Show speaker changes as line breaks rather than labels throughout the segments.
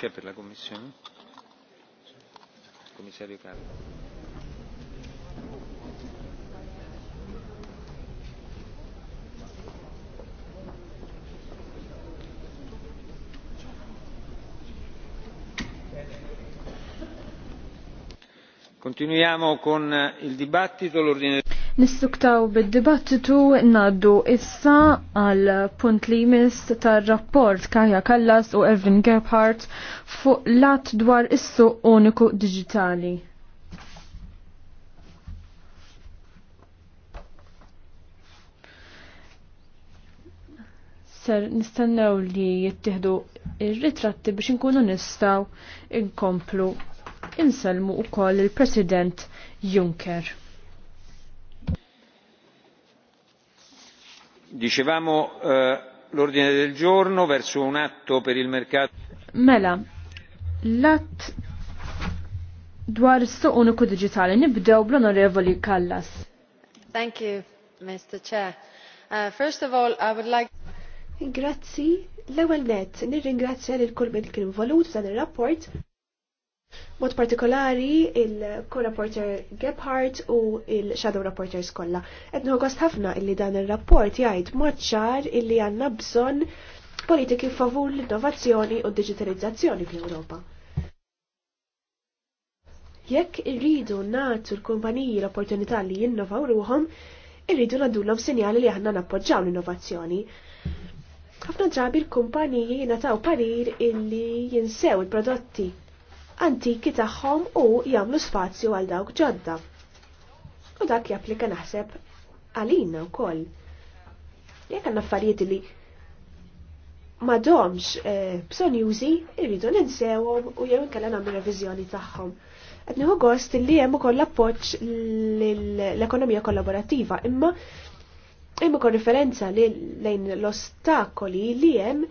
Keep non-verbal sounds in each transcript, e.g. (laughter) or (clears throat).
c'è per la Commissione? Commissario Carlo. Continuiamo con il dibattito. l'ordine del
Nistuktaw bid-dibattitu naddu issa għal punt li jmiss tar-rapport Kaja Kallas u Evin Gebhardt fuq lat dwar issu uniku digitali. Ser nistennew li jittihdu ir-ritratti biex inkunu nistaw inkomplu inselmu koll il-President Juncker.
Dicevamo eh, l'ordine del giorno verso un atto per il mercato.
Mela, l-att dwar s suq uniku digitali nibdew bl-Onorevoli Kallas.
Thank you, Mr. Chair. Uh, first of all, I would like Grazzi, l-ewwel net.
nirringrazzja l kull min kien involut dan il rapport Mod partikolari il-co-rapporter Gebhardt u il-shadow rapporters kollha. Qed nħogost ħafna illi dan ir-rapport jgħid maċċar ċar illi għandna bżonn politiki favur l-innovazzjoni u d-digitalizzazzjoni fl-Ewropa. Jekk irridu nagħtu l-kumpaniji l-opportunità li jinnovaw ruhom, irridu nadulhom sinjali li aħna nappoġġaw l-innovazzjoni ħafna drabi l-kumpaniji nataw parir illi jinsew il-prodotti antiki tagħhom u jagħmlu spazju għal dawk ġodda. U dak japplika naħseb għalina wkoll. Jekk għandna affarijiet li ma domx eh, bżonn jużi, irridu ninsewhom u jew inkella nagħmlu reviżjoni tagħhom. Qed nieħu gost li hemm ukoll appoġġ l-ekonomija kollaborattiva, imma imma kon referenza lejn l-ostakoli li hemm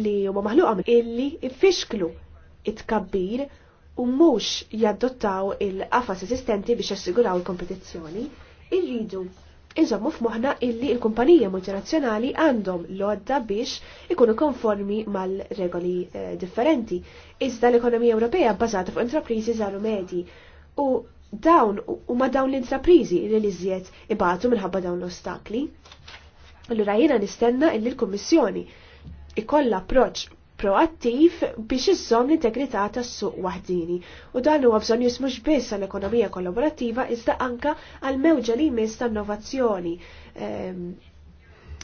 li huma maħluqa illi ifixklu it-kabbir u mhux jaddottaw il-qafas esistenti biex jassiguraw il-kompetizzjoni, irridu inżommu f'moħħna illi l-kumpanija multinazzjonali għandhom l-għodda biex ikunu konformi mal-regoli eh, differenti. Iżda l-ekonomija Ewropea bbażata fuq intrapriżi żaru medji u dawn huma dawn l-intrapriżi li liżjed ibatu minħabba dawn l-ostakli. Allura jiena nistenna illi l-Kummissjoni ikolla approċċ proattiv biex iżżomm l-integrità tas-suq waħdini. U dan huwa bżonn jismux biss għall ekonomija kollaborattiva iżda anka għal mewġa li jmiss ta' innovazzjoni. Ehm,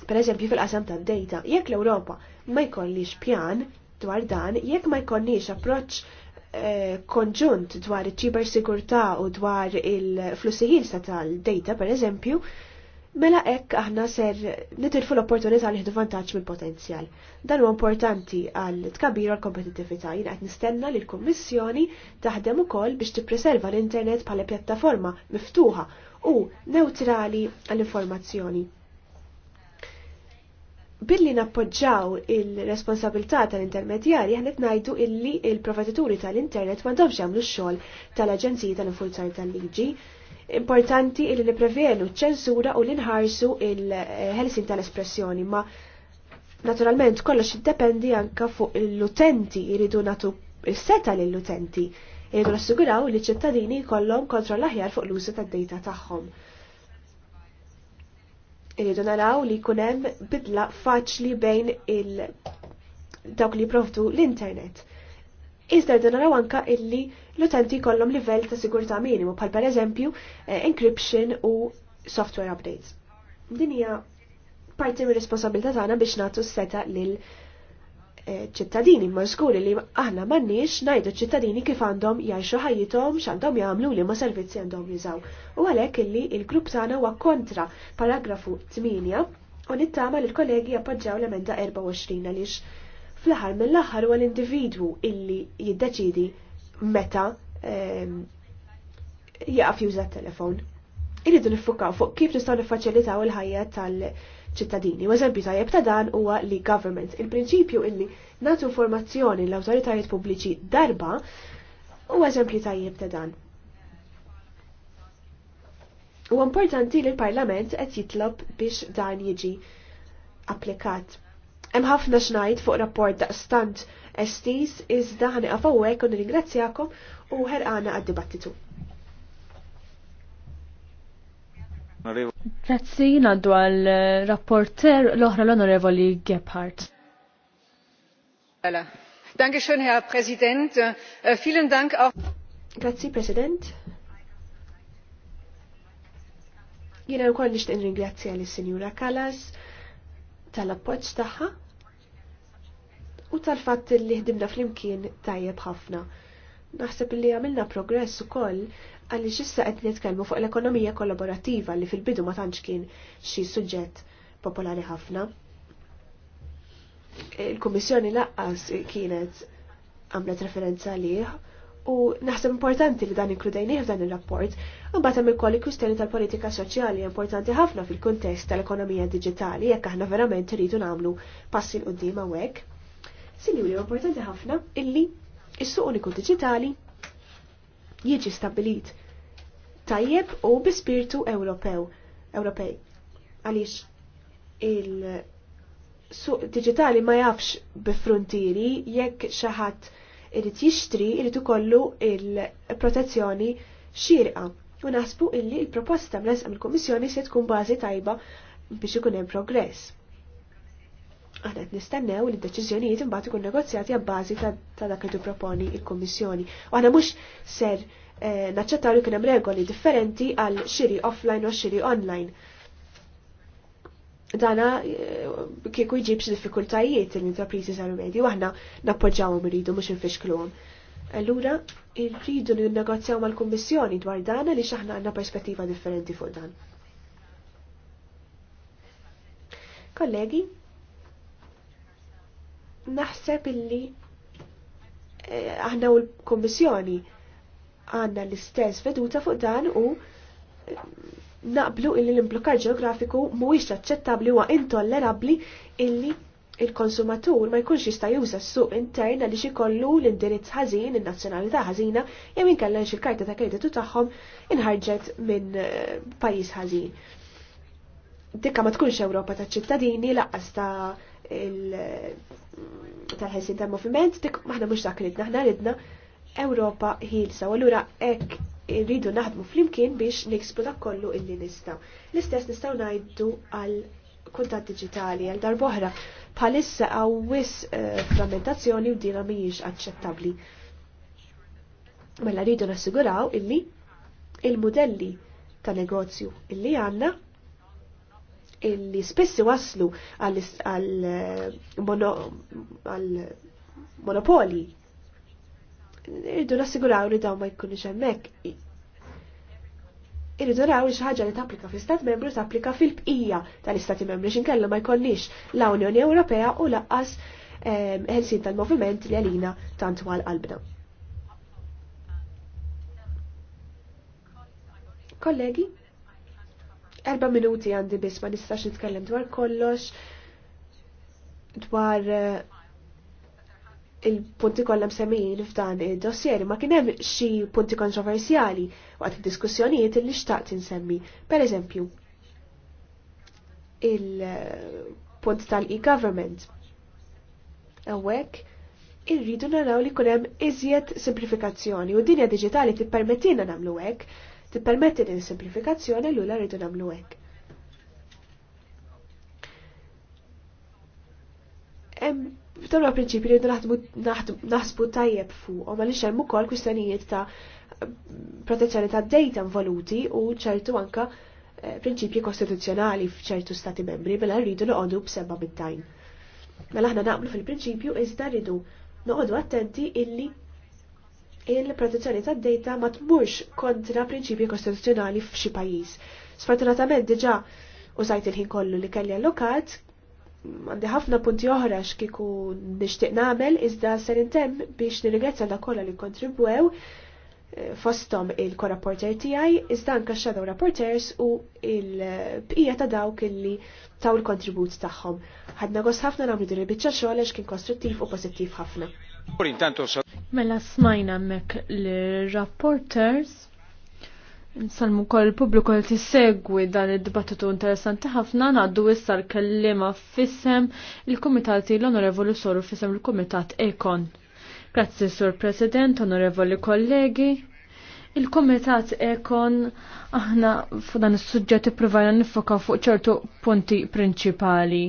per eżempju fil-qasam tad data jekk l-Ewropa ma jkollix pjan dwar dan, jekk ma jkollniex approċċ eh, konġunt dwar iċ-ċiber sigurtà u dwar il-flussijiet ta' tal-data per eżempju, Mela ekk aħna ser nitilfu l-opportunità li vantaġġ mill-potenzjal. Dan huwa importanti għal tkabbir għal kompetittività jien qed nistenna li l-Kummissjoni taħdem ukoll biex tippreserva l-Internet bħala pjattaforma miftuħa u neutrali għall-informazzjoni. Billi nappoġġaw il-responsabilità tal-intermedjari ħanet ngħidu illi il-provedituri tal-internet m'għandhomx jagħmlu x-xogħol tal-Aġenziji tal-Infurzar tal-Liġi, tal aġenziji tal infurzar tal liġi tal tal liġi importanti li niprevenu ċensura u li nħarsu il-ħelsin tal-espressjoni, ma naturalment kollox dependi anka fuq l-utenti jridu natu il-seta l-utenti jridu nassiguraw li ċittadini kollom kontroll aħjar fuq l-użu tad-dejta tagħhom. Iridu naraw li kunem bidla faċli bejn il dawk li provdu l-internet Iżda rridu naraw anka illi l-utenti kollhom livell ta' sigurtà minimu bħal pereżempju eh, encryption u software updates. Din hija parti mir responsabilità tagħna biex nagħtu seta lil eh, ċittadini ma skuri li aħna m'għandniex ngħidu ċittadini kif għandhom jgħixu ħajjithom x'għandhom jagħmlu li ma servizzi għandhom jużaw. U għalhekk illi il-grupp tagħna huwa kontra paragrafu 8 u nittama li l-kollegi appoġġjaw l-emenda 24 għaliex fl-aħħar mill-aħħar huwa l-individwu illi jiddeċidi meta ehm, jaqaf juża t-telefon. Irridu nifukaw fuq kif nistgħu niffaċilitaw il-ħajja tal-ċittadini. Eżempju tajjeb ta' dan huwa li government. Il-prinċipju illi nagħtu informazzjoni l-awtoritajiet pubbliċi darba u eżempju tajjeb ta' dan. U importanti li l-Parlament qed jitlob biex dan jiġi applikat. Hemm ħafna xnajt fuq rapport daqstant estis iżda ħani għafawek u nirringrazzjakom u ħerqana għad-dibattitu. Grazzi
ngħaddu għal rapporter l-oħra l-onorevoli Gebhardt.
schön, Herr Präsident. Äh, vielen Dank auch. Grazzi,
President. Jena u koll nishtin ringrazzja li sinjura Kalas tal-appoċ taħħa u tal-fatt li ħdimna flimkien tajjeb ħafna. Naħseb li għamilna progress ukoll għaliex issa qed nitkellmu fuq l-ekonomija kollaborattiva li fil-bidu ma tantx kien xi suġġett popolari ħafna. Il-Kummissjoni laqqas kienet għamlet referenza għalih u naħseb importanti li dan inkludejnieh f'dan ir-rapport, u hemm ukoll il-kwistjoni tal-politika soċjali importanti ħafna fil-kuntest tal-ekonomija diġitali jekk aħna verament iridu nagħmlu passi l qudiem hawnhekk. Sinjuri, importanti ħafna illi is-suq uniku digitali jiġi stabilit tajjeb u bi spiritu Ewropew, Ewropej. Għaliex il-suq digitali ma jafx bi frontieri jekk xi ħadd irid jixtri irid ikollu il-protezzjoni xirqa. U naħsbu illi il-proposta mlesqa mill-Kummissjoni se tkun bażi tajba biex ikun hemm progress. Aħna qed nistennew li d-deċiżjonijiet imbagħad ikun negozjati għabbażi ta' dak li proponi il-Kummissjoni. U aħna mhux ser eh, naċċettaw li kien hemm regoli differenti għal xiri offline u xiri online dana eh, kieku jġib xi diffikultajiet l-intrapriżi saru medji u aħna nappoġġawhom iridu mhux infixkluhom. Allura irridu nnegozjaw mal-Kummissjoni dwar dan li aħna għandna perspettiva differenti fuq dan. Kollegi, naħseb illi eh, aħna u l-Kommissjoni għanna l-istess veduta fuq dan u eh, naqblu illi l-imblokkar ġeografiku mhuwiex aċċettabbli huwa intollerabbli illi il-konsumatur ma jkunx jista' juża s-suq intern għaliex ikollu l-indirizz ħażin, in-nazzjonalità ħażina, jew inkella il-karta ta' kreditu tagħhom inħarġet minn eh, pajjiż ħażin. Dikka ma tkunx Ewropa ta' ċittadini laqqas ta' tal-ħessin tal-moviment, dik maħna mux dak ridna, ħna ridna Ewropa ħilsa, u allura ek rridu naħdmu flimkien biex niksbu dak kollu illi nistaw. L-istess nistaw najdu għal kuntat digitali għal darboħra palissa għaw wis eh, frammentazzjoni u dina miġ aċċettabli. Mela rridu nassiguraw illi il-modelli ta' negozju illi għanna illi spissi waslu eh, għal monopoli. Irridu nassiguraw li dawn ma jkunux hemmhekk. Irridu naraw li xi ħaġa li tapplika fl-Istat Membru tapplika fil-bqija tal-Istati membru x'inkellu ma jkollniex l Unjoni Ewropea u laqqas eh, ħelsin tal-moviment li għalina tant għal qalbna. Kollegi? erba minuti għandi biss ma nistax nitkellem dwar kollox dwar eh, il-punti kollha msemmijin f'dan id-dossier ma kien hemm xi punti kontroversjali waqt id-diskussjonijiet li xtaqt insemmi. Per eżempju, il-punt tal-e-government. Awek, irridu naraw li kunem iżjed simplifikazzjoni u dinja digitali permettina namlu hekk tippermetti din simplifikazzjoni l ula rridu nagħmlu hekk. F'dawra prinċipi rridu naħsbu tajjeb fuq, u għaliex hemm ukoll kwistjonijiet ta' protezzjoni ta' dejta involuti u ċertu anka eh, prinċipji kostituzzjonali f'ċertu stati membri mela rridu noqogħdu b'sebba bit-tajn. Mela aħna naqblu fil-prinċipju iżda rridu noqogħdu attenti illi il-protezzjoni tad data ma tmurx kontra prinċipji kostituzzjonali f'xi pajjiż. Sfortunatament diġà użajt il-ħin kollu li kelli allokat, għandi ħafna punti oħra x'kieku nixtieq nagħmel iżda ser intemm biex nirringrazzja dak kollha li kontribwew eh, fostom il-korrapporter tiegħi iżda anke shadow rapporters u il-bqija ta' dawk illi taw il-kontribut tagħhom. Ħadna gost ħafna nagħmlu din il-biċċa xogħol kien kostruttiv u pożittiv ħafna. Mela smajna
mek li
rapporters
Nsalmu kol il-pubbliku li tissegwi dan id-dibattitu interessanti ħafna ngħaddu issa l-kellima fissem il-Kumitati l-Onorevoli Soru fissem il-Kumitat Ekon. Grazzi Sur President, Onorevoli Kollegi. Il-Kumitat Ekon aħna dan is-suġġett ippruvajna nifoka fuq ċertu punti prinċipali.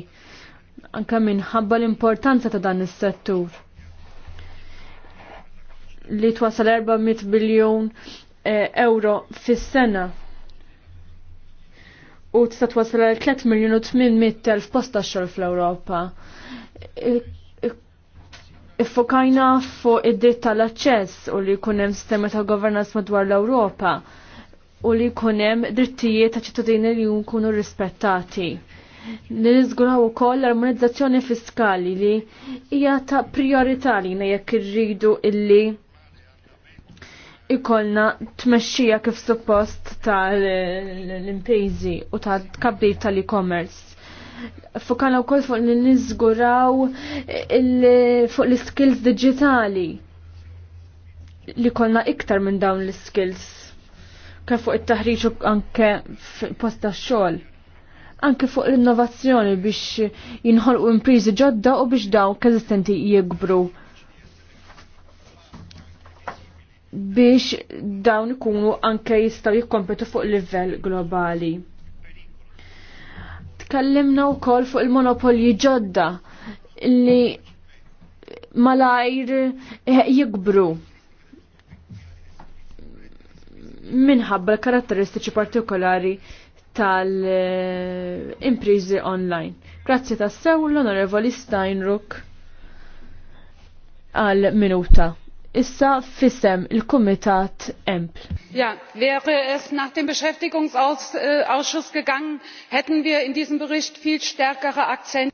Anke minħabba l-importanza ta' dan is-settur li twasal 400 biljon eh, euro fis-sena u tista' twasal 3 miljun u 800,000 posta xogħol fl-Ewropa. Iffokajna fuq id-dritt tal-aċċess u li jkun hemm sistema ta' governance madwar l-Ewropa u li jkun hemm drittijiet ta' ċittadini li jkunu rispettati. Nizgulaw u koll l-armonizzazzjoni fiskali li hija ta' priorità li jekk irridu illi ikolna tmexxija kif suppost tal impejzi u tal-kabbir tal-e-commerce fukana u koll fuq li nizguraw fuq l-skills digitali li kolna iktar minn dawn l-skills kif fuq it-taħriġ anke post tax-xogħol. Anke fuq l-innovazzjoni biex jinħolqu imprizi ġodda u biex dawk eżistenti jikbru biex dawn ikunu anke jistaw jikkompetu fuq livell globali. Tkellimna wkoll fuq il-monopolji ġodda li malajr jikbru minħabba l-karatteristiċi partikolari tal-imprizi online. Grazzi tas sew l-onorevoli Steinruck għal minuta issa fissem il komitat EMPL.
Ja, wäre es nach dem Beschäftigungsausschuss gegangen, hätten wir in diesem Bericht viel stärkere Akzente.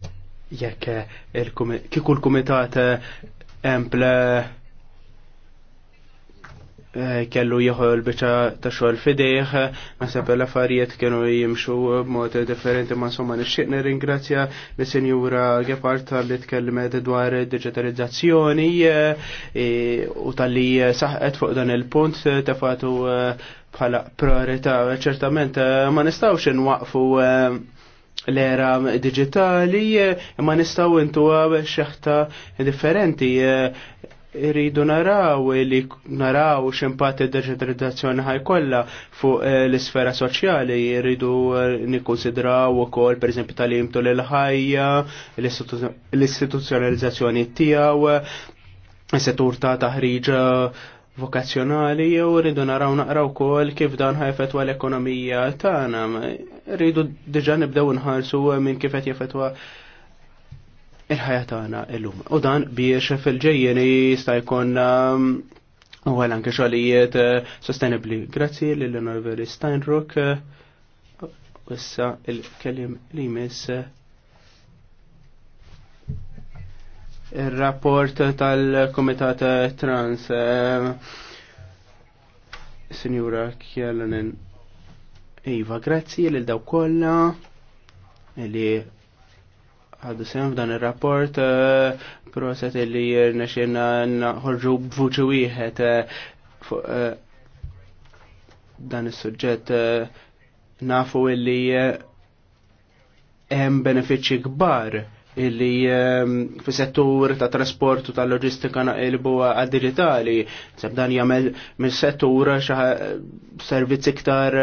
Jekke, eh, kieku l eh, EMPL. EMP eh, Eh, kellu jħol l ta' xogħol fidejh, ma sepp l-affarijiet kienu jimxu b'mod differenti ma' somma nixtieq nirringrazzja lis-Sinjura Gepard li tkellmet dwar digitalizzazzjoni eh, u tal-li saħqet fuq dan il-punt eh, tefatu bħala priorità ċertament ma nistgħux inwaqfu l-era digitali ma nistaw intu xeħta differenti Iridu naraw li naraw ximpat id-deċentralizzazzjoni kolla fuq eh, l-isfera soċjali, iridu eh, nikkonsidraw ukoll esempio, tal-imtu l-ħajja, l-istituzzjonalizzazzjoni tiegħu, is-settur ta' taħriġ vokazzjonali jew rridu naraw naqraw kol kif dan ħajfetwa l-ekonomija tagħna. Rridu diġà nibdew nħarsu minn kif qed jefetwa il-ħajja tagħna illum. U dan biex fil-ġejjeni jista' jkun um, u għal anke xogħlijiet uh, sostenibbli. Grazzi lil Norveri Steinrock. Uh, issa il-kelim li jmiss uh, il-rapport tal-Komitat Trans. Signora Kjellanen. Iva, grazzi lil daw kollha li għaddu sem f'dan il-rapport eh, proset li jirnexirna naħorġu b'vuċi wieħed eh, fuq eh, dan is-suġġett nafu illi hemm benefiċċji kbar illi fi settur ta' trasport u ta' loġistika naqilbu għad digitali sab dan jagħmel mis-settur servizz iktar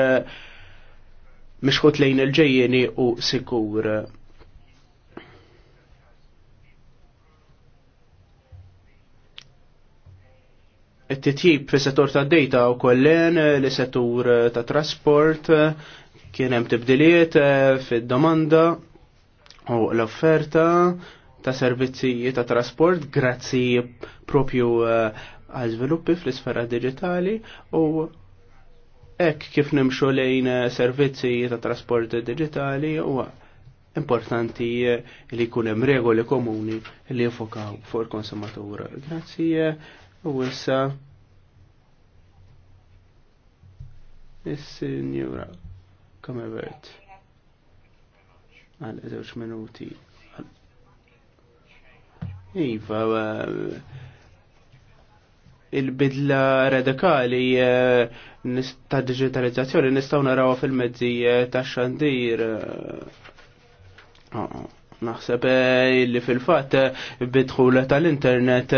mixħut lejn il-ġejjeni u sikur. it-titjib fis settur ta' data u kollen li settur ta' trasport kien hemm tibdiliet eh, fid-domanda u l-offerta ta' servizzi ta' trasport grazzi propju eh, għal żviluppi fl-isfera digitali u ek kif nimxu lejn eh, servizzi ta' trasport digitali u importanti li jkun hemm regoli komuni li jfokaw fuq il-konsumatur. Grazzi U issa is-sinjura Kamevert għal żewġ minuti. Iva, eh, il-bidla radikali eh, ta' digitalizzazzjoni nistaw narawa fil-mezzi eh, ta' xandir. Ah, naħseb li fil-fat bidħula tal-internet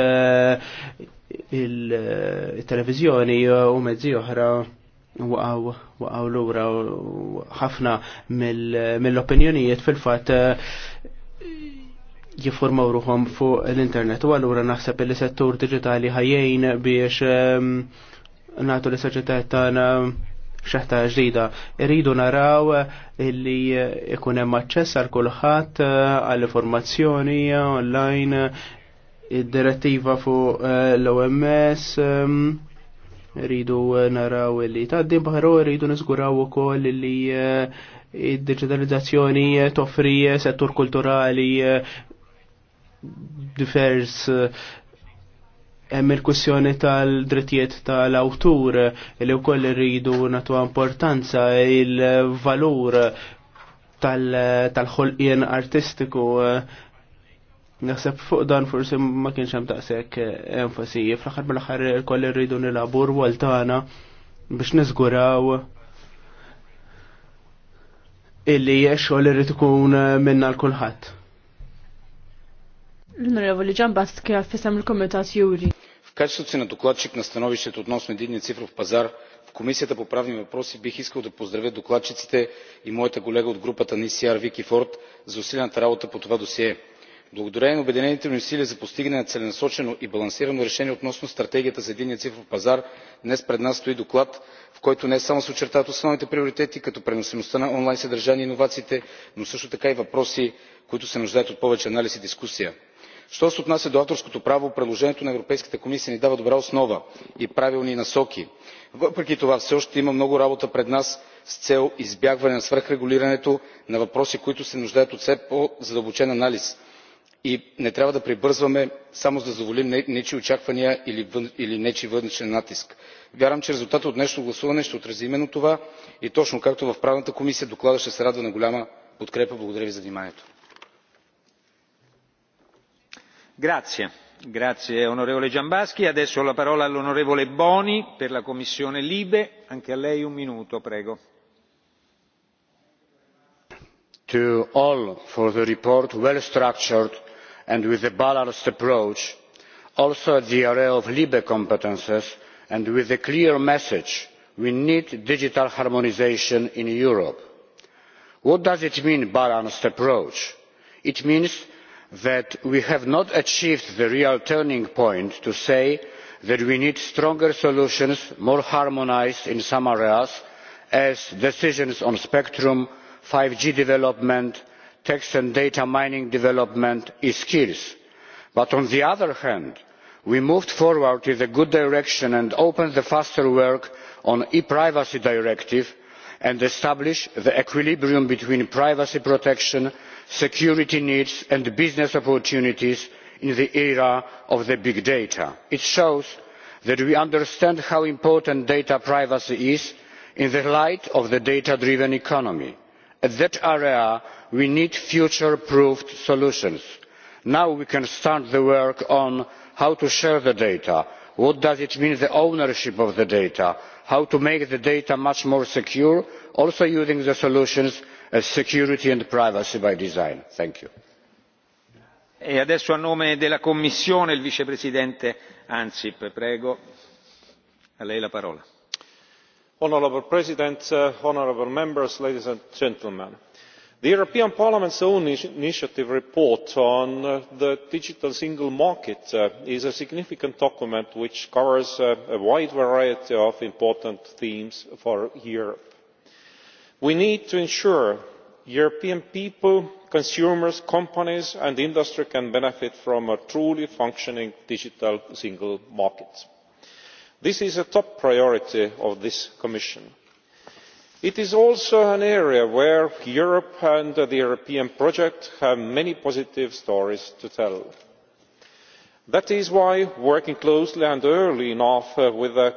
Eh, il-televizjoni eh, u mezzi oħra waqaw lura ħafna mill-opinjonijiet fil-fat eh, jiformaw ruħom fuq l-internet u għallura naħseb li settur digitali ħajjejn biex natu li soċieta tagħna xaħta ġdida. Irridu naraw illi ikun hemm aċċess għal kulħadd għall informazzjoni online id-direttiva fuq eh, l-OMS ehm, rridu eh, naraw li taddim baħro rridu u ukoll li eh, id-digitalizzazzjoni toffri settur kulturali divers hemm il-kwissjoni tal-drittijiet tal-awtur li wkoll irridu natwa importanza il-valur tal-ħolqien artistiku Naħseb fuq dan forsi ma kienx hemm daqshekk eh, enfasi. Fl-aħħar mill-aħħar kolli rridu nilabu rwol tagħna biex niżguraw illi xogħol irrid ikun eh, minna l kulħadd.
L-Onorevoli Ġambast kif fisem il-Komitat Juri.
В na си на докладчик на становището относно единния цифров пазар в Комисията по правни въпроси бих искал да поздравя докладчиците и моята колега от групата НИСИАР Вики Форд за усилената работа по това досие благодарение на обединените ни усилия за постигане на целенасочено и балансирано решение относно стратегията за единния цифров пазар днес пред нас стои доклад в който не само се очертават основните приоритети като преносимостта на онлайн съдържание и иновациите но също така и въпроси които се нуждаят от повече анализ и дискусия. що се отнася до авторското право предложението на европейската комисия ни дава добра основа и правилни насоки. въпреки това все още има много работа пред нас с цел избягване на свръхрегулирането на въпроси които се нуждаят от все по задълбочен анализ и не трябва да прибързваме само за да задоволим нечии очаквания или нечий външен натиск. вярвам че резултатът от днешното гласуване ще отрази именно това и точно както в правната комисия докладът ще се радва на голяма подкрепа. благодаря ви за вниманието. la parola all'onorevole boni per la commissione libe
to all for the report well structured and with a balanced approach also in the area of libe competences and with a clear message we need digital harmonisation in europe. what does it mean balanced approach? it means that we have not achieved the real turning point to say that we need stronger solutions more harmonised in some areas as decisions on spectrum five g development text and data mining development is skills, But on the other hand, we moved forward in a good direction and opened the faster work on the e-privacy directive and established the equilibrium between privacy protection, security needs and business opportunities in the era of the big data. It shows that we understand how important data privacy is in the light of the data-driven economy in that area we need future proofed solutions. now we can start the work on how to share the data what does it mean the ownership of the data how to make the data much more secure also using the solutions as security and privacy by design. thank you.
E adesso a nome della Commissione il
Vicepresidente Ansip, prego, a lei la parola. Honourable president uh, honourable members ladies and gentlemen the european parliament's own initiative report on uh, the digital single market uh, is a significant document which covers a wide variety of important themes for europe. we need to ensure european people consumers companies and industry can benefit from a truly functioning digital single market this is a top priority of this commission. it is also an area where europe and the european project have many positive stories to tell. that is why working closely and early enough uh, with the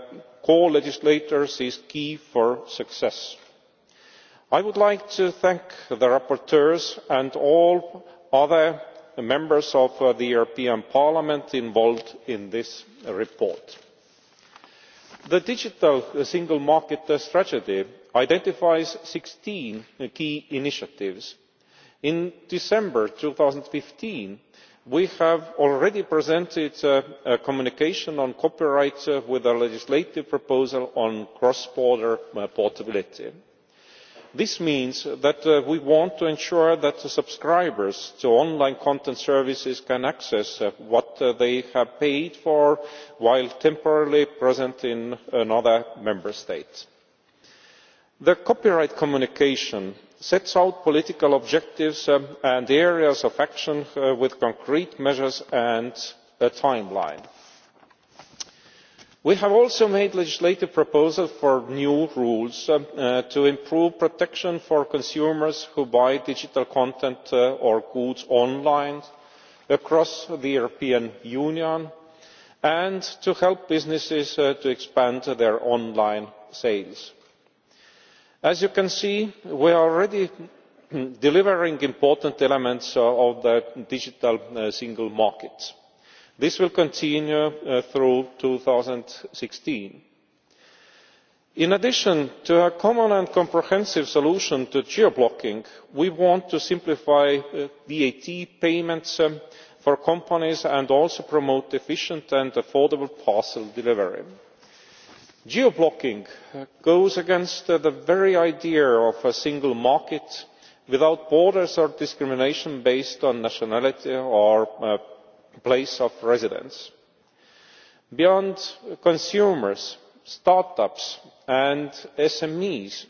co legislators is key for success. i would like to thank the rapporteurs and all other members of uh, the european parliament involved in this report the digital uh, single market uh, strategy identifies sixteen uh, key initiatives. in december two thousand and fifteen we have already presented a communication on copyright with a legislative proposal on cross border portability this means that uh, we want to ensure that subscribers to online content services can access uh, what uh, they have paid for while temporarily present in another member state. the copyright communication sets out political objectives um, and areas of action with concrete measures and a timeline we have also made legislative proposals for new rules uh, uh, to improve protection for consumers who buy digital content uh, or goods online across the european union and to help businesses to expand their online sales. as you can see we are already (clears throat) delivering important elements of the digital single market this will continue uh, through. two thousand and sixteen in addition to a common and comprehensive solution to geo blocking we want to simplify uh, vat payments um, for companies and also promote efficient and affordable parcel delivery. geo blocking uh, goes against the very idea of a single market without borders or discrimination based on nationality or place of residence. beyond consumers start ups and smes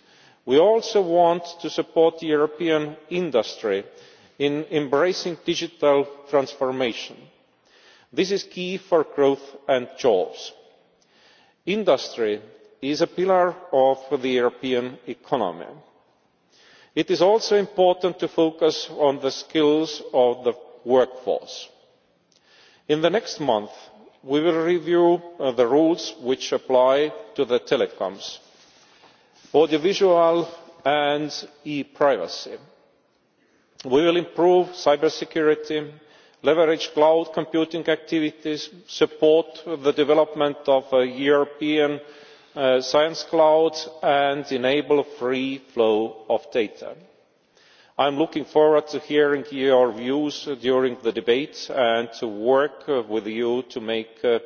we also want to support european industry in embracing digital transformation. this is key for growth and jobs. industry is a pillar of the european economy. it is also important to focus on the skills of the workforce in the next month we will review uh, the rules which apply to the telecoms audiovisual and e privacy. we will improve cyber security leverage cloud computing activities support the development of a uh, european uh, science cloud and enable the free flow of data i am looking forward to hearing your views during the debate and to working uh, with you to make uh,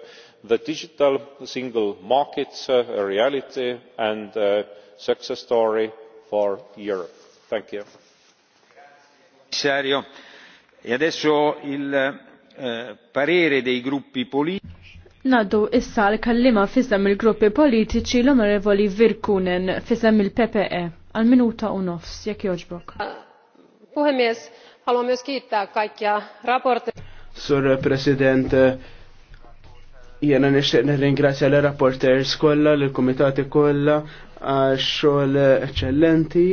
the digital single market uh, a reality and a success story for europe. thank you. commissario e adesso il eh,
Naddu issa l-kallima fissem il-gruppi politiċi l-onorevoli Virkunen fissem il-PPE għal minuta u nofs, jekk joġbok
puhemies haluan myös kiittää kaikkia raportteja.
Sur President, jena nishtiq nirringrazzja l-rapporters kollha, l-kumitati kollha għax-xogħol eċċellenti.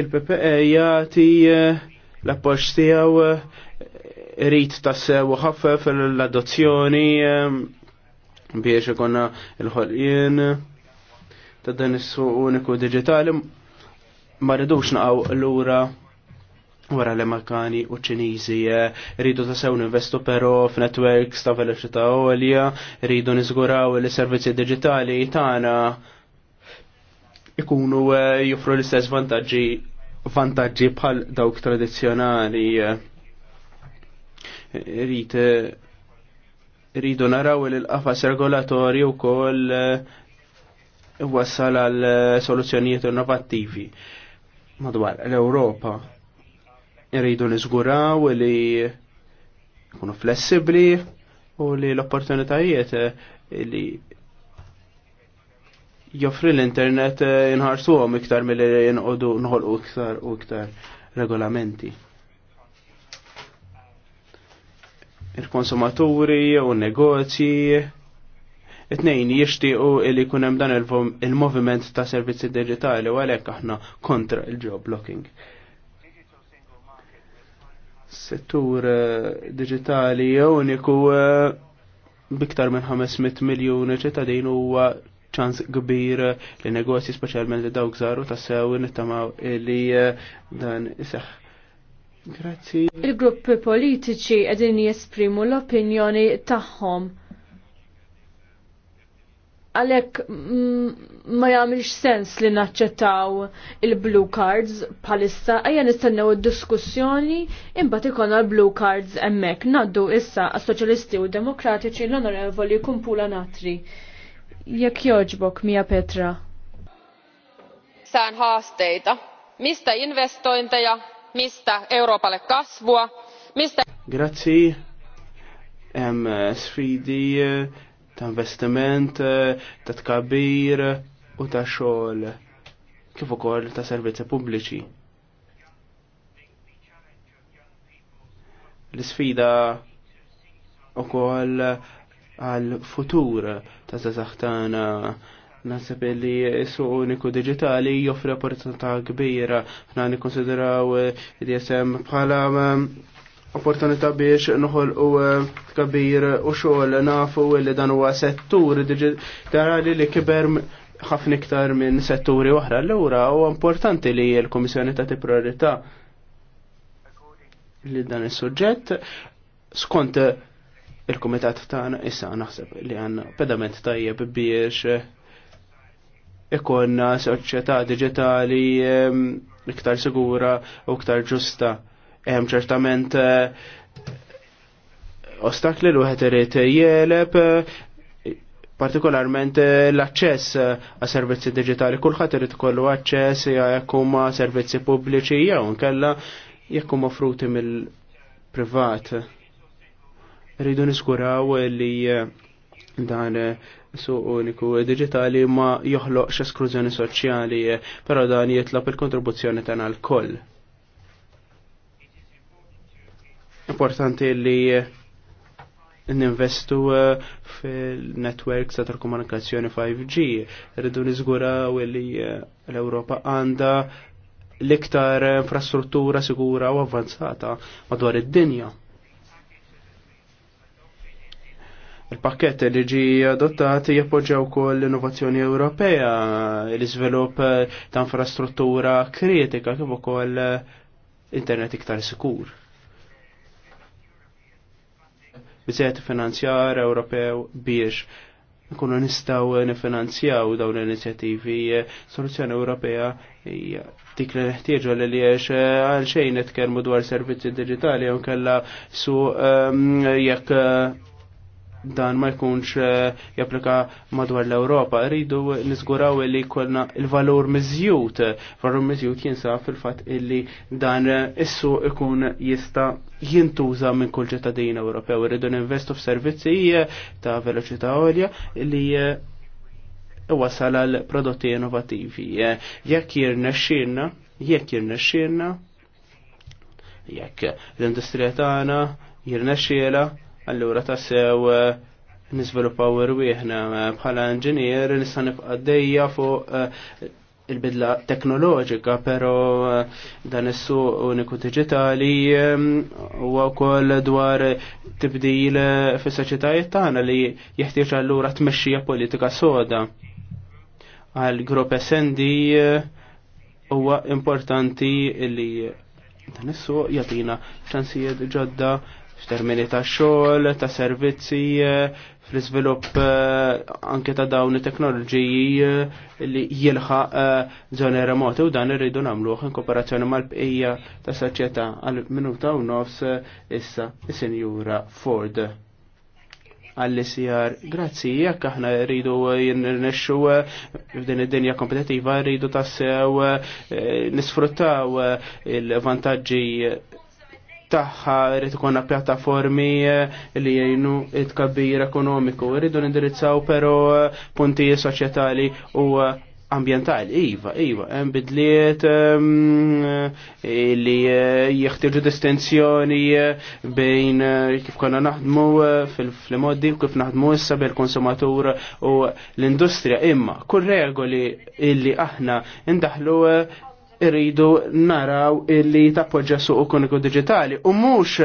Il-PPE jati, eh, l-appoġġ tiegħu eh, rrit tassew ħaffef l-adozzjoni eh, biex ikonna l-ħolqien ta' dan is-suq uniku digitali. ma rridux naqgħu lura wara li amerikani u ċiniżi eh, rridu ta' sew investu però f'networks ta' veloċità għolja, rridu niżguraw li servizzi digitali tagħna ikunu eh, joffru l-istess vantaġġi vantaġġi bħal dawk tradizzjonali. Rrid eh, rridu naraw li l-qafas regolatorju wkoll wassal għal soluzzjonijiet innovattivi madwar l-Ewropa irridu nizguraw li kunu flessibbli u li l-opportunitajiet eh, li joffri l-internet eh, inħarsuhom iktar mill jinqodu nħolqu iktar u iktar regolamenti. Il-konsumaturi u negozji it-nejn jishtiqu li kunem hemm dan il-moviment ta' servizzi digitali u għalhekk aħna kontra il-geoblocking settur eh, digitali eh, uniku eh, biktar minn 500 miljon ċittadin huwa ċans kbir li negozji speċjalment li dawk żaru tassew nittamaw li dan iseħħ. Grazzi. il
grupp politiċi qegħdin jesprimu l-opinjoni tagħhom għalek ma jagħmilx sens li naċċettaw il-blue cards bħalissa ejja nistennew id-diskussjoni imbagħad ikollna l-blue cards hemmhekk. Naddu issa għas-Soċjalisti u Demokratiċi l-Onorevoli Kumpula Natri. Jekk joġbok Mija Petra.
Sään haasteita. Mistä investointeja,
mistä Euroopalle kasvua, mistä...
Grazzi. Em, sfidi ta' investiment, eh, ta' tkabir eh, u ta' xogħol kif ukoll ta' servizzi pubbliċi. L-isfida ukoll għal futur ta' tagħna Nasib li suq uniku digitali joffri opportunità kbira. Ħna nikkonsideraw DSM eh, bħala opportunità biex nħol u eh, kabir u xogħol nafu li dan huwa settur Tara li kiber ħafna iktar minn setturi oħra l-ura u importanti li l-Komissjoni ta' priorità li dan is-suġġett skont il-Kumitat tagħna issa naħseb li għandna pedament tajjeb biex ikonna soċjetà digitali eh, iktar sigura u iktar ġusta hemm ċertament eh, ostakli l wieħed irid jeleb eh, partikolarment eh, l-aċċess għas servizzi digitali kulħadd irid ikollu aċċess jekk huma servizzi pubbliċi jew nkella jekk huma fruti mill-privat. Rridu niskuraw li dan suq uniku digitali ma joħloqx esklużjoni soċjali, però dan jitlob il-kontribuzzjoni tagħna l-koll. Importanti li ninvestu uh, fil-networks ta' telekomunikazzjoni 5G. Rridu niżguraw li uh, l-Ewropa għandha l-iktar infrastruttura sigura u avvanzata madwar id-dinja. Il-pakket li ġi adottat jappoġġa wkoll l-innovazzjoni Ewropea, l-iżvilupp ta' infrastruttura kritika kif ukoll internet iktar sikur biżiet finanzjar Ewropew biex nkunu nistaw nifinanzjaw dawn l-inizjattivi. Soluzzjoni Ewropea hija dik li neħtieġu li li għax eh, għal xejn nitkellmu dwar servizzi digitali jew kella su ehm, jekk eh, dan ma jkunx eh, japplika madwar l-Europa. Rridu nisguraw li kolna il-valur mizjut, valur mizjut jinsa fil-fat illi dan eh, issu ikun jista jintuża minn kull ċittadin Ewropew. Rridu ninvestu f'servizzi eh, ta' veloċità għolja li wasal għal prodotti innovativi. Jekk jirnexxinna, jekk jirnexxinna, jekk l-industrija tagħna jirnexxiela, Allura tassew eh, nizviluppaw irwieħna eh, bħala inġinier nista' nibqa' dejja fuq eh, il-bidla teknoloġika, pero dan issu uniku digitali u wkoll dwar tibdil fis-soċjetajiet tagħna li jeħtieġ allura tmexxija politika soda. Għal grupp SND huwa importanti li dan issu jatina ċansijiet ġodda f'termini ta' xogħol, ta' servizzi, eh, fl-iżvilupp eh, anke ta' dawn it-teknoloġiji eh, li jilħaq żoni remoti u dan irridu nagħmluh in kooperazzjoni mal-bqija ta' soċjetà għal minuta u nofs issa is-Sinjura Ford għall-ICR. Grazzi, jekk aħna rridu jinnexxu f'din id-dinja kompetittiva rridu tassew nisfruttaw il-vantaġġi taħħa rrid konna pjattaformi eh, li jgħinu it-kabbir ekonomiku. Rridu nindirizzaw pero eh, punti soċjetali u eh, ambientali, iva, iva, hemm bidliet ehm, li jeħtieġu distenzjoni bejn kif konna naħdmu fil-modi u kif naħdmu issa bil-konsumatur u l-industrija imma kull regoli illi aħna indaħlu irridu naraw illi tappoġġa suq ukoniku digitali u mhux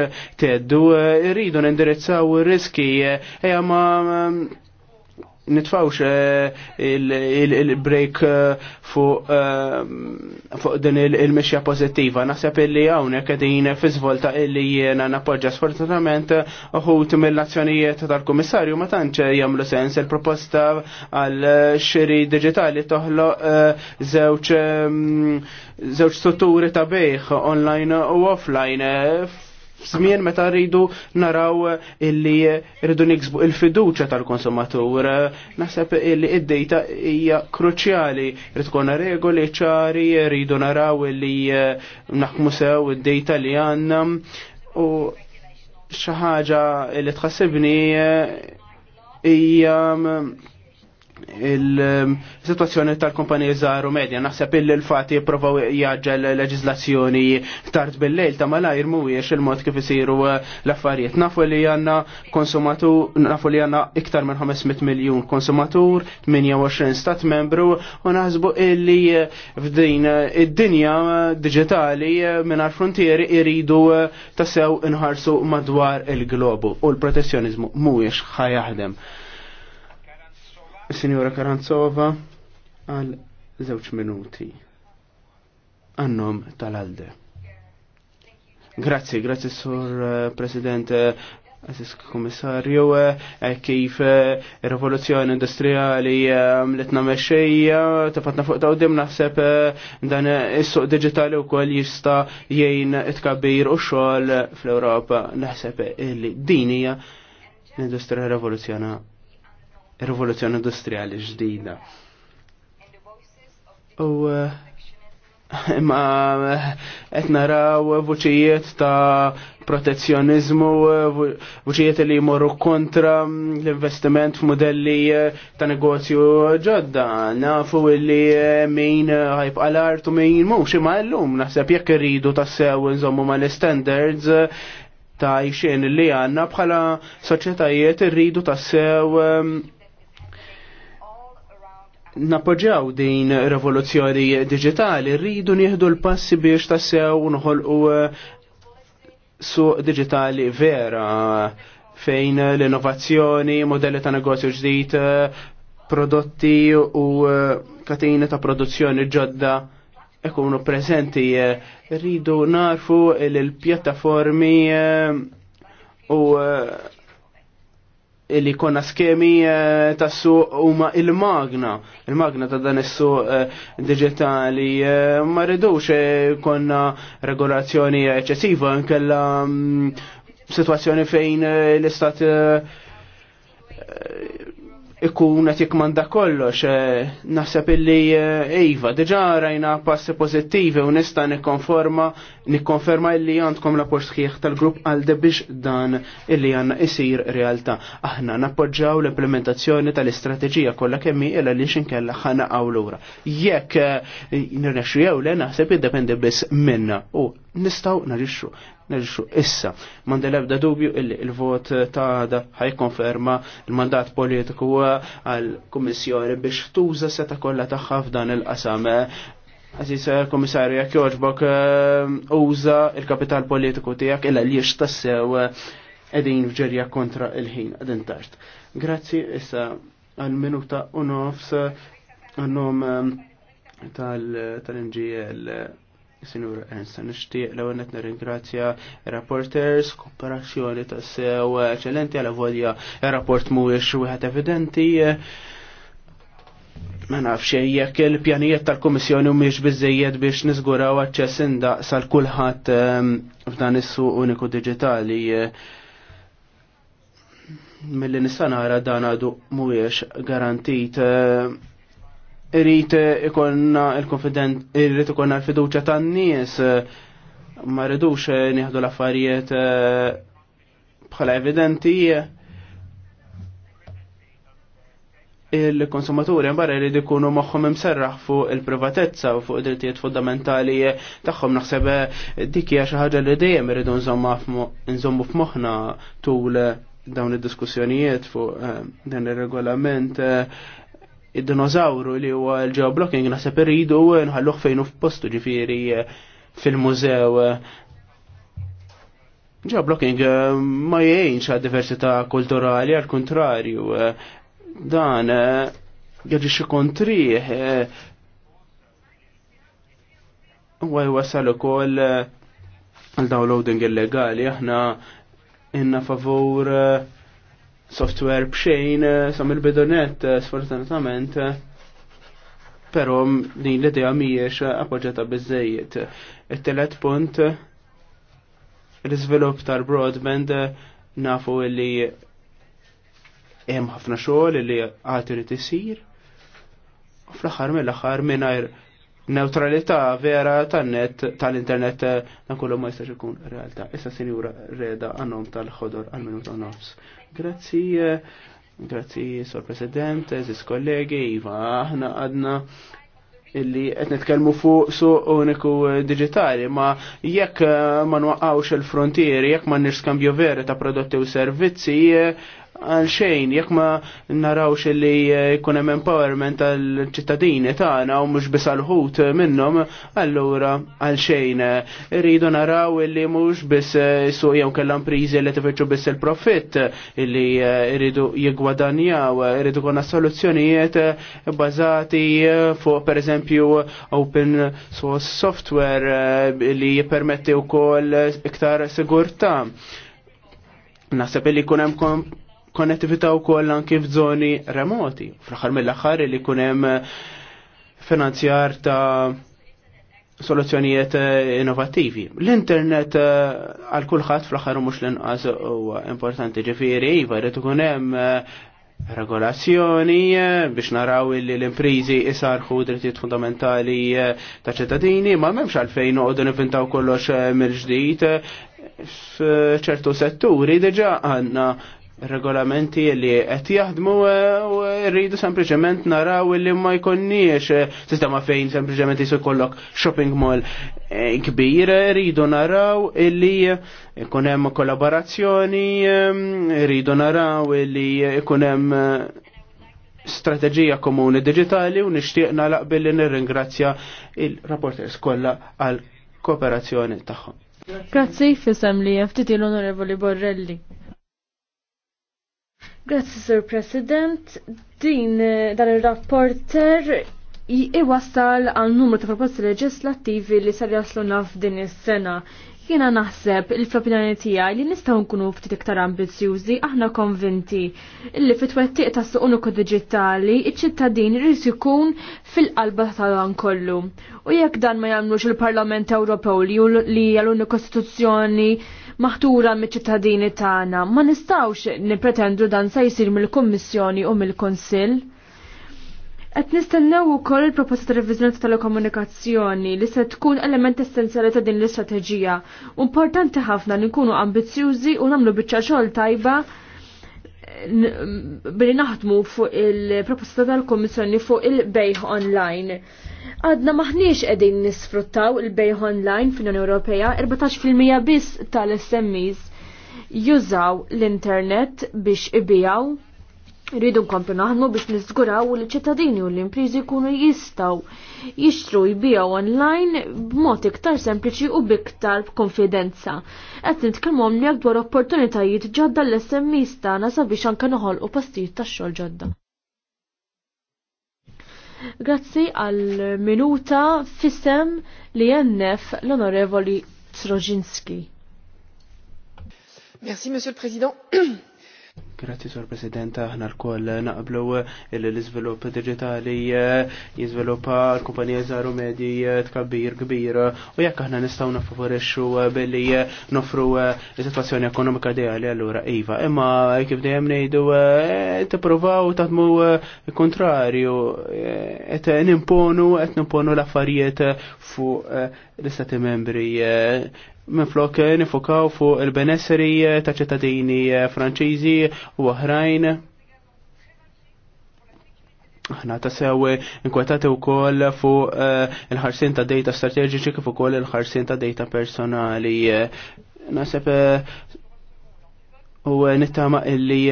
teddu eh, irridu nindirizzaw riski ejja eh, ma nitfawx eh, il-break eh, eh, fuq din il-mixja pozittiva. Naħseb illi hawnhekk qegħdin fi illi jiena nappoġġa sfortunatament uħut mill nazzjonijiet tal-Kummissarju ma tantx jagħmlu sens il-proposta għal xiri digitali toħloq mm, żewġ strutturi ta' bejħ online u offline Smien meta rridu naraw illi rridu niksbu il-fiduċa tal-konsumatur. Naħseb illi id-dejta hija kruċjali, rrid tkun regoli ċari, rridu naraw illi naħmu sew id-dejta li għandna u xi ħaġa li tħassibni hija il-situazzjoni tal-kumpanija żgħar u medja. Naħseb illi l-fat jipprovaw jaġġel leġislazzjoni tard bil-lejl ta' malajr mhuwiex il-mod kif isiru eh, l-affarijiet. Nafu li għandna konsumatur, nafu li għandna iktar minn 500 miljun konsumatur, 28 stat membru u naħsbu illi eh, f'din eh, id-dinja digitali minn frontieri iridu tassew inħarsu madwar il-globu u l-protezzjonizmu mhuwiex ħajaħdem. Signora Karanzova għal żewġ minuti. Annom tal-alde. Grazzi, grazie sur eh, President eh, Aziz Komissarju, eh, kif rivoluzzjoni Industriali għamletna meċxejja, tafatna fuq daw dim naħseb dan is-suq digitali u kol jista jgħin it u xol fl-Europa naħseb il dinija l-industrija rivoluzzjona rivoluzzjoni Industriali ġdida. U eh, (laughs) imma eh, qed naraw vuċijiet ta' protezzjonizmu, eh, vuċijiet li jmorru kontra mm, l-investiment f'modelli ta' negozju ġodda. Nafu li min ħajbqa l-art u min mhux imma llum naħseb jekk irridu tassew nżommu mal-standards ta' jxien li għanna bħala soċjetajiet irridu tassew napoġġaw din revoluzzjoni digitali, rridu nieħdu l-passi biex tassew nħolqu eh, suq digitali vera fejn l-innovazzjoni, modelli ta' negozju ġdid, eh, prodotti u eh, katina ta' produzzjoni ġodda ikunu prezenti. Rridu narfu l-pjattaformi u li konna skemi eh, tassu huma il-magna, il-magna ta' dan is-su eh, digitali. Eh, ma rridux konna regolazzjoni eċessiva nkella mm, situazzjoni fejn l-istat ikun qed jikmanda kollox. Eh, naħseb illi eh, iva, diġà rajna passi pożittivi u nista' nikkonforma nikkonferma illi għandkom la sħiħ tal-grupp għal biex dan illi għandna isir realtà. Aħna nappoġġaw l-implementazzjoni tal-istrateġija kollha kemm illa li xinkella ħana lura. Jekk eh, nirnexxu jew le naħseb jiddependi biss minna u nistaw narixxu narixxu issa. Mandel ebda dubju illi il-vot ta' da ħajkonferma il-mandat politiku għal-Kummissjoni biex tuża seta kollha tagħha f'dan il-qasam. Aziz eh, komissarju jekk joġbok eh, uża il-kapital politiku tiegħek illa li jixtassew qegħdin eh, f'ġerja kontra il-ħin qegħdin tard. Grazzi issa għal-minuta u nofs għannom tal-NGL Sinur Ernst, nishtiq l għonet nir-ingrazzja reporters, kooperazzjoni ta' sew, eccellenti għal volja, rapport mhuwiex wieħed evidenti. Ma nafx jekk il-pjanijiet tal-Komissjoni mhumiex biżejjed biex niżguraw aċċess indaqs għal kulħadd ehm, f'dan is-suq uniku diġitali. Milli nista' nara dan għadu mhuwiex garantit irrit ikonna il-konfident, irrit ikonna l-fiduċa tan nies ma rridux nieħdu l-affarijiet eh, bħala evidenti il-konsumaturi mbara jrid ikunu magħhom imserraħ fuq il-privatezza u fuq id-drittijiet fundamentali tagħhom naħseb eh, dik hija xi ħaġa li dejjem irridu nżommu f'moħħna tul dawn id-diskussjonijiet fuq eh, dan ir-regolament id dinosauru li huwa l-geoblocking naħseb irridu nħalluh fejn f'postu ġifieri eh, fil-mużew. Geoblocking eh, ma jgħinx għad diversità kulturali, għal kontrarju eh, dan jaġixxi kontrih huwa jwassal ukoll l downloading illegali aħna inna favur uh, software bxejn eh, sam il-bidonet eh, sfortunatament eh, pero din l-idea miex appoġġata bizzejiet. Il-telet punt l-izvilup tal-broadband nafu li hemm ħafna xogħol li għad irid isir. U fl-aħħar mill-aħħar mingħajr neutralità vera tan-net tal-internet eh, dan kollu ma jistax ikun realtà. Issa sinjura reda għannom tal-ħodor għal minuta nofs. Grazzi, eh, grazzi Sor President, eżis kollegi, Iva, aħna għadna illi qed nitkellmu fuq suq uniku digitali, ma jekk eh, ma nwaqqawx il-frontieri, jekk ma nirskambju veri ta' prodotti u servizzi, għal xejn jekk ma narawx li eh, jkun hemm empowerment għal ċittadini tagħna u mhux biss għal ħut minnhom, allura għal xejn irridu naraw illi mhux biss eh, suq jew kellha impriżi li tifittxu biss il-profitt li eh, irridu jiggwadanjaw, irridu konna soluzzjonijiet bbażati fuq pereżempju open source software li jippermetti wkoll iktar sigurtà. Naħseb li kunem hemm konnettività wkoll anki f'żoni remoti. Fl-aħħar mill-aħħar li jkun hemm eh, finanzjar ta' soluzzjonijiet eh, innovativi. L-internet eh, għal kulħadd fl-aħħar mhux l-inqas huwa importanti ġifieri iva jrid ikun hemm regolazzjoni biex naraw li l-imprizi isarħu drittijiet fundamentali ta' ċittadini, ma' memx għalfejn noqogħdu nifintaw kollox mill-ġdid f'ċertu setturi diġa għanna regolamenti li qed jaħdmu e, u rridu sempliċement naraw li ma jkunniex e, sistema fejn sempliċement jisu kollok shopping mall e, kbir, rridu naraw li jkun hemm kollaborazzjoni, rridu naraw li jkun hemm strateġija komuni digitali u nixtieq nalaq billi nirringrazzja il-rapporters kollha għal kooperazzjoni tagħhom.
Grazzi fisem li ftit l-Onorevoli Borrelli. Grazzi, Sir President. Din dan il-rapporter iwassal għal numru ta' proposti leġislattivi li sar naf din is-sena. Jiena naħseb il-flopinjoni tiegħi li nistgħu nkunu ftit iktar ambizjużi, aħna konvinti li fit-twettiq ta' suq uniku diġitali iċ-ċittadin irid ikun fil-qalba ta' dan kollu. U jekk dan ma jagħmlux il-Parlament Ewropew li hija l kostituzzjoni maħtura mit-ċittadini tagħna. Ma nistgħux nippretendu dan se jsir mill-Kummissjoni u mill-Kunsill. Qed nistennew ukoll il-proposta ta' reviżjoni ta' telekomunikazzjoni li se tkun element essenzjali ta' din l-istrateġija. Importanti ħafna li nkunu ambizzjużi u nagħmlu biċċa xogħol tajba bini naħdmu fuq il-proposta tal-Komissjoni fuq il-bejħ online. Għadna maħniex edin nisfruttaw il-bejħ online fin unjoni Ewropea, 14% biss tal-SMEs jużaw l-internet biex ibijaw Rridu nkomplu naħdmu biex nizguraw li ċittadini u l-imprizi jkunu jistaw jixtru jibijaw online b'mod iktar sempliċi u biktar konfidenza. Qed għom jekk dwar opportunitajiet ġodda l-SMEs tagħna sabiex anke noħolqu postijiet tax-xogħol ġodda. Grazzi għal minuta fissem li jennef l-onorevoli Srożinski.
Merci,
Monsieur le Président. (clears throat)
Grazzi, Sor President, aħna l-koll naqblu l izvilup digitali jizviluppa l-kumpanija zaru medji tkabbir kbir u jekk aħna nistgħu nafavorixxu billi nofru is-sitwazzjoni ekonomika ideali allura iva. Imma kif dejjem ngħidu eh, tippruvaw taħdmu kontrarju qed eh, nimponu qed nimponu l-affarijiet fuq eh, l-istati membri minflok eh, nifokaw fuq il-benesseri eh, ta' ċittadini eh, franċiżi u oħrajn. Aħna ta' sew inkwetati wkoll fuq il-ħarsin ta' data strateġiċi kif ukoll il-ħarsin ta' data personali. Naseb u nittama illi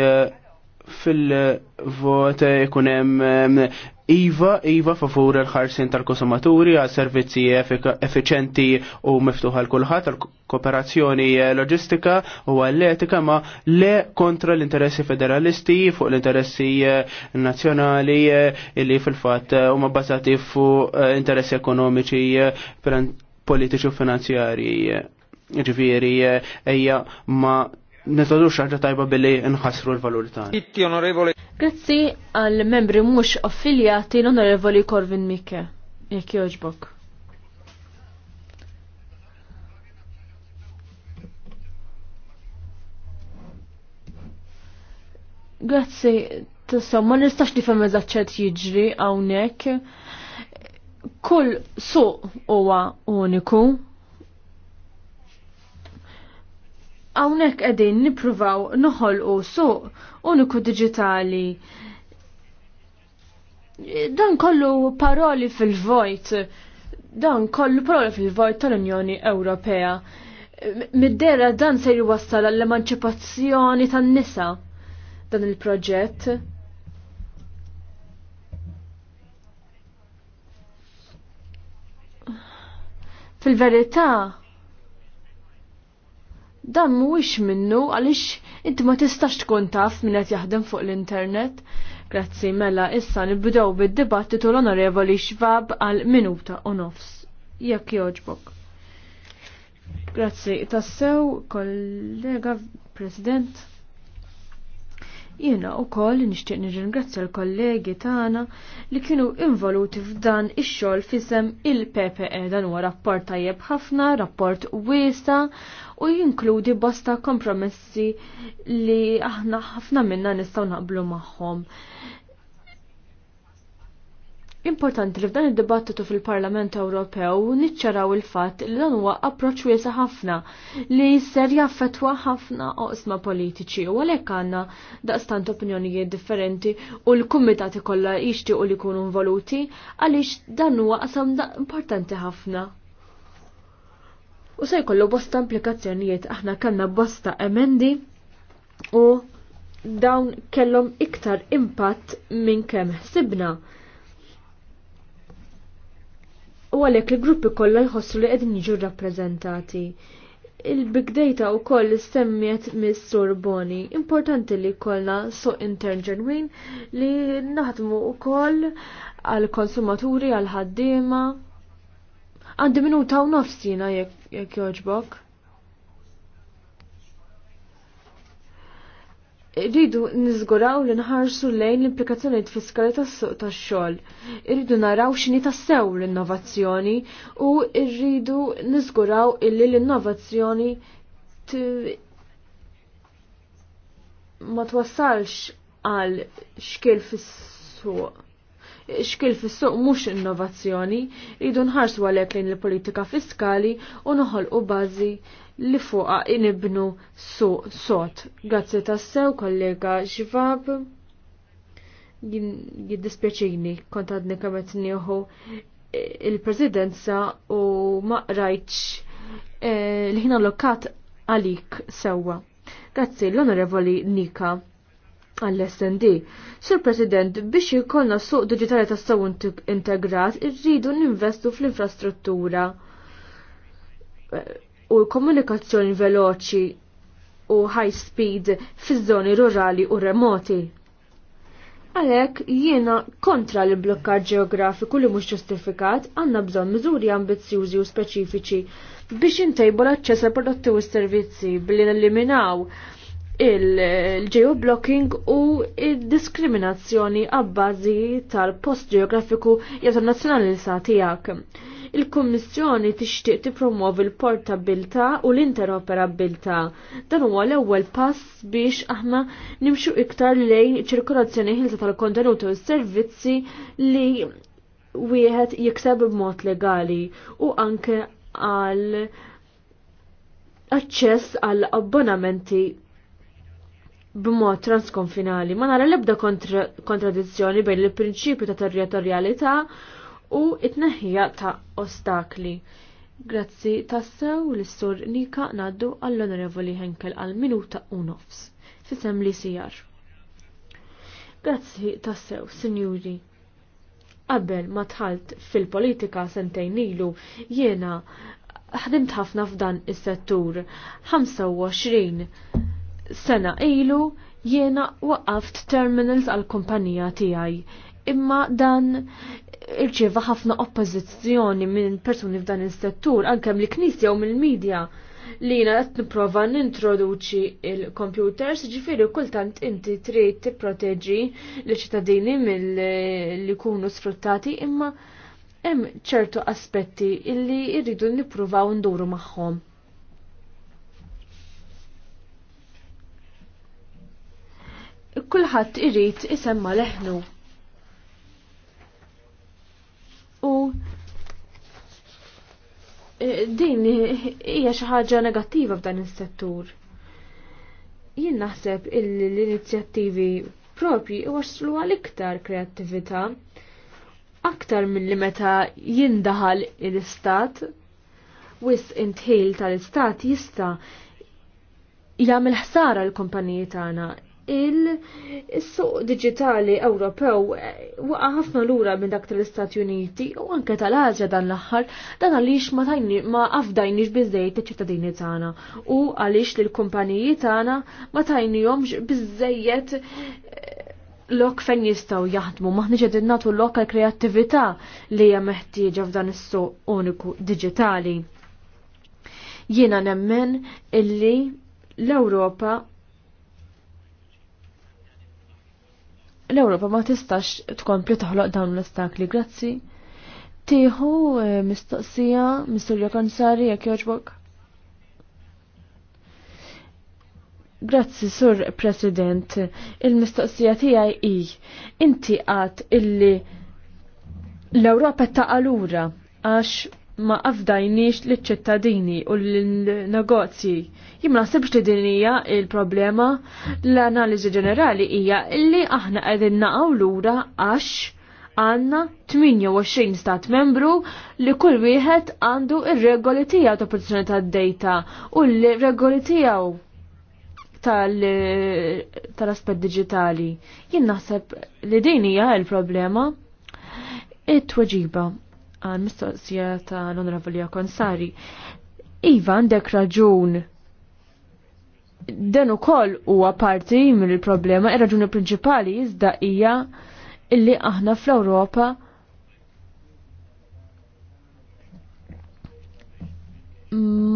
fil-vot ikun hemm Iva, Iva favur il-ħarsin tal-konsumaturi għal servizzi effiċenti u miftuħa l kulħadd kooperazzjoni loġistika u għall-etika ma le kontra l-interessi federalisti fuq l-interessi eh, nazjonali eh, li fil-fat eh, u ma bazzati fuq interessi ekonomiċi politiċi u finanzjari ġifiri eja ma nitollu xaġa tajba billi nħasru l-valur
tagħna.
Grazzi għal membri mhux affiljati l-Onorevoli Corvin Mikke. Jekk jogħġbok. Grazzi, tassaw, ma nistax fem eżaċċet jiġri hawnhekk. Kull suq huwa uniku, Hawnhekk qegħdin nippruvaw noħolqu suq uniku digitali. Dan kollu paroli fil-vojt, dan kollu paroli fil-vojt tal-Unjoni Ewropea. Middera dan se jwassal għall emancipazzjoni tan-nisa dan il-proġett. Fil-verità, Dan mhuwiex minnu għaliex inti ma tistax tkun taf min qed jaħdem fuq l-internet. Grazzi mela issa nibdew bid-dibattitu l-Onorevoli Xvab għal minuta u nofs. Jekk jogħġbok. Grazzi, tassew kollega President. Jiena u koll nishtiq nirringrazzja l-kollegi tagħna li kienu involuti f'dan ix-xogħol fisem il-PPE dan huwa rapport tajjeb ħafna, rapport wiesa u jinkludi bosta kompromessi li aħna ħafna minna nistgħu naqblu magħhom. Importanti li f'dan id-dibattitu fil-Parlament Ewropew niċċaraw il-fatt li dan huwa approċċ wiesa ħafna li ser jaffettwa ħafna oqsma politiċi u għalhekk għandna daqstant opinjonijiet differenti u l-kumitati kollha jixtiequ li jkunu involuti għaliex dan huwa qasam importanti ħafna. U se jkollu bosta implikazzjonijiet aħna kellna bosta emendi u dawn kellhom iktar impatt minn kemm ħsibna u għalhekk il-gruppi kollha jħossu li qegħdin jiġu rappreżentati. Il-big data u koll semmiet mis Boni. Importanti li kollna so intern li naħdmu u koll għal konsumaturi għal ħaddiema. Għandi minuta u nofsina jekk jek joġbok. Irridu nizguraw li nħarsu lejn l-implikazzjonijiet fiskali tas-suq tax-xogħol. Irridu naraw x'inhi tassew l-innovazzjoni u rridu nizguraw illi l-innovazzjoni ma twassalx għal xkil fis-suq. Xkil fis-suq mhux innovazzjoni, rridu nħarsu għalhekk lejn il-politika fiskali u noħolqu bażi li fuqa inibnu su sot. Grazzi tassew kollega ġvab jiddispjaċini kontadni kamet nieħu eh, il-prezidenza u ma rajċ eh, li ħina allokat għalik sewwa. Grazzi l-onorevoli Nika għall-SND. Sur President, biex jkollna suq digitali tas sew integrat, irridu ninvestu fl-infrastruttura eh, u komunikazzjoni veloċi u high speed fiż-żoni rurali u remoti. Għalek jiena kontra l blokkar ġeografiku li mhux ġustifikat għandna bżonn miżuri ambizzjużi u speċifiċi biex intejbu l-aċċess għal prodotti u s servizzi billi neliminaw il-geoblocking u il-diskriminazzjoni għabbażi tal-post ġeografiku jew tan-nazzjonalità tiegħek Il-Kummissjoni tixtieq tippromovi l-portabilità u l-interoperabilità. Dan huwa l-ewwel pass biex aħna nimxu iktar lejn ċirkolazzjoni ħilsa tal-kontenut u s-servizzi li wieħed jikseb b'mod legali u anke għal aċċess għal abbonamenti b'mod transkonfinali. Ma nara l-ebda kontradizzjoni bejn il-prinċipju ta' territorjalità u it neħja ta' ostakli. Grazzi tassew l-sur Nika naddu għall-Onorevoli Henkel għal-minuta u nofs. Fisem li sijar. Grazzi tassew, sinjuri. Qabel ma tħalt fil-politika sentejn ilu jiena ħdimt ħafna f'dan is-settur. 25 sena ilu jiena waqaft terminals għal kumpanija tiegħi. Imma dan irċieva ħafna oppożizzjoni minn persuni f'dan is-settur anke mill-Knisja u mill-Midja li jina qed nipprova nintroduċi il-computers, ġifieri kultant inti trid tipproteġi l-ċittadini mill-li jkunu sfruttati imma hemm ċertu aspetti illi jridu nippruvaw nduru magħhom. Kulħadd irid isemma leħnu. u e, din hija xi ħaġa negattiva f'dan is-settur. Jien naħseb l-inizjattivi propri iwasslu għal iktar kreattività aktar mill meta jindaħal l-istat wis intħil tal-istat jista' jagħmel ħsara l-kumpaniji tagħna il-suq digitali Ewropew eh, waqa' ħafna lura minn dak tal-Istati Uniti u anke tal-Asja dan l-aħħar dan għaliex ma tajni ma afdajniex biżejjed iċ-ċittadini tagħna u għaliex lil kumpaniji tagħna ma tajnihomx biżejjed eh, lok fejn jistgħu jaħdmu maħniġ qegħdin nagħtu lok għal kreattività li hija meħtieġa f'dan is-suq uniku diġitali. Jiena nemmen illi l-Ewropa l-Ewropa ma tistax tkompli toħloq dawn l-ostakli. Grazzi. Tieħu eh, mistoqsija, Misturja Konsari, jekk jogħġbok. Grazzi, Sur President. Il-mistoqsija tiegħi hi. Inti qatt illi l-Ewropa ta' għalura, għax ma afdajniex li ċittadini u l-negozji. Jim sebx li din hija il-problema l-analiżi ġenerali hija illi aħna qegħdin naqgħu lura għax għandna 28 stat membru li kull wieħed għandu il regoli tiegħu ta' protezzjoni tad-dejta u l-regoli tiegħu tal-aspett digitali. Jien naħseb li din hija l-problema. It-tweġiba għan mistoqsija ta' l onorabli Konsari. Iva, għandek raġun. Dan ukoll huwa parti mill-problema, ir-raġuni prinċipali iżda hija illi aħna fl-Ewropa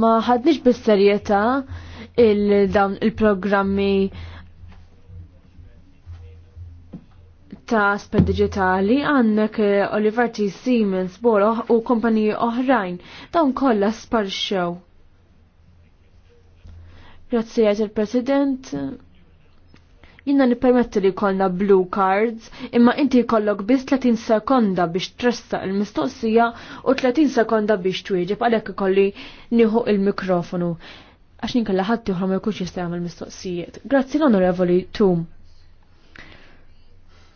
ma ħadniex bis-serjetà il-dawn il-programmi il programmi ta' aspet digitali għandek eh, Oliver T. Siemens, Boro, u kompaniji oħrajn. Dawn kollha sparxew. Grazzi għajt il-President. Jina nipermetti li kollna blue cards, imma inti kollok bis 30 sekonda biex tressa il-mistoqsija u 30 sekonda biex twieġeb għalhekk ikolli nieħu il-mikrofonu. Għax ninkella ħadd ma jkunx jistgħu jagħmel mistoqsijiet. Grazzi l-Onorevoli Tum.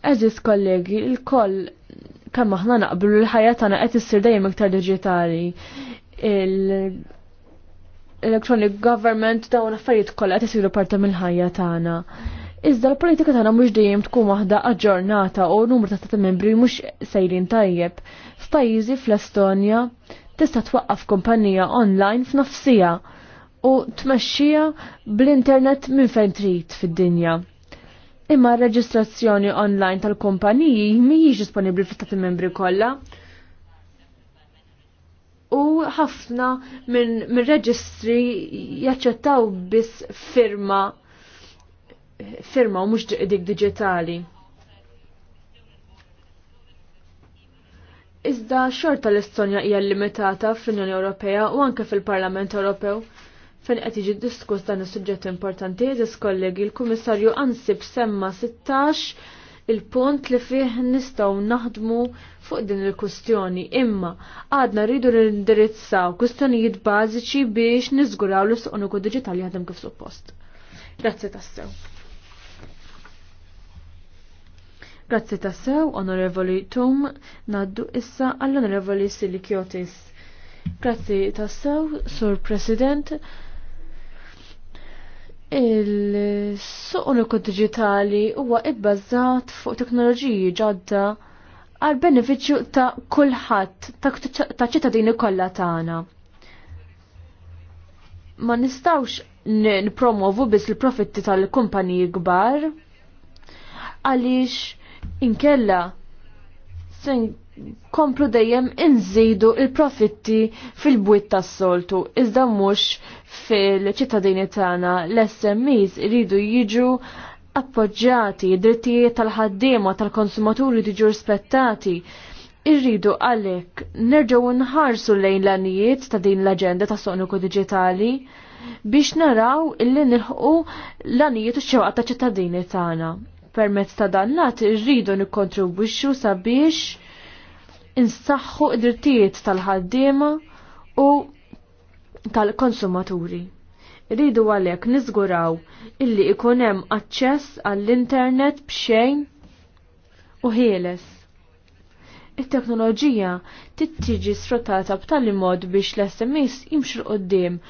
Eżis kollegi, il-koll kemm aħna naqblu l-ħajja tagħna qed issir dejjem iktar diġitali. Il-electronic government dawn affarijiet kollha qed isiru parta mill-ħajja tagħna. Iżda l-politika tagħna mhux dejjem tkun waħda aġġornata u numru ta' stati membri mhux sejrin tajjeb. F'pajjiżi fl-Estonja tista' twaqqaf kumpanija online f'nofsija u tmexxija bl-internet minn fejn trid fid-dinja. Imma r-reġistrazzjoni online tal-kumpaniji mhijiex disponibbli fl-istati membri kollha. U ħafna minn min reġistri jaċċettaw biss firma firma u mhux dik diġitali. Iżda xorta l-Estonja hija limitata fl-Unjoni Ewropea u anke fil-Parlament Ewropew fejn qed jiġi diskuss dan is-suġġett importanti eżis kollegi l-Kummissarju ansib semma 16 il-punt li fih nistgħu naħdmu fuq din il-kustjoni imma għadna rridu nindirizzaw kustjonijiet bażiċi biex niżguraw l-suqnuku diġitali jaħdem kif suppost. Grazzi tassew. Grazzi tassew, onorevoli Tum, naddu issa għall-onorevoli Silikiotis. Grazzi tassew, Sur President, Il-suq uniku digitali huwa ibbażat fuq teknoloġiji ġodda għal benefiċċju ta' kulħadd ta' ċittadini kollha tagħna. Ma nistawx nippromovu biss il-profitti tal-kumpaniji kbar għaliex inkella komplu dejjem inżidu il-profitti fil-bwit tas-soltu, iżda mhux fil-ċittadini tagħna l-SMEs iridu jiġu appoġġjati, drittijiet tal-ħaddiema tal-konsumaturi jiġu rispettati. Irridu għalek nerġgħu nħarsu lejn l-anijiet ta' din l-aġenda ta' soqnuku Digitali biex naraw illi nilħqu l-anijiet u xewqa ta' ċittadini tagħna. Permezz ta' dan lat irridu nikkontribwixxu sabiex insaħħu id-drittijiet tal-ħaddiema u tal-konsumaturi. Ridu għalhekk niżguraw illi ikun hemm aċċess għall-internet b'xejn u ħieles. It-teknoloġija tittiġi sfruttata b'tali mod biex l-SMS jimxu l-qoddim,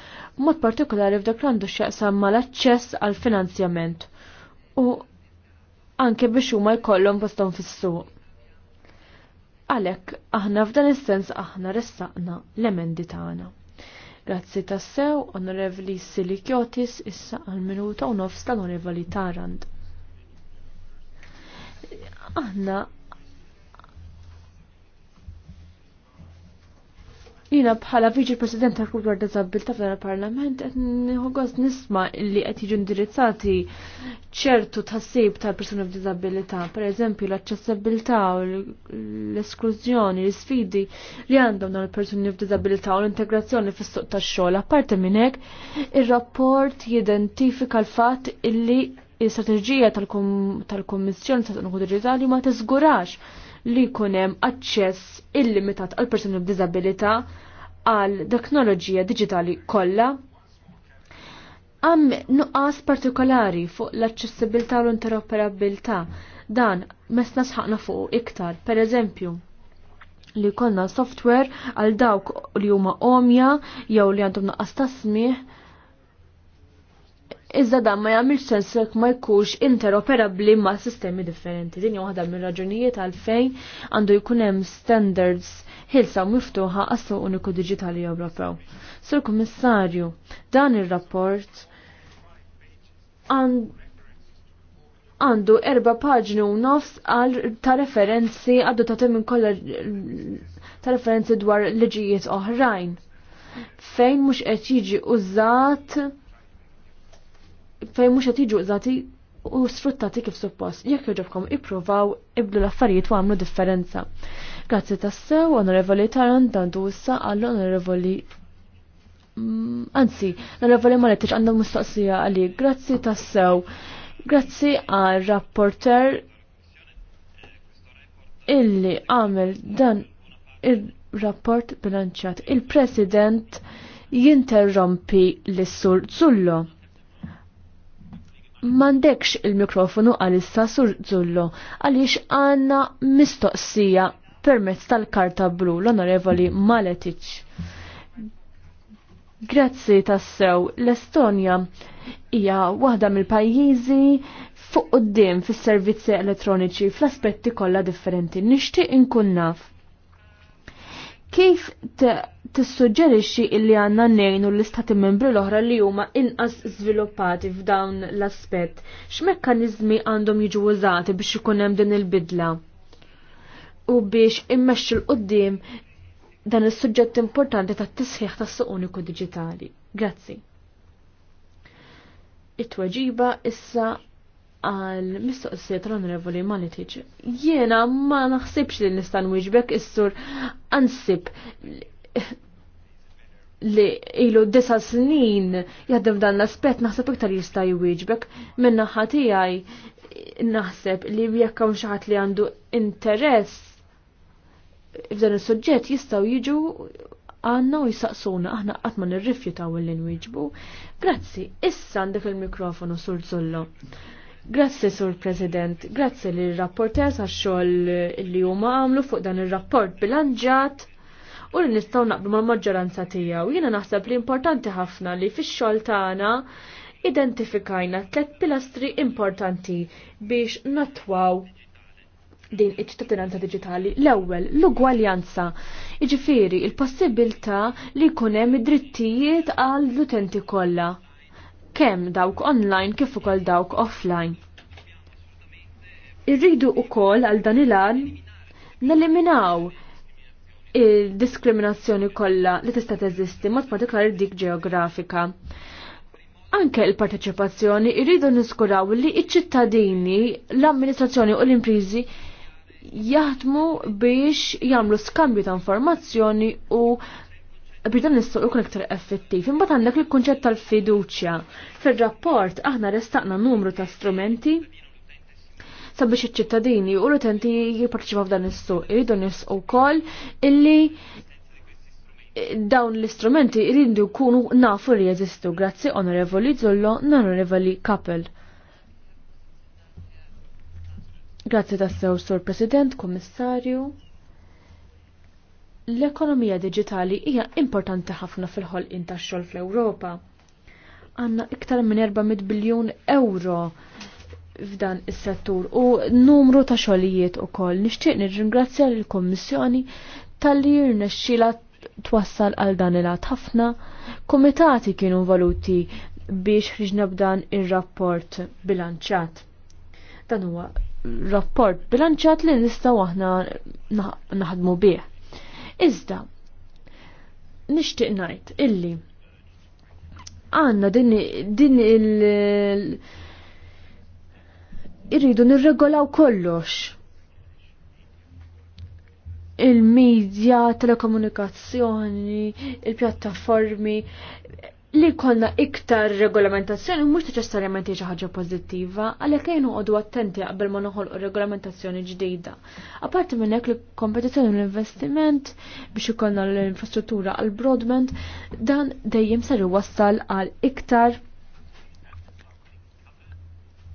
mod partikolari f'dak l-għandu x'jaqsam mal-aċċess għall-finanzjament u anke biex huma jkollhom postom fis-suq Għalek, aħna f'dan is-sens aħna ressaqna l-emendi tagħna. Grazzi tassew, onorevli Silikiotis, issa għal-minuta u nofs tal-onorevoli Tarand. Aħna Jina bħala viċi president tal kultur disabilta f'dan il-parlament qed nħoggos nisma li qed jiġu indirizzati ċertu tħassib tal-persuni f'diżabilità, pereżempju l-aċċessibilità u l-esklużjoni, l-isfidi li għandhom dawn il-persuni f'diżabilità u l-integrazzjoni fis-suq tax-xogħol. Apparti minn hekk, ir-rapport jidentifika l-fatt illi l-istrateġija tal-Kummissjoni tal-Nuħu Digitali ma tiżgurax li kunem aċċess illimitat għal persuni b'dizabilità għal teknoloġija digitali kollha. Għam nuqqas partikolari fuq l-aċċessibilità u l-interoperabilità dan mesna sħaqna fuq iktar, per eżempju, li konna software għal dawk li huma omja jew li għandhom naqqas tasmih Iżda dan ma jagħmilx sens jekk ma jkunx interoperabbli ma' sistemi differenti. Din waħda mir-raġunijiet għalfejn għandu jkun hemm standards ħilsa miftuħa għas-suq uniku diġitali Ewropew. Sur Kummissarju, dan ir-rapport għandu erba paġni u nofs għal ta' referenzi għaddu ta' temmin kolla ta' referenzi dwar liġijiet oħrajn fejn mhux qed jiġi użat Fej mhux qed jiġu użati u sfruttati kif suppost. Jekk joġobkom ippruvaw iblu l-affarijiet u għamlu differenza. Grazzi tassew, onorevoli Taran, dandu issa għall onorevoli mm, Anzi, l-onorevoli Malettiċ għandhom mistoqsija għalli. Grazzi tassew. Grazzi għal rapporter illi għamel dan il-rapport bilanċat. Il-President jinterrompi l-Sur Zullo mandekx il-mikrofonu għalissa Zullo, għaliex għanna mistoqsija permezz tal-karta blu l-onorevoli Maletic. Grazzi tassew, l-Estonja hija waħda mill-pajjiżi fuq qudiem fis-servizzi elettroniċi fl-aspetti kollha differenti. Nixtieq inkun naf Kif tissuġġerixxi illi għandna nejnu l-istati membri l-oħra li huma inqas żviluppati f'dawn l-aspett? X'mekkaniżmi għandhom jiġu użati biex ikun hemm din il-bidla? U biex immexxu l-qudiem dan is-suġġett importanti tat-tisħiħ tas-suq uniku diġitali. Grazzi. It-tweġiba issa għal mistoqsijiet l-onorevoli Malitiċ. Jiena ma naħsibx li nistan wieġbek is-sur ansib li ilu disa snin jaħdem dan l-aspet naħseb iktar jista' jwieġbek minna naħa tiegħi naħseb li jekk hawn xi ħadd li għandu interess f'dan is-suġġett jistgħu jiġu għanna u jisaqsuna aħna qatt ma nirrifjutaw l-inwiġbu. Grazzi, issa għandek il-mikrofonu sur Zullo. Grazzi, Sur President. Grazzi li rapportez għax-xogħol li huma għamlu fuq dan ir-rapport bilanġat u li nistgħu naqblu mal-maġġoranza tiegħu. Jiena naħseb li importanti ħafna li fix-xogħol tagħna identifikajna tliet pilastri importanti biex natwaw din iċ-ċittadinanza diġitali. L-ewwel l-ugwaljanza. Jiġifieri l possibilità li jkun hemm id-drittijiet għall-utenti kollha kemm dawk online kif ukoll dawk offline. Irridu ukoll għal dan il-għan neliminaw il-diskriminazzjoni kollha li tista' teżisti mod partikolari dik ġeografika. Anke l-parteċipazzjoni irridu niskuraw li iċ-ċittadini, l-amministrazzjoni u l-imprizi jaħdmu biex jagħmlu skambju ta' informazzjoni u bidan nistaw ikun iktar effettiv. Imbagħad għandek il-kunċett tal-fiduċja. Fir-rapport aħna restaqna numru ta' strumenti sabiex iċ-ċittadini u l-utenti jipparteċipaw f'dan is-suq. Iridu nisqu wkoll illi dawn l-istrumenti iridu jkunu nafu li jeżistu. Grazzi Onorevoli Zullo, Onorevoli Kappel. Grazzi tassew, Sur President, Kommissarju. L-ekonomija diġitali hija importanti ħafna fil-ħolqien tax-xogħol fl-Ewropa. Għandna iktar minn 400 biljun euro f'dan is-settur u numru ta' xogħlijiet ukoll. Nixtieq nirringrazzja lill kummissjoni tal-li jirnexxila twassal għal dan il-għat ħafna. Komitati kienu valuti biex ħriġna b'dan ir-rapport bilanċat. Dan huwa rapport bilanċat li nistgħu aħna naħdmu bih Iżda, nixtieq ngħid illi għandna din, din il- irridu nirregolaw kollox. Il-medja, telekomunikazzjoni, il-pjattaformi, li konna iktar regolamentazzjoni mhux neċessarjament xi ħaġa pożittiva, għalhekk jien għodu attenti qabel ma noħolqu regolamentazzjoni ġdida. Apparti minn hekk li kompetizzjoni l-investiment biex ikollna l-infrastruttura għal broadband dan dejjem ser iwassal għal iktar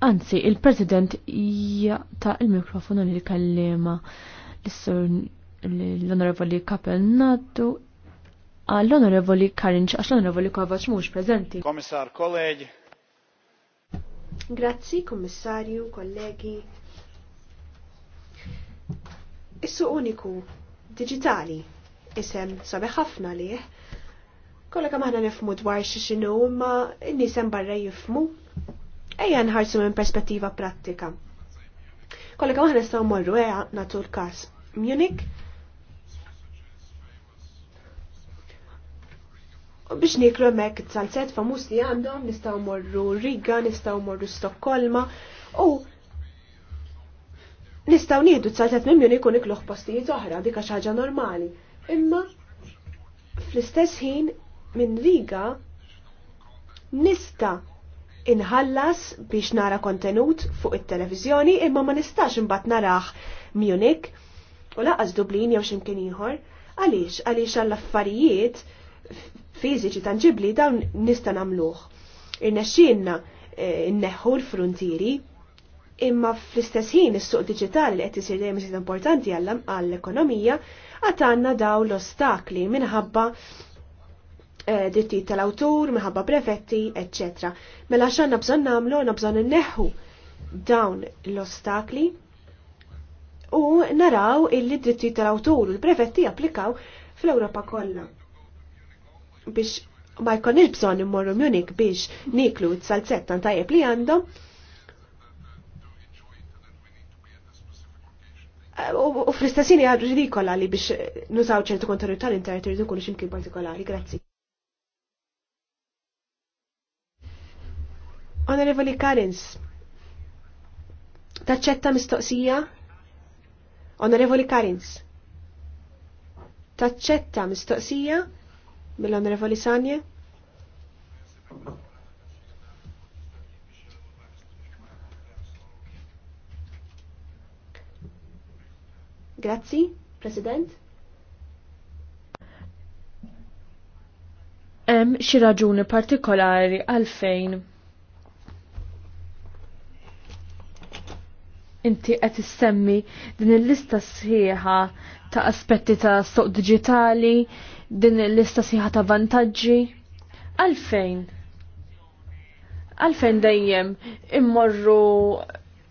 Anzi, il-President jaqta' il-mikrofonu li kallima l honorable Kapen Nattu għall-Onorevoli Karinċ għax l-Onorevoli Kovac mhux preżenti.
Komissar, kollegi.
Grazzi, Kommissarju, kollegi. Issu uniku, digitali, isem sabi ħafna liħ. Kollega maħna nifmu dwar xiexinu, ma n-nisem barra jifmu. Ejja nħarsu minn perspettiva prattika. Kollega maħna nistaw morru natur natu kas Munich biex niklu hemmhekk it-salzet famuż li għandhom nistgħu morru Riga, nistgħu morru Stokkolma u nistgħu nieħdu t salset minn jien ikun ikluħ postijiet oħra dik għax ħaġa normali. Imma fl-istess ħin minn Riga nista' inħallas biex nara kontenut fuq it televizjoni imma ma nistax imbagħad naraħ Munich u laqas Dublin jew x'imkien ieħor. Għaliex, għaliex għall-affarijiet fiżiċi tangibli dawn nista' nagħmluh. Irnexxielna eh, inneħħu l-fruntieri imma fl-istess ħin is-suq diġitali li qed isir dejjem importanti għall-ekonomija għad għandna daw l-ostakli minħabba eh, drittijiet tal-awtur, minħabba brevetti, etc. Mela x'għandna bżonn nagħmlu, għandna bżonn inneħħu dawn l-ostakli u naraw illi drittijiet tal-awtur u l-brevetti applikaw fl-Ewropa kollha biex ma jkonniex bżonn immorru Munich biex niklu t tan tajjeb li għandhom. U fl-istazzjoni għadu ridikola li biex nużaw ċertu kontorju tal-internet rridu kunu ximkien partikolari, grazzi. Onorevoli Karins, taċċetta mistoqsija? Onorevoli Karins, taċċetta mistoqsija? mill-Onorevoli Sanje. Grazzi, President.
Hemm xi raġuni partikolari għalfejn inti qed issemmi din il-lista sħiħa ta' aspetti ta' soq digitali, din l-lista siħa ta' vantaġġi? Għalfejn? Għalfejn dejjem immorru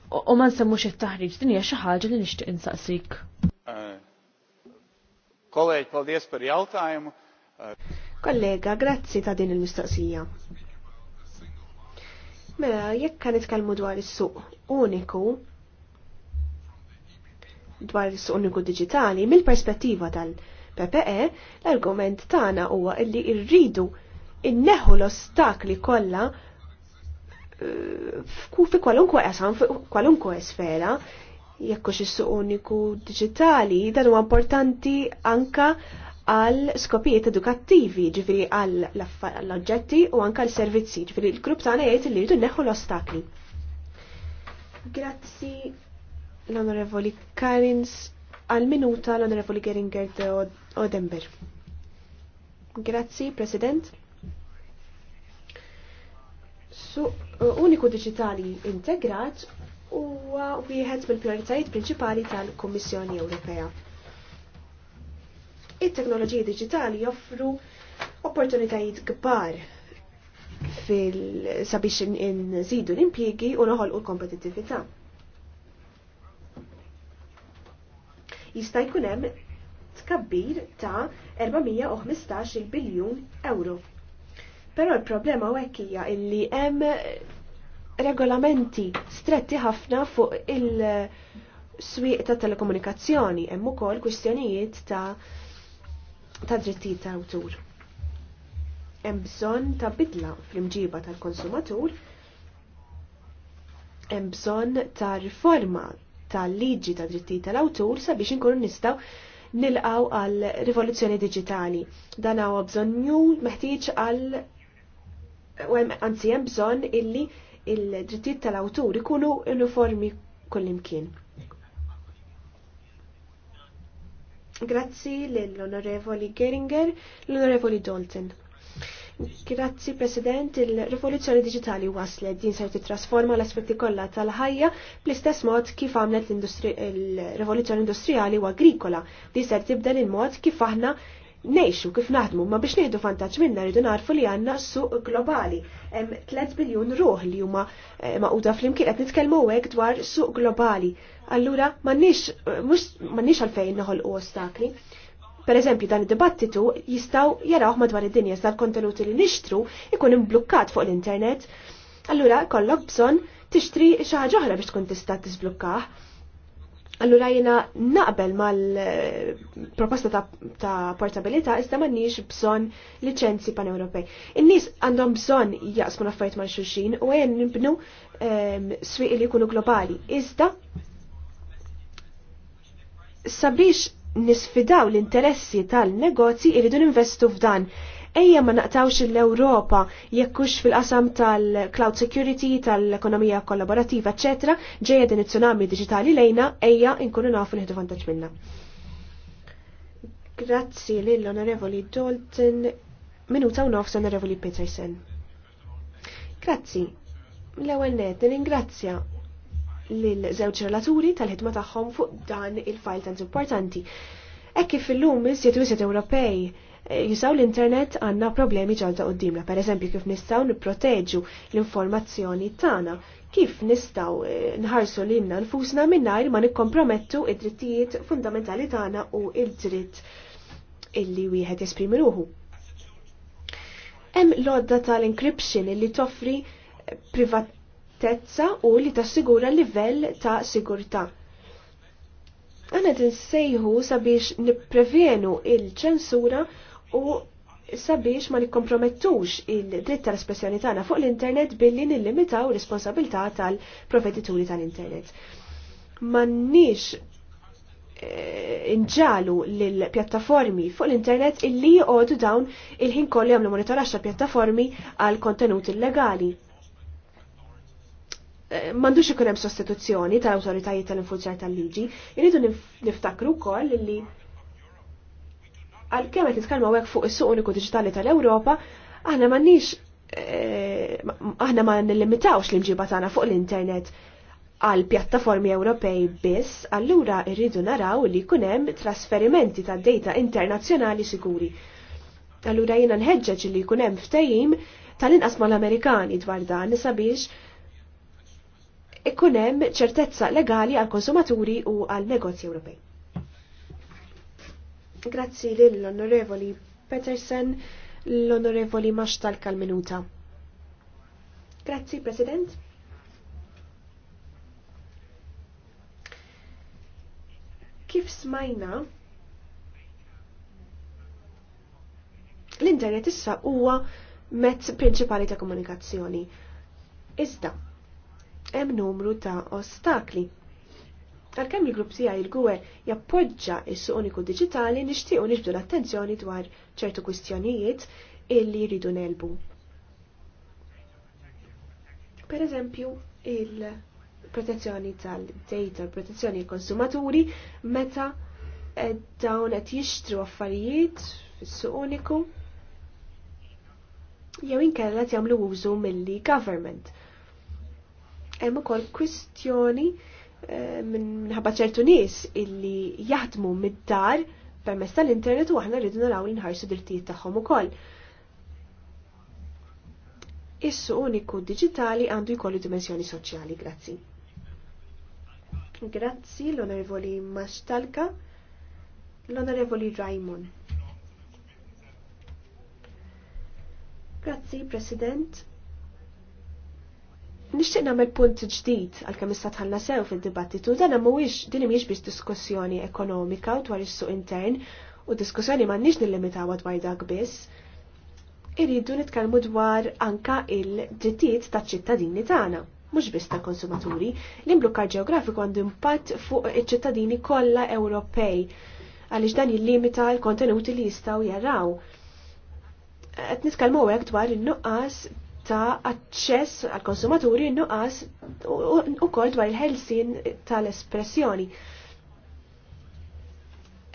u ma nsemmux it-taħriġ din hija xi
ħaġa li nixtieq insaqsik.
Eh, Kolleg, paldies per jautajmu. Eh, Kollega,
grazzi ta' din il-mistoqsija. Mela, jekk kan nitkellmu dwar is-suq uniku, dwar is-suq uniku digitali, mill-perspettiva tal- PPE, l-argument tagħna huwa illi rridu inneħu l-ostakli kollha
eh,
fi kwalunkwe għasan, fi kwalunkwe sfera, jekk hux uniku digitali dan huwa importanti anka għal skopijiet edukattivi, ġifiri għal l-oġġetti u anka l-servizzi, ġifiri l-grupp tana jgħid li rridu neħu l-ostakli. Grazzi l-Onorevoli Karins għal minuta l-Onorevoli Geringer de Odenberg. Grazzi, President. Su uh, uniku digitali integrat huwa wieħed mill-prioritajiet prinċipali tal-Kummissjoni Ewropea. It-teknoloġiji digitali joffru opportunitajiet kbar fil sabiex inżidu l-impjiegi u noħolqu l-kompetittività. Jista' jkun hemm kabbir ta' 415 biljun euro. Però l-problema hekk hija illi hemm eh, regolamenti stretti ħafna fuq il-swieq ta' telekomunikazzjoni, hemm ukoll kwistjonijiet ta' ta' drittijiet ta' awtur. Hemm bżonn ta' bidla fl-imġiba tal-konsumatur, hemm bżonn ta' riforma tal-liġi ta' drittijiet tal-awtur sabiex inkunu nistgħu nilqaw għal rivoluzzjoni digitali. Dan għaw bżon new meħtieġ għal anzi hemm bżonn illi il-drittijiet tal-awtur ikunu uniformi kullimkien. Grazzi l-Onorevoli Geringer, l-Onorevoli Dalton. Grazzi President, il-rivoluzzjoni digitali waslet din se titrasforma l-aspetti kollha tal-ħajja bl-istess mod kif għamlet l revoluzzjoni industrijali u agrikola. Din ser tibdel il-mod kif aħna nejxu kif naħdmu, ma biex nieħdu vantaġġ minna rridu narfu li għandna suq globali. Hemm 3 biljun ruħ li huma eh, maquda flimkien qed nitkellmu hekk dwar suq globali. Allura m'għandniex eh, mhux m'għandniex għalfejn noħolqu ostakli. Per eżempju, dan id-dibattitu jistaw jarawh madwar id-dinja sa' l-kontenuti li nixtru ikun imblukkat fuq l-internet. Allura kollok bżonn tixtri xi ħaġa oħra biex tkun tista' tisblukkah. Allura jina naqbel mal-proposta ta', ta portabilità iżda m'għandniex bżonn liċenzi pan-Ewropej. In-nies għandhom bżonn jaqsmu l-affarijiet ma' xulxin u għen nibnu ehm, swieq li jkunu globali. Iżda sabiex nisfidaw l-interessi tal-negozji iridu ninvestu f'dan. Ejja ma naqtawx l-Europa jekkux fil-qasam tal-cloud security, tal-ekonomija kollaborativa, ecc. ġeja din it-tsunami digitali lejna, ejja inkunu nafu nieħdu vantaġġ minna. Grazzi lill-Onorevoli Dalton, minuta u nofs Onorevoli Peterson. Grazzi. L-ewwel net, ringrazzja l-żewġ relaturi tal-ħidma tagħhom fuq dan il file tant importanti. Hekk kif illum iżjed wisjed Ewropej eh, jisaw l-internet għanna problemi ġalta qoddimna, per eżempju kif nistaw nipproteġu l-informazzjoni tagħna, kif nistaw eh, nħarsu lilna nfusna minnajr ma nikkompromettu id-drittijiet fundamentali tagħna u id-dritt illi wieħed jesprimi ruħu. Hemm lodda tal-encryption illi toffri privat ċertezza u li tassigura livell ta' sigurtà. Għana tinsejħu sabiex nipprevenu il-ċensura u sabiex ma nikkompromettux il-dritt tal-espressjoni tagħna fuq l-internet billi nillimitaw responsabilità tal-provedituri tal-internet. nix eh, inġalu l-pjattaformi fuq l-internet illi jgħodu dawn il-ħin kollu jagħmlu monitoraxxa pjattaformi għal kontenut illegali mandux ikun hemm sostituzzjoni tal-awtoritajiet tal-infurzjar tal-liġi, irridu niftakru wkoll li għalkemm qed nitkellmu hekk fuq is-suq uniku diġitali tal-Ewropa, aħna m'għandniex eh, aħna ma nillimitawx l-imġiba tagħna fuq l-internet għal pjattaformi Ewropej biss, allura irridu naraw li jkun hemm trasferimenti ta' data internazzjonali sikuri. Allura jiena nħeġġeġ li jkun hemm ftehim tal-inqas mal-Amerikani dwar dan sabiex ikun hemm ċertezza legali għal konsumaturi u għal negozji Ewropej. Grazzi lill-Onorevoli Petersen, l-Onorevoli Maxtal Kalminuta. Grazzi, President. Kif smajna l-internet issa huwa mezz prinċipali ta' komunikazzjoni. Iżda, hemm numru ta' ostakli. Għalkemm il-grupp tiegħi il-gwe jappoġġa s-suq uniku diġitali nixtiequ nixbdu l-attenzjoni dwar ċertu kwistjonijiet illi jridu nelbu. Per eżempju, il-protezzjoni tal-data, protezzjoni konsumaturi meta eh, dawn qed jixtru affarijiet fis-suq uniku jew inkella jagħmlu użu milli government hemm ukoll kwistjoni eh, minħabba ċertu nies illi jaħdmu mid-dar permezz tal-internet u aħna rridu naraw li nħarsu drittijiet tagħhom ukoll. Issu uniku digitali għandu jkollu dimensjoni soċjali, grazzi. Grazzi l-Onorevoli Maċtalka, l-Onorevoli Raimon. Grazzi, President. Nixtieq nagħmel punt ġdid għalkemm issa tħallna sew fil-dibattitu dan mhuwiex din mhijiex biex diskussjoni ekonomika u dwar is-suq intern u diskussjoni m'għandniex nillimitaw dwar dak biss. Irridu nitkellmu dwar anka il-drittijiet taċ-ċittadini tagħna mhux biss ta' konsumaturi, l-imblukkar ġeografiku għandu impatt fuq iċ-ċittadini kollha Ewropej għaliex dan jillimita l-kontenuti li jistgħu jaraw. Qed nitkellmu hekk dwar in-nuqqas ta' aċċess għal konsumaturi nuqqas u kol dwar il-ħelsin tal-espressjoni.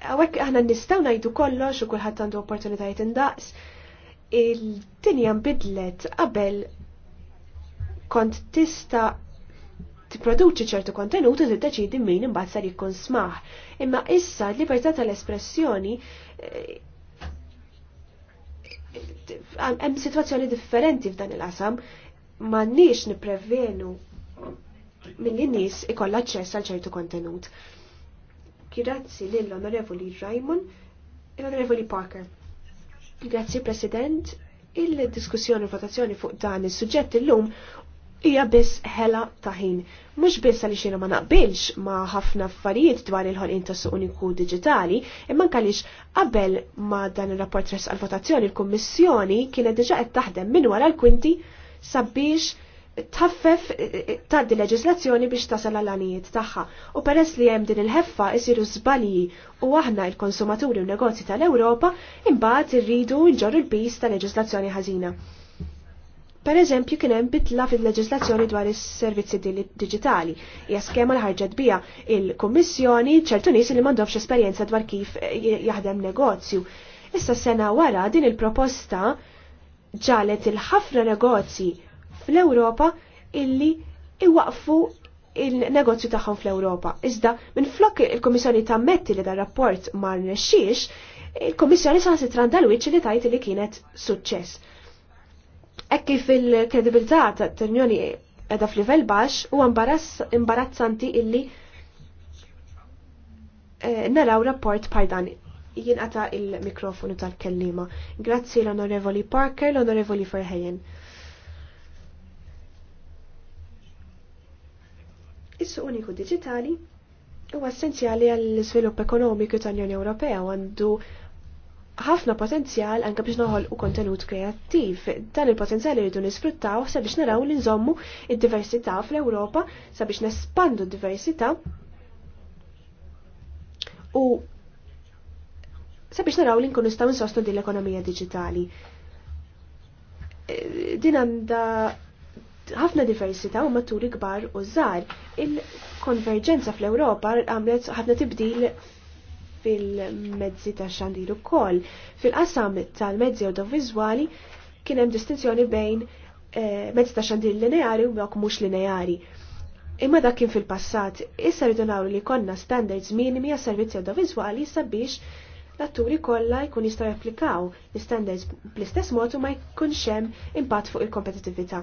Għawek aħna nistaw najdu kollox u kullħat għandu opportunitajiet indaqs, il-dinja bidlet qabel kont tista tipproduċi ċertu kontenut u tiddeċidi min imbazzar jikkun jikun smaħ. Imma issa l-libertà tal-espressjoni eh, hemm situazzjoni differenti f'dan il-qasam m'għandniex nipprevenu milli nies ikollha aċċess għal ċertu kontenut. Grazzi lill-Onorevoli Raymond e l-Onorevoli Parker. Grazzi President, il-diskussjoni u votazzjoni fuq dan is-suġġett illum hija biss ħela ta' ħin. Mhux biss għaliex jiena ma naqbilx ma' ħafna affarijiet dwar il-ħolqien ta' suq uniku diġitali, imma nkaliex qabel ma' dan ir-rapport res għal votazzjoni il-Kummissjoni kienet diġà qed taħdem minn wara l-kwinti sabiex taffef eh, eh, eh, taddi leġislazzjoni biex tasal l għanijiet tagħha. U peress li hemm din il-ħeffa isiru żbalji u aħna l-konsumaturi u negozji tal-Ewropa imbagħad irridu nġorru l-biss ta' leġislazzjoni ħażina. Per eżempju kien hemm bitla fil-leġislazzjoni dwar is-servizzi digitali. Hija skema li ħarġet bija il-Kummissjoni ċertu nies li m'għandhomx esperjenza dwar kif eh, jaħdem negozju. Issa sena wara din il-proposta ġalet il-ħafna negozji fl-Ewropa illi iwaqfu il-negozju tagħhom fl-Ewropa. Iżda minn flok il-Kummissjoni tammetti li dar rapport ma rnexxiex, il-Kummissjoni sa se tranda li tajt li kienet suċċess Ekki fil-kredibilità t unjoni edha f'livell baxx u imbarazzanti illi eh, naraw rapport pajdan jien għata il-mikrofonu tal-kellima. Grazzi l-Onorevoli Parker, l-Onorevoli Ferhejen. Issu uniku digitali u essenzjali għall-svilupp ekonomiku tal-Unjoni Ewropea għandu ħafna potenzjal anke biex u kontenut kreattiv. Dan il-potenzjal irridu nisfruttaw sabiex naraw li nżommu id-diversità fl-Ewropa, sabiex nespandu d-diversità u sabiex naraw li nkunu staw nsostu din l-ekonomija digitali. Din għandha ħafna diversità u maturi kbar u żgħar. Il-konverġenza fl-Ewropa għamlet ħafna tibdil fil-mezzi ta' xandir ukoll. Fil-qasam tal-mezzi audiovizuali kien hemm distinzjoni bejn eh, mezzi ta' xandir lineari u dak mhux lineari. Imma dak kien fil-passat, issa rridu nagħmlu li konna standards minimi għas servizzi audiovizuali sabiex l-atturi kollha jkun jistgħu japplikaw l-standards bl-istess mod u ma jkunx hemm impatt fuq il kompetitività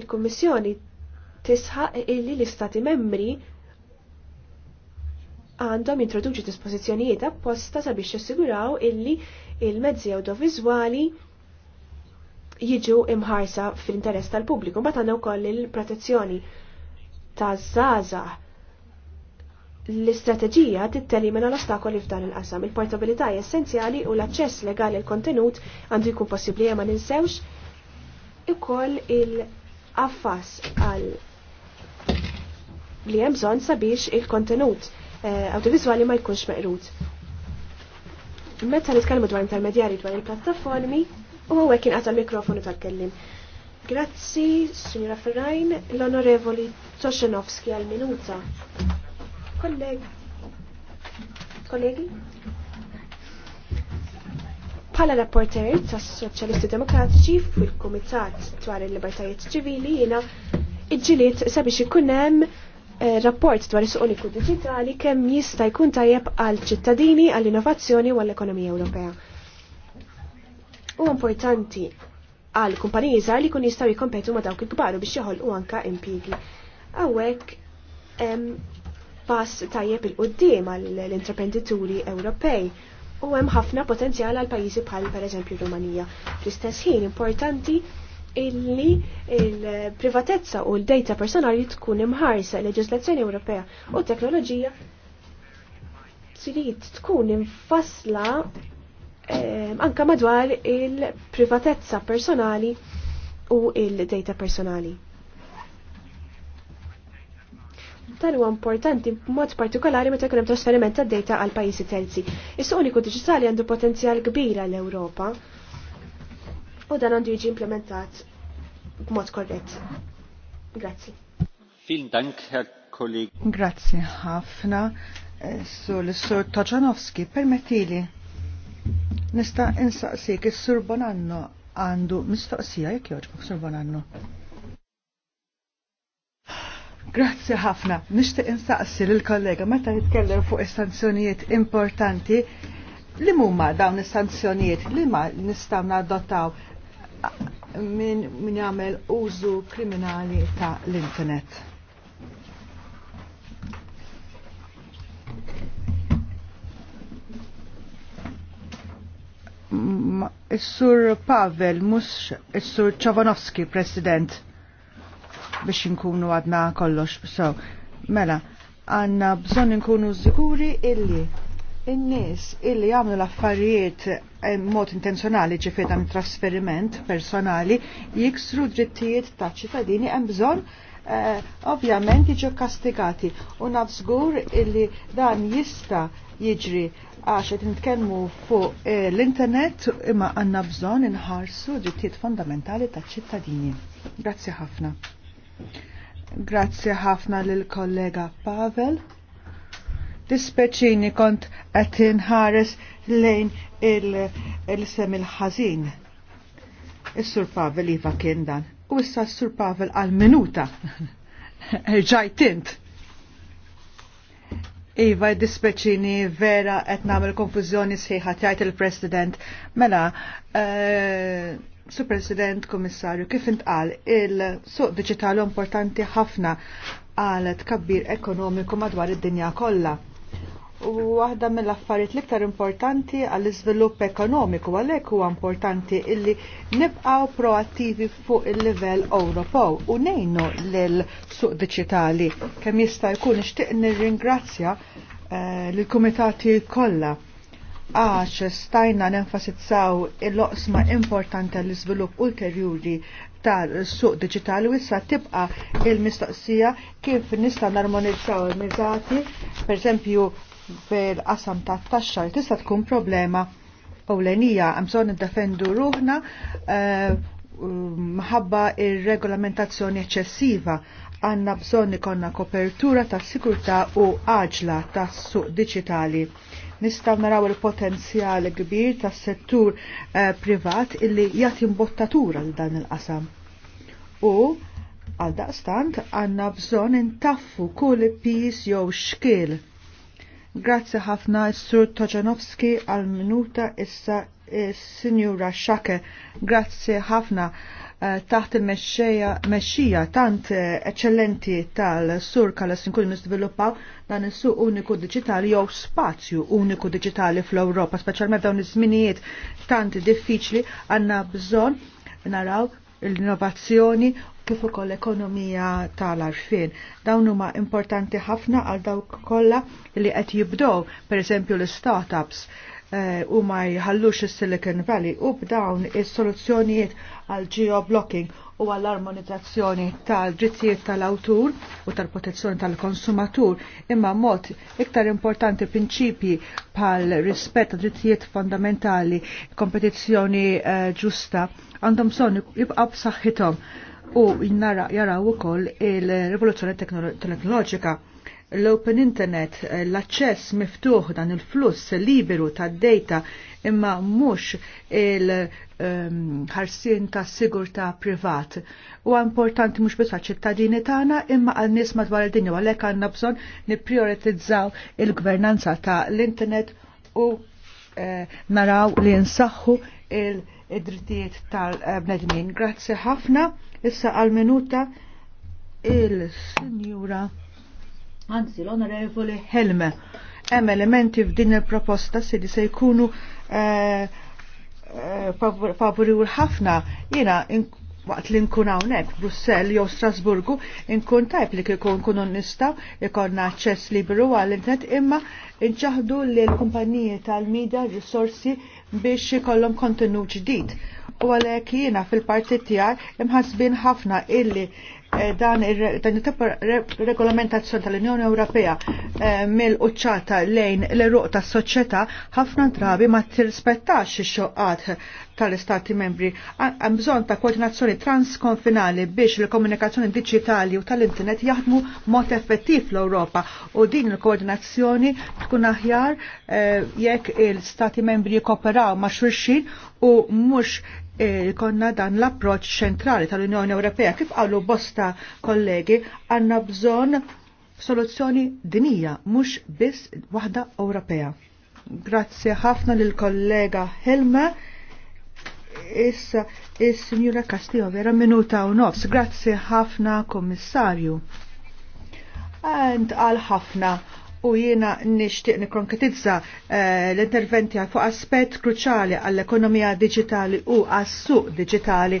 Il-Kummissjoni tisħaq illi l-Istati membri għandhom jintroduċi dispożizzjonijiet apposta sabiex jassiguraw illi il-mezzi audiovizwali jiġu imħarsa fil-interess tal-pubbliku, mbagħad għandna wkoll il-protezzjoni taż-żgħażagħ l-istrateġija tittelimina l-ostakoli f'dan il-qasam. Il-portabilità essenzjali u l-aċċess legali l kontenut għandu jkun possibbli ma ninsewx ukoll il-affas għal li hemm bżonn sabiex il-kontenut Eh, audiovizwali ma jkunx meqrut. Meta nitkellmu dwar intermedjari dwar il-plattaformi, u għawek kien għata mikrofonu tal-kellim. Grazzi, signora Ferrajn, l-onorevoli Toshenovski għal-minuta. Kolleg, kollegi, Pala rapporter tas Soċjalisti Demokratiċi fil-Kumitat dwar il-Libertajiet Ċivili jiena iġġiliet sabiex ikun hemm Eh, rapport dwar is uniku digitali kemm jista' jkun tajjeb għal ċittadini, għall innovazzjoni u għall ekonomija Ewropea. U importanti għal kumpaniji żgħar li jkun jistgħu jikkompetu ma' dawk il kbaru biex joħolqu anke impjiegi. Hawnhekk pass tajjeb il-qoddim għall intraprenditori Ewropej u hemm ħafna potenzjal għal pajjiżi bħal pereżempju Rumanija. Fl-istess ħin importanti illi il-privatezza u l-data personali tkun imħarsa leġislazzjoni Ewropea u teknoloġija trid tkun infasla ehm, anka madwar il-privatezza personali u il-data personali. Dan huwa importanti b'mod partikolari meta jkun hemm trasferiment tad-data għal pajjiżi terzi. Is-suq uniku diġitali għandu potenzjal kbir għall-Ewropa u dan għandu jiġi implementat b'mod
korrett. Grazzi.
Vielen Dank, Herr kolleg.
Grazzi ħafna. Eh, Sur l-Sur Toġanowski, permettili. Nista' insaqsik is-Sur Bonanno għandu mistoqsija jekk joġbok Sur Bonanno. Grazzi ħafna. Nixtieq insaqsi lill kollega meta jitkellem fuq is-sanzjonijiet importanti li huma dawn is-sanzjonijiet li ma nistgħu nadottaw minn min jagħmel użu kriminali ta' l-internet. Is-sur Pavel mhux is-sur Ċavanowski President biex inkunu għadna kollox. So, mela, għanna bżon inkunu żikuri illi In-nies illi jagħmlu l-affarijiet eh, mod intenzjonali ġifier dan trasferiment personali jiksru drittijiet ta' ċittadini hemm bżonn eh, ovvjament jiġu kastigati u naf żgur illi dan jista' jiġri għax qed nitkellmu fuq eh, l-internet imma għandna bżonn inħarsu drittijiet fondamentali taċ-ċittadini. Grazzi ħafna. Grazzi ħafna lill kollega Pavel dispeċini kont qed ħares lejn il-sem il-ħażin. Is-Sur Pavel iva kien dan. U issa s-Sur Pavel għal minuta. (laughs) Ġajtint. int. Iva, dispeċini vera qed nagħmel konfużjoni sħiħat jajt il-President. Mela, uh, Sur President, Komissarju, kif intqal il-suq digitali importanti ħafna għal tkabbir ekonomiku madwar id-dinja kollha u waħda mill-affarijiet l-iktar importanti għall iżvilupp ekonomiku għalhekk huwa importanti illi nibqgħu proattivi fuq il-livell Ewropew u ngħinu lil suq diġitali kemm jista' jkun nixtieq nirringrazzja eh, lill-kumitati kollha għax stajna nenfasizzaw il-loqsma importanti għall iżvilupp ulterjuri tal-suq digitali u issa tibqa' il-mistoqsija kif nista' narmonizzaw il-miżati, per esempio fil-qasam ta' taxxar tista' tkun problema Pawlenija, hemm bżonn niddefendu ruħna eh, maħabba ir-regolamentazzjoni eċċessiva għanna bżonn ikonna kopertura ta' sikurtà u għaġla ta' suq diġitali. Nistaw naraw il-potenzjal kbir ta' settur eh, privat illi jagħti imbottatura l dan il-qasam. U għal daqstant għanna bżonn intaffu kull pis jew xkil Grazzi ħafna s-Sur Toġanowski għal-minuta issa s-Sinjura eh, Xake. Grazzi ħafna eh, taħt il mesċija tant eccellenti eh, tal-sur kalla sinkun nisviluppaw dan is-suq uniku digitali jew spazju uniku digitali fl-Ewropa, speċjalment dawn iż-żminijiet tant diffiċli għandna bżonn naraw l-innovazzjoni kif ukoll l-ekonomija tal-arfin. Dawn huma importanti ħafna għal dawk kollha li qed jibdew, pereżempju l-startups eh, huma jħallux is-Silicon Valley u b'dawn is-soluzzjonijiet għal geoblocking u għall armonizzazzjoni tal-drittijiet tal-awtur u tal-protezzjoni tal-konsumatur imma mod iktar importanti prinċipji pal rispett ta' drittijiet fondamentali kompetizzjoni eh, ġusta għandhom son jibqa' b'saħħithom u jnara jaraw ukoll il-rivoluzzjoni teknoloġika l-open internet, l-access miftuħ dan il-fluss liberu ta' data imma mhux Ehm, ħarsien ta' sigurta privat. U importanti mux bis ċittadini tagħna imma għal nies madwar id-dinja għalhekk għandna bżonn nipprioritizzaw il-gvernanza ta' l-internet u eh, naraw li nsaħħu il-drittijiet tal-bnedmin. Grazzi ħafna. Issa għal-minuta il-Sinjura, anzi l-Onorevoli Helme. Hemm elementi f'din il-proposta sidi se jkunu eh, favorur ħafna jiena waqt li nkun hawnhekk Brussell jew Strasburgu nkun tajb li kieku nkunu nistgħu ikonna aċċess liberu għall-internet imma nċaħdu li l-kumpaniji tal-medja risorsi biex ikollhom kontenut ġdid. U għalhekk jiena fil-parti tiegħi imħassbin ħafna illi Eh, dan il-regolamentazzjoni tal-Unjoni Ewropea eh, mill-uċċata lejn l-eruq tas-soċjetà ħafna drabi ma tirrispettax ix-xoqqat tal-Istati membri. Hemm bżonn ta' koordinazzjoni transkonfinali biex il-komunikazzjoni diġitali u tal-Internet jaħdmu mod effettiv l-Ewropa u din il-koordinazzjoni tkun aħjar eh, jekk il-Stati membri jikoperaw ma' xulxin u mhux konna dan l-approċ ċentrali tal-Unjoni Ewropea kif qalu bosta kollegi għandna bżonn soluzzjoni dinija mhux biss waħda Ewropea. Grazzi ħafna l kollega Helma issa is signora Castillo vera minuta u nofs. Grazzi ħafna Kommissarju. And għal ħafna u jiena nixtieq nikonkretizza eh, l-interventi fuq aspett kruċali għall-ekonomija diġitali u għas-suq digitali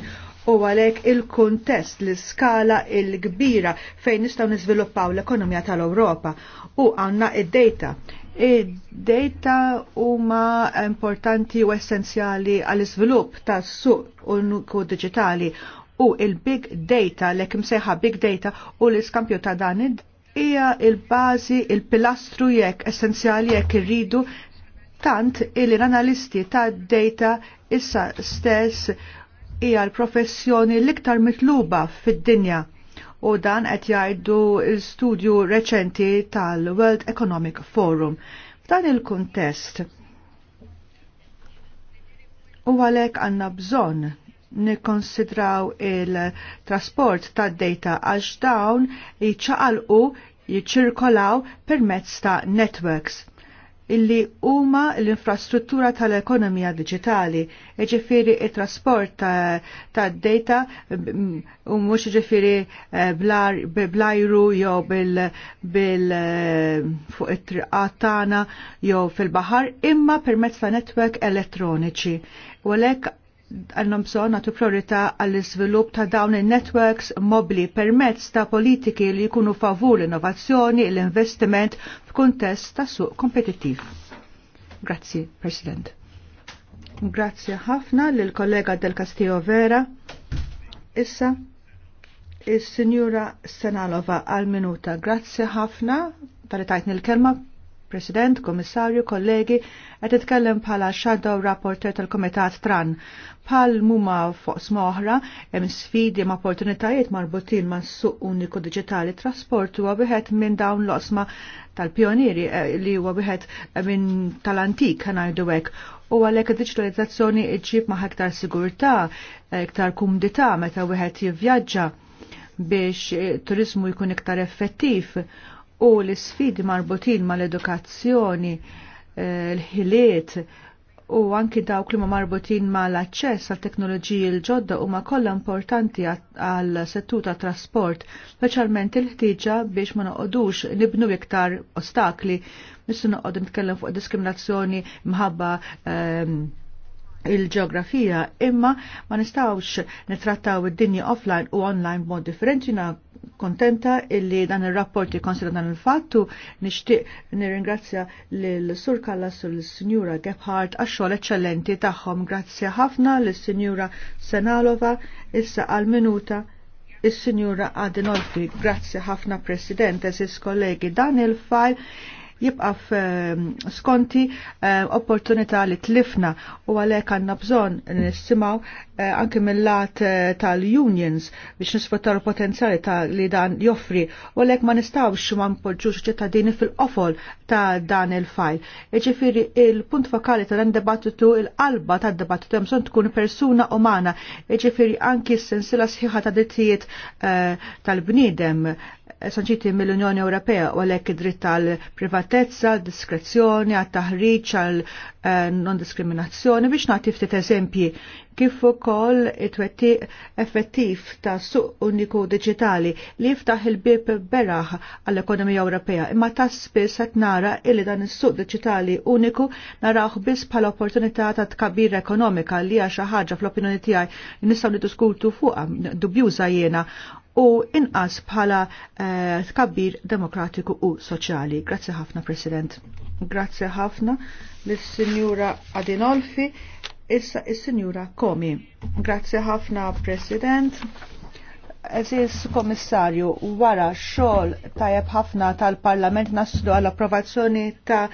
u għalhekk il-kuntest l-iskala il-kbira fejn nistgħu niżviluppaw l-ekonomija tal-Ewropa u għandna id-data. Id-data huma importanti u essenzjali għall-iżvilupp tas-suq uniku diġitali u il-big data, l-ekim seħa big data u l-iskampju ta' dan id hija il-bażi, il-pilastru jekk essenzjali jekk irridu tant il analisti ta' data issa stess hija l-professjoni l-iktar mitluba fid-dinja u dan qed jgħidu l-studju reċenti tal-World Economic Forum. F'dan il-kuntest u għalhekk għandna bżonn nikkonsidraw il-trasport tad data għax dawn jiċċaqalqu jiċirkolaw permezz ta' networks illi huma l-infrastruttura tal-ekonomija digitali, Iġifiri il-trasport ta', data mm, u mux iġifiri eh, blajru jew bil, eh, fuq it triqatana jew fil-baħar imma permezz ta' netwerk elettroniċi. U għalhekk għannum bżon għatu priorità għall iżvilupp ta' dawn il-networks mobli permezz ta' politiki li jkunu favur l-innovazzjoni l investiment f'kuntest ta' suq kompetittiv. Grazzi, President. Grazzi ħafna l kollega del Castillo Vera. Issa, il signora Senalova għal-minuta. Grazzi ħafna tal-tajtni l-kelma, President, Komissarju, kollegi, qed titkellem bħala shadow rapporter tal-Komitat Tran. Bħal muma fuq smoħra, hemm sfidi ma' opportunitajiet marbutin ma' suq uniku diġitali trasport huwa wieħed minn dawn l-osma tal pioniri eh, li huwa wieħed eh, minn tal-antik ngħidu hekk. U għalhekk id-diġitalizzazzjoni ġġib ma' aktar sigurtà, iktar kumdità meta wieħed jivvjaġġa biex eh, turizmu jkun iktar effettiv u l-sfidi marbutin mal-edukazzjoni, eh, l-ħiliet u anki dawk li ma marbutin mal-aċċess għal teknoloġiji l-ġodda huma kollha importanti għal settuta trasport, speċjalment il-ħtieġa biex ma noqogħdux nibnu iktar ostakli, nissu noqogħdu nitkellem fuq diskriminazzjoni mħabba ehm, il-ġeografija imma ma nistawx nitrattaw id-dinja offline u online b'mod differenti na kontenta illi dan il rapporti konsidra dan il-fattu nixtieq nirringrazzja l Sur Kalla sul l Gebhardt Gephardt xogħol eċċellenti tagħhom. Grazzi ħafna l sinjura Senalova issa għal minuta il sinjura Adinolfi. Grazzi ħafna President, eżis kollegi dan il-fajl jibqa' skonti eh, opportunità li tlifna u għalhekk għandna bżonn nissimgħu eh, anke mill-lat eh, tal-unions biex nisfruttaw il-potenzjali li dan joffri u għalhekk ma nistgħux ma npoġġux ċittadini fil-qofol ta' dan il-fajl. Jiġifieri il-punt fokali ta' dan dibattitu il-qalba ta' dibattitu hemm bżonn tkun persuna umana, jiġifieri anki s-sensila sħiħa ta' drittijiet tal-bniedem sanċiti mill-Unjoni Ewropea u għalhekk id-dritt tal-privat ċertezza, diskrezzjoni, għat taħriġ għal eh, non-diskriminazzjoni biex nagħti ftit eżempji kif ukoll it-twetti effettiv ta' suq uniku diġitali li jiftaħ il-bib beraħ għall-ekonomija Ewropea imma ta' spiss qed nara illi dan is-suq diġitali uniku narawh biss bħala opportunità ta' tkabbir ekonomika li għaxa xi ħaġa fl-opinjoni tiegħi nistgħu niddiskutu fuqha dubjuża jiena u inqas bħala eh, tkabbir demokratiku u soċjali. Grazzi ħafna, President. Grazzi ħafna lis-Sinjura Adinolfi, issa is-Sinjura Komi. Grazzi ħafna, President. Eżis komissarju, wara xogħol tajjeb ħafna tal-Parlament naslu għall-approvazzjoni ta'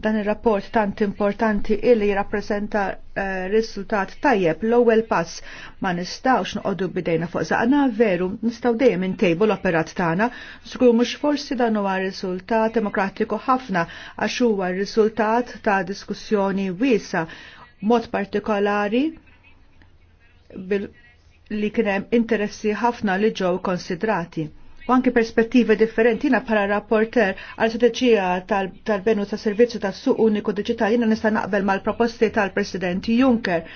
dan il-rapport tant importanti illi jirrappreżenta uh, eh, risultat tajjeb l-ewwel pass ma nistgħux noqogħdu bidejna fuq zaqna veru nistgħu dejjem intejbu l-operat tagħna żgur mhux forsi dan huwa riżultat demokratiku ħafna għax huwa riżultat ta' diskussjoni wiesa mod partikolari bil li kien hemm interessi ħafna li ġew konsidrati u anki perspettivi differenti jina para rapporter għal strateġija tal-benu tal ta' servizzu tas suq uniku digitali jina nista' naqbel mal-proposti tal-President Juncker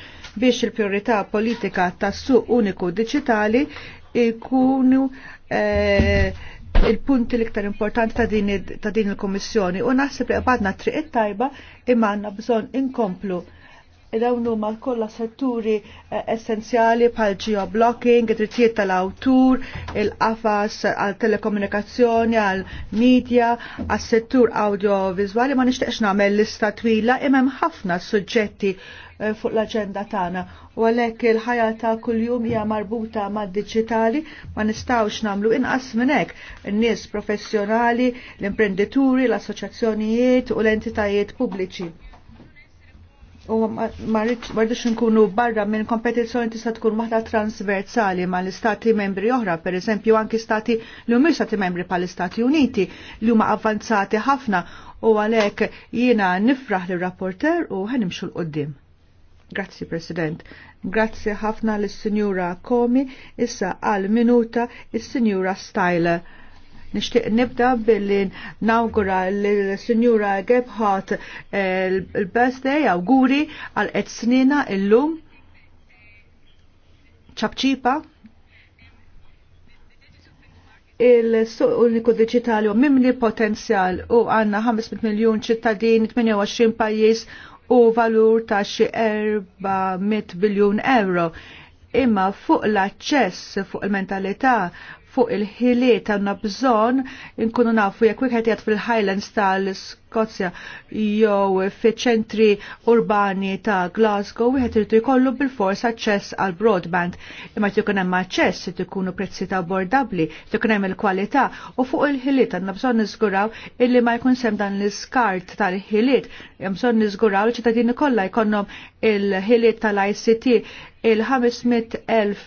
biex il-priorità politika tas suq uniku digitali ikunu eh, il-punti l-iktar importanti ta' din, ta din il-Komissjoni u naħseb li għabadna triq tajba imma għanna bżon inkomplu dawn huma kollha setturi eh, essenzjali bħal geoblocking, id-drittijiet tal-awtur, il-qafas għal telekomunikazzjoni, għal media, għas settur audiovizuali, ma nixtieqx nagħmel lista twila imem hemm ħafna suġġetti eh, fuq l-agenda tagħna. U għalhekk il-ħajja ta' kuljum hija marbuta mad-diġitali ma nistgħux nagħmlu inqas minn hekk. In-nies professjonali, l-imprenditturi, l-assoċjazzjonijiet u l-entitajiet pubbliċi u marriċ nkunu barra minn kompetizzjoni tista' tkun waħda transversali ma' l-istati membri oħra, per eżempju anki stati li mhumiex stati membri pal istati Uniti li huma avvanzati ħafna u għalhekk jiena nifraħ li rapporter u ħanimxu l-qoddim. Grazzi President. Grazzi ħafna l-Sinjura Komi, issa għal minuta il-Sinjura Styler. Nixtieq nibda billi nawgura l-Sinjura Gebhardt eh, l-birthday awguri għal qed snina illum ċabċipa il-suq uniku digitali u mimli potenzjal u għanna 500 miljon ċittadin, 28 pajis u valur ta' xi 400 biljun euro. Imma fuq l-aċċess, fuq il-mentalità, fuq il-ħiliet għandna bżonn inkunu nafu jekk wieħed jgħid fil-Highlands tal-Skozja jew fiċ-ċentri urbani ta' Glasgow wieħed irid jkollu bil-fors aċċess għal broadband imma jrid ikun hemm aċċess irid ikunu prezzi ta' abbordabbli, jrid ikun hemm il-kwalità u fuq il-ħiliet għandna bżonn niżguraw illi ma jkun sem dan l-iskart tal-ħiliet, hemm bżonn niżguraw l-ċittadini kollha jkollhom il-ħiliet tal-ICT il-500,000 eh,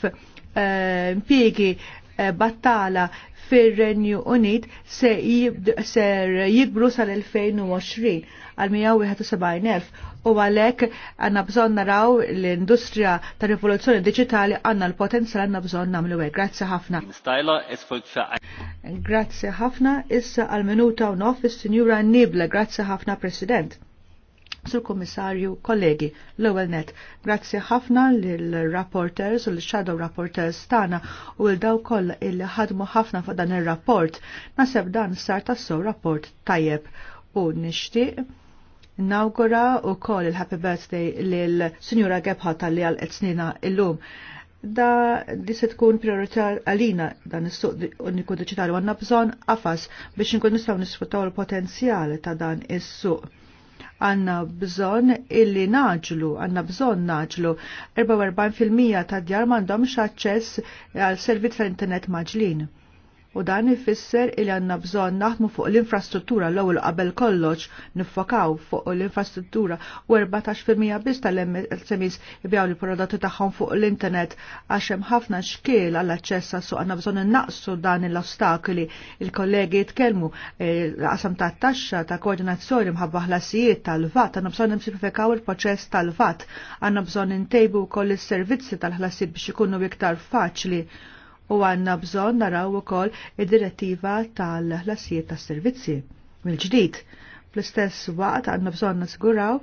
impjiegi Eh, battala fir-Renju Unit se jikbru sal-2020 għal 171.000 u għalek għanna bżon naraw l-industrija ta' rivoluzzjoni digitali għanna l-potenzjal għanna bżon namlu għek. Grazie ħafna. Grazie ħafna, issa għal-minuta u nof, is-Sinjura Nibla, grazie ħafna, President. Sur Komissarju, kollegi, l-ewel net, grazzi ħafna l-rapporters u l-shadow rapporters tana u l-daw koll il ħadmu ħafna fuq dan il-rapport. Nasab dan sar tassow rapport tajjeb u nixtieq. Nawgura u koll il-Happy Birthday l-Sinjura Gebħa li għal etznina il-lum da di se tkun priorità għalina dan is unniku uniku diġitali għandna bżonn qafas biex nkun nistgħu nisfutaw l-potenzjali ta' dan is-suq għanna bżon illi naġlu, għanna bżon naġlu. 44% ta' djar mandom aċċess għal servizz fl internet maġlin u dan ifisser il għanna bżon naħmu fuq l-infrastruttura l-ewwel qabel kollox niffokaw fuq l-infrastruttura u 14% biss tal semis jibjaw l-prodotti tagħhom fuq l-internet għax hemm ħafna xkiel għall aċċess għas suq għandna bżonn innaqsu dan l ostakli Il-kollegi jitkellmu eh, qasam ta' taxxa ta' koordinazzjoni mħabba ħlasijiet tal-VAT, għandna bżonn nimsifikaw il-proċess tal-VAT, għandna bżonn intejbu wkoll is-servizzi tal-ħlasijiet biex ikunu iktar faċli u għanna bżon naraw ukoll id-direttiva tal-ħlasijiet tas-servizzi. Mill-ġdid, fl-istess waqt għanna bżon nasguraw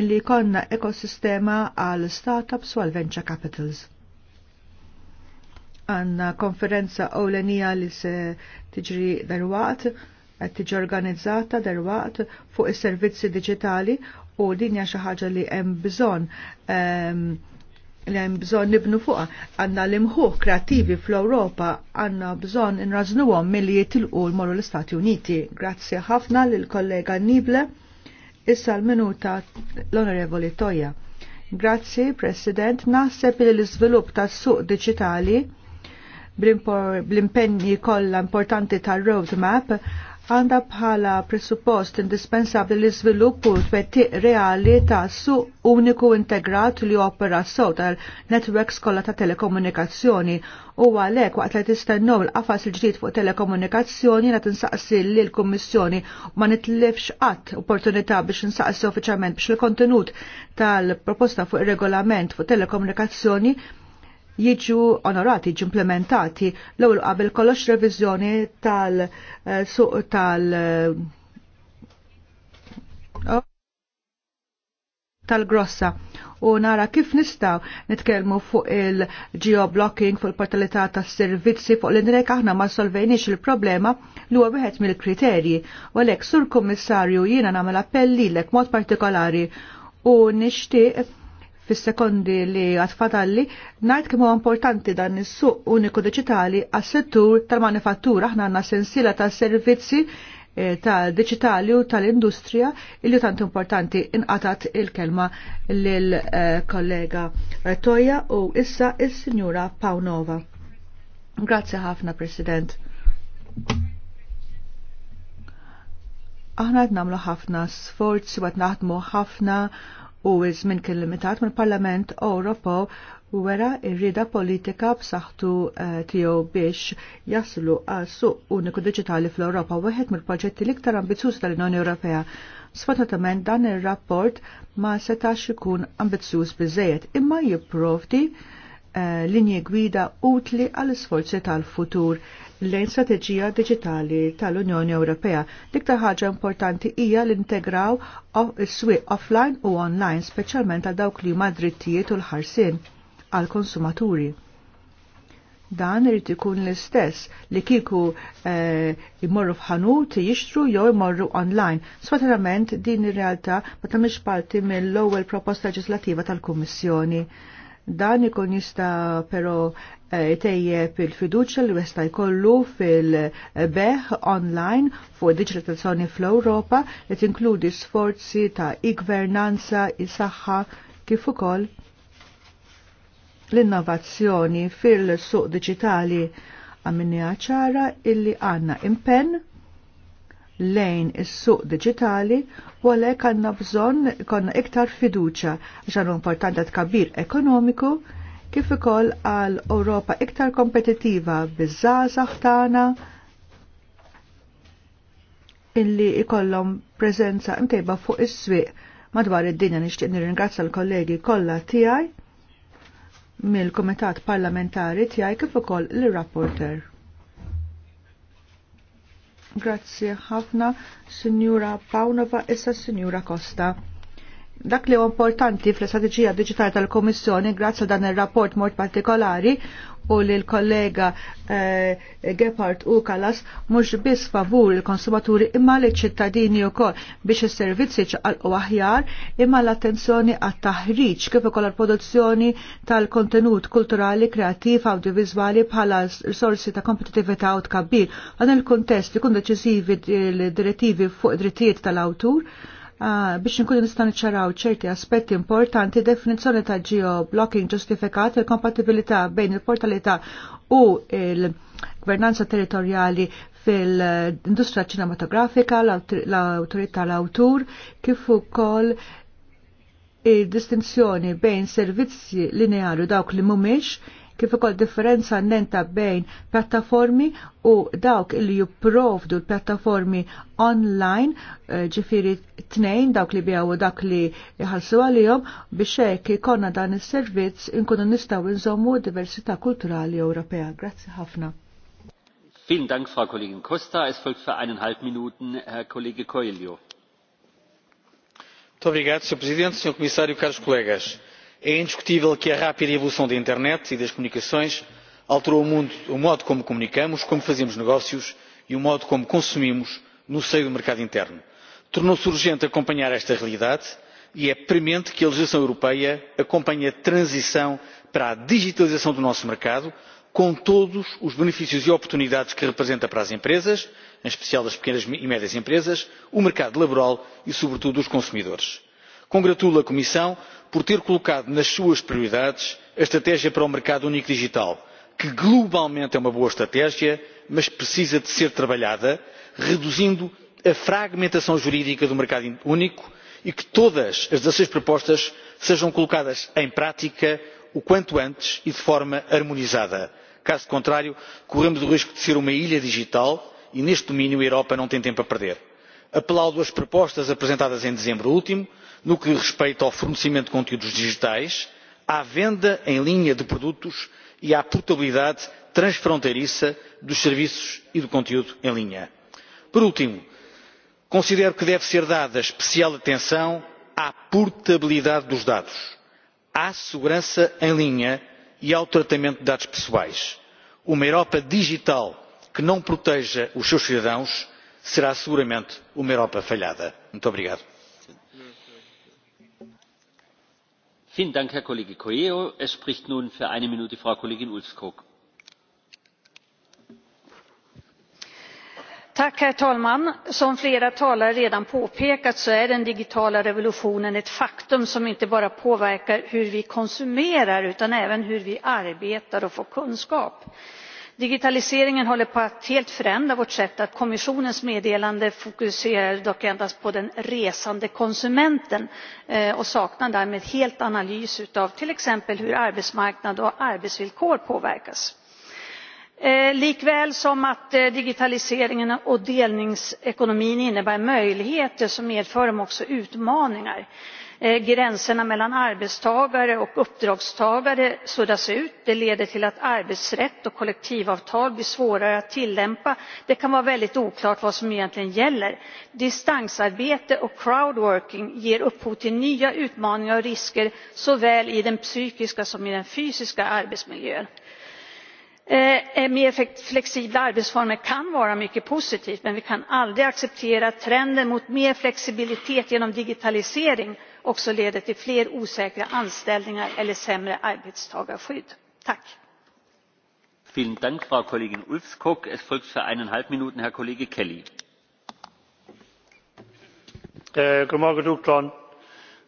illi konna ekosistema għal startups u għal venture capitals. Għanna konferenza ewlenija li se tiġri darwaqt, qed tiġi organizzata darwaqt fuq is-servizzi digitali u dinja xaħġa xi ħaġa li hemm bżonn ehm, li għem bżonn nibnu fuqha. għanna l-imħuħ kreattivi fl-Ewropa għandna bżonn inrażnuhom milli jitilqu l-morru l-Istati Uniti. Grazzi ħafna l kollega Nible. Issa l-minuta l-Onorevoli Toja. Grazzi, President, naħseb li l-iżvilupp tas-suq diġitali bl-impenni kollha importanti tal-roadmap għandha bħala presuppost indispensabbli l sviluppu t twettiq reali ta' su uniku integrat li opera sot tal-networks kollha ta' telekomunikazzjoni u għalhekk waqt li tistennew l-qafas il-ġdid fuq telekomunikazzjoni qed insaqsi l kummissjoni ma nitlifx qatt opportunità biex n-saqsi uffiċament biex il-kontenut tal-proposta fuq ir-regolament fuq telekomunikazzjoni jiġu onorati, jiġu implementati l-ewwel qabel kollox revizjoni tal-suq tal-, eh, tal eh, oh, grossa u nara kif nistaw nitkelmu fuq il-geoblocking fuq il-portalità tas servizzi fuq l-inrek aħna ma solvejniex il-problema li huwa wieħed mill-kriterji u sur kummissarju jiena nagħmel appelli lek mod partikolari u nixtieq fis-sekondi li għatfadalli, najt kemmu huwa importanti dan is-suq uniku digitali għas-settur tal-manifattura. Aħna għandna sensiela ta' servizzi eh, ta' digitali u tal-industrija illi tant importanti inqatat il-kelma lill-kollega eh, Toja u issa il sinjura Paunova. Grazzi ħafna, President aħna qed nagħmlu ħafna sforzi u naħdmu ħafna u iż-żmien kien limitat mill-Parlament Ewropew wera rida politika b'saħħtu eh, tiegħu biex jaslu għal suq uniku diġitali fl-Ewropa wieħed mill-proġetti l-iktar ambizzjuż tal-Unjoni Ewropea. Sfortunatament dan ir-rapport ma setax ikun ambizzjuż biżejjed imma jipprovdi eh, linji gwida utli għall isforzi tal-futur lejn strateġija digitali tal-Unjoni Ewropea. Dikta ħaġa importanti hija l-integraw is-swieq offline u online, speċjalment għal dawk li huma drittijiet u l-ħarsien għal konsumaturi dan irid ikun l-istess li kieku eh, imorru f'ħanut jixtru jew imorru online. Sfortunatament din ir-realtà ma tagħmilx parti mill-ewwel proposta leġislativa tal-Kummissjoni. Dan ikun jista' però Eh, tejjeb il-fiduċa li resta jkollu fil-beħ online fuq digitalizzazzjoni fl-Ewropa li tinkludi sforzi ta' i-gvernanza, i-saxħa, kif ukoll l-innovazzjoni fil-suq diġitali għamminja ċara illi għanna impenn lejn is-suq digitali u għalhekk għandna bżonn konna iktar fiduċa għax importanti tkabbir ekonomiku kif ukoll għal Ewropa iktar kompetitiva biż-żgħażagħ tagħna illi ikollhom preżenza imtejba fuq is-swieq madwar id-dinja nixtieq nirringrazzja l-kollegi kollha tiegħi mill-Kumitat Parlamentari tiegħi kif ukoll lir-rapporter. Grazzi ħafna, Sinjura Pawnova issa Sinjura Costa dak li importanti fl strategija digitali tal-Komissjoni, grazzi dan il-rapport mort partikolari u li l-kollega eh, Gephardt u Kalas mux bis favur il-konsumaturi imma li ċittadini u kol biex il-servizzi ċaqal u aħjar imma l-attenzjoni għat taħriċ kif ukoll produzzjoni tal-kontenut kulturali, kreativ, audiovizuali bħala risorsi ta' kompetitività u tkabbir. Għan il-kontest li kun deċizivi l-direttivi fuq drittijiet tal-awtur Ah, biex nkunu nistgħu niċċaraw ċerti aspetti importanti definizzjoni ta' geoblocking blocking ġustifikat il-kompatibilità bejn il-portalità u il-gvernanza territorjali fil-industrija ċinematografika, l-autorità l-awtur, kif ukoll il-distinzjoni bejn servizzi lineari dawk li mhumiex kif ukoll differenza nenta bejn pjattaformi u dawk li jipprovdu l-pjattaformi online eh, ġifiri tnejn dawk li bijaw u dak li jħalsu għalihom biex hekk ikonna dan is-servizz inkunu nistgħu nżommu diversità kulturali Ewropea. Grazzi ħafna.
Vielen Dank, Frau Kollegin Costa. Es folgt für eineinhalb Minuten Herr Kollege Coelho. Muito obrigado, Sr. Presidente, Sr. Comissário, caros colegas É indiscutível
que a rápida evolução da internet e das comunicações alterou o, mundo, o modo como comunicamos, como fazemos negócios e o modo como consumimos no seio do mercado interno. Tornou-se urgente acompanhar esta realidade e é premente que a legislação europeia acompanhe a transição para a digitalização do nosso mercado, com todos os benefícios e oportunidades que representa para as empresas, em especial as pequenas e médias empresas, o mercado laboral e, sobretudo, os consumidores. Congratulo a Comissão por ter colocado nas suas prioridades a estratégia para o mercado único digital, que globalmente é uma boa estratégia, mas precisa de ser trabalhada, reduzindo a fragmentação jurídica do mercado único e que todas as 16 propostas sejam colocadas em prática o quanto antes e de forma harmonizada. Caso contrário, corremos o risco de ser uma ilha digital e neste domínio a Europa não tem tempo a perder aplaudo as propostas apresentadas em dezembro último no que respeita ao fornecimento de conteúdos digitais à venda em linha de produtos e à portabilidade transfronteiriça dos serviços e do conteúdo em linha. Por último, considero que deve ser dada especial atenção à portabilidade dos dados, à segurança em linha e ao tratamento de dados pessoais. Uma Europa digital que não proteja os seus cidadãos será seguramente uma Europa falhada. Muito
obrigado. Vielen Dank, Herr Kollege Coelho. Es spricht nun für eine Minute Frau Kollegin Ulfskog.
Tack, herr talman! Som flera talare redan påpekat så är den digitala revolutionen ett faktum som inte bara påverkar hur vi konsumerar utan även hur vi arbetar och får kunskap digitaliseringen håller på att helt förändra vårt sätt att kommissionens meddelande fokuserar dock endast på den resande konsumenten eh, och saknar därmed helt analys av till exempel hur arbetsmarknad och arbetsvillkor påverkas eh, likaväl som att eh, digitaliseringen och delningsekonomin innebär möjligheter medför de också utmaningar. Eh, gränserna mellan arbetstagare och uppdragstagare suddas ut. Det leder till att arbetsrätt och kollektivavtal blir svårare att tillämpa. Det kan vara väldigt oklart vad som egentligen gäller. Distansarbete och crowdworking ger upphov till nya utmaningar och risker såväl i den psykiska som i den fysiska arbetsmiljön. Eh, eh, mer flexibla arbetsformer kan vara mycket positivt men vi kan aldrig acceptera trenden mot mer flexibilitet genom digitalisering också leder till fler osäkra anställningar eller sämre arbetstagarskydd. Tack.
Vielen Dank, Frau Kollegin Ulfskog. Es folgt für eineinhalb Minuten Herr Kollege Kelly.
Uh,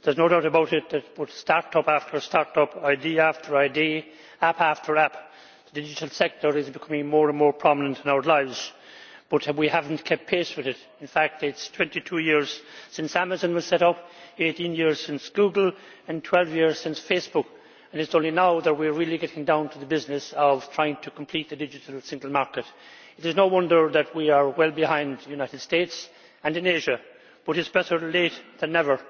there's no doubt about it that with start up after start up id after id app after app the digital sector is becoming more and more prominent in our lives but we have not kept pace with it. in fact it is twenty two years since amazon was set up; eighteen years since google and twelve years since facebook and it is only now that we are really getting down to the business of trying to complete the digital single market. it is no wonder that we are well behind the united states and in asia but it is better late than never.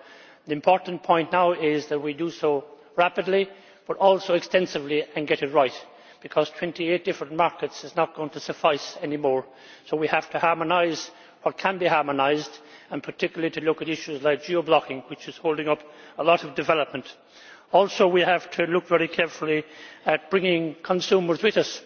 the important point now is that we do so rapidly but also extensively and get it right because twenty eight different markets is not going to suffice any more so we have to harmonise what can be harmonised and particularly to look at issues like geo blocking which is holding up a lot of development. also we have to look very carefully at bringing consumers with us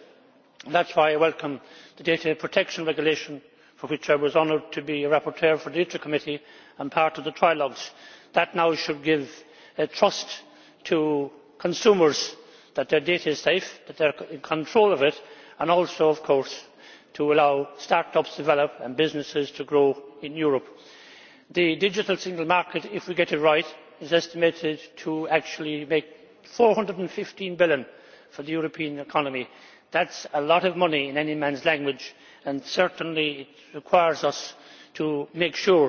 and that is why i welcome the data protection regulation for which i was honoured to be a rapporteur for the itre committee and part of the trialogues. that now should give uh, trust to consumers that their data is safe that they are in control of it and also of course to allow start ups to develop and businesses to grow in europe. the digital single market if we get it right is estimated to actually make eur four hundred and fifteen billion for the european economy. that is a lot of money in any man's language and certainly it requires us to make sure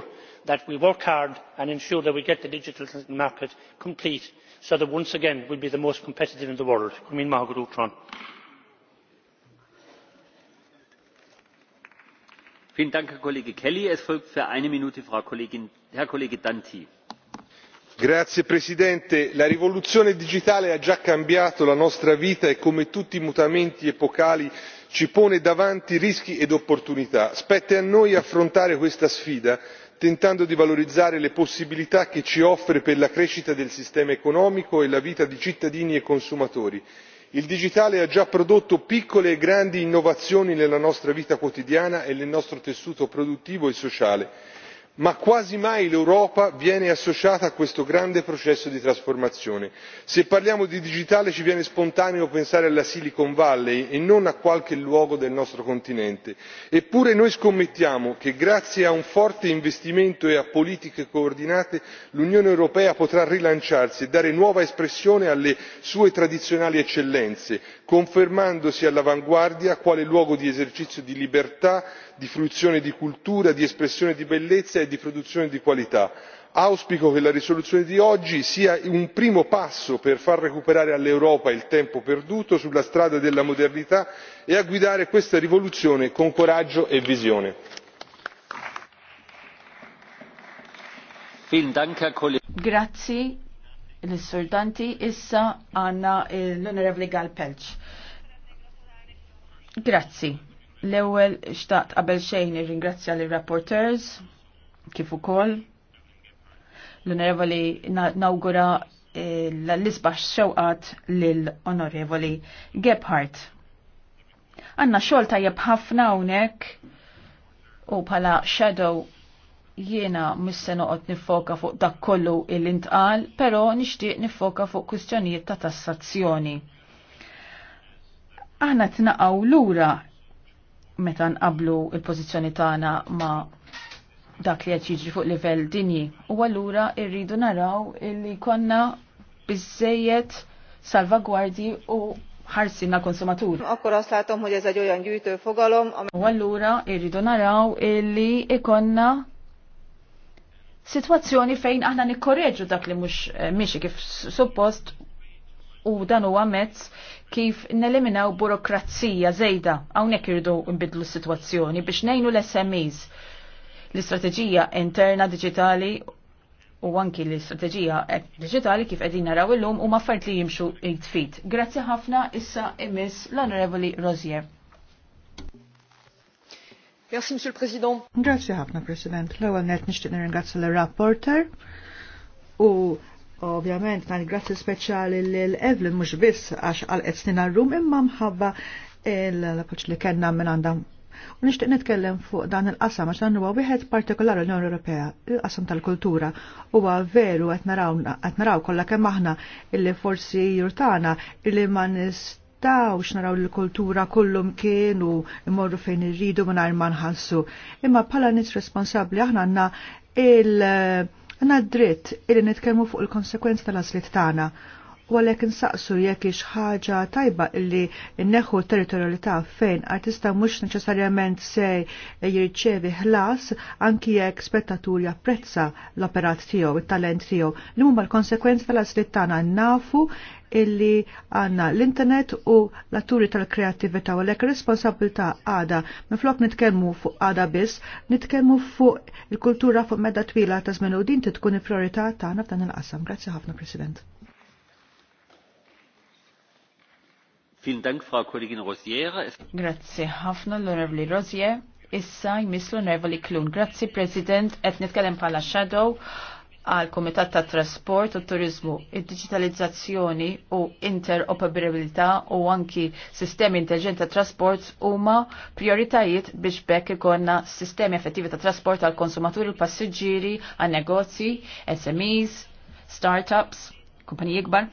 that we work hard and ensure that we get the digital single market complete so that once again we will be the most competitive in the world.
signor presidente la rivoluzione digitale ha già cambiato la nostra vita e come tutti i mutamenti epocali ci pone davanti rischi ed opportunità. spetta a noi affrontare questa sfida tentando di valorizzare le possibilità che ci offre per la crescita del sistema economico e la vita di cittadini e consumatori il digitale ha già prodotto piccole e grandi innovazioni nella nostra vita quotidiana e nel nostro tessuto produttivo e sociale ma quasi mai l'europa viene associata a questo grande processo di trasformazione. se parliamo di digitale ci viene spontaneo pensare alla silicon valley e non a qualche luogo del nostro continente eppure noi scommettiamo che grazie a un forte investimento e a politiche coordinate l'unione europea potrà rilanciarsi e dare nuova espressione alle sue tradizionali eccellenze confermandosi all'avanguardia quale luogo di esercizio di libertà di fruizione di cultura di espressione di bellezza e di produzione di qualità. auspico che la risoluzione di oggi sia un primo passo per far recuperare all'europa il tempo perduto sulla strada della modernità e a guidare questa rivoluzione con coraggio e visione
l-surdanti, issa għanna l-Onorevli Gal Pelċ. Grazzi. L-ewel xtaqt qabel xejn irringrazzja l rapporteurs kif ukoll l-Onorevoli nawgura eh, l isbax xewqat l-Onorevoli Gebhardt. Għanna xol tajab ħafna unek u pala shadow jiena mis se noqgħod nifoka fuq dak kollu il-intqal, però nixtieq nifoka fuq kwistjonijiet ta' tassazzjoni. Aħna tnaqgħu lura meta nqablu il-pożizzjoni tagħna ma' dak li qed jiġri fuq livell dinji. U allura rridu naraw illi konna biżejjed salvagwardji u ħarsin na konsumatur.
Akkor azt látom, hogy ez egy olyan gyűjtő fogalom.
U allura irridu naraw illi ikonna situazzjoni fejn aħna nikkorreġu dak li mhux eh, mixi kif suppost u dan huwa mezz kif neliminaw burokrazija żejda hawnhekk irdu nbidlu s-sitwazzjoni biex ngħinu l-SMEs l-istrateġija interna diġitali u anki l-istrateġija eh, digitali kif qegħdin naraw illum huma affarijiet li jimxu id-tfit. Grazzi ħafna issa imiss l-Onorevoli Rozier.
Merci, Monsieur le Président. Grazie ħafna, President. L-ewwel net nixtieq nirringrazzja l-rapporter u ovvjament nagħti grazzi speċjali lil Evelyn mhux biss għax għalqet snin għar-rum imma mħabba l-appoġġ li kellna minn għandha U nixtieq nitkellem fuq dan il-qasam għax dan huwa wieħed partikolari l-Unjoni Ewropea, il-qasam tal-kultura. Huwa veru qed naraw kollha kemm aħna illi forsi jurtana illi ma nist nistawx naraw l-kultura kollum kienu imorru fejn irridu mingħajr ma nħassu. Imma pala nis responsabli aħna għanna il- għanna dritt il nitkellmu fuq il-konsekwenzi tal-aslit tagħna u għalek nsaqsu jekk ħaġa tajba illi neħu territorialità fejn artista mhux neċessarjament se jirċevi ħlas anki jekk spettatur japprezza l-operat tiegħu, it-talent tiegħu. Li huma l-konsekwenzi tal li tagħna nafu illi għanna l-internet u l-atturi tal-kreativita u l-ek responsabilta għada. Miflok nitkelmu fuq għada biss, nitkelmu fuq il-kultura fuq medda twila ta' zmenu din titkun il-priorità tagħna f'dan il-qasam. Grazzi ħafna, President.
Grazzi
ħafna l-Onorevoli
Rosier. Issa jmiss l-Onorevoli Klun. Grazzi President, qed nitkellem bħala Shadow għal Komitat ta' Trasport u Turizmu, id-digitalizzazzjoni u interoperabilità u anki sistemi intelligenti ta' trasport huma prioritajiet biex bekk ikonna sistemi effettivi ta' trasport għal konsumaturi u passiġġieri, għal negozji, SMEs, startups, kumpaniji gbar.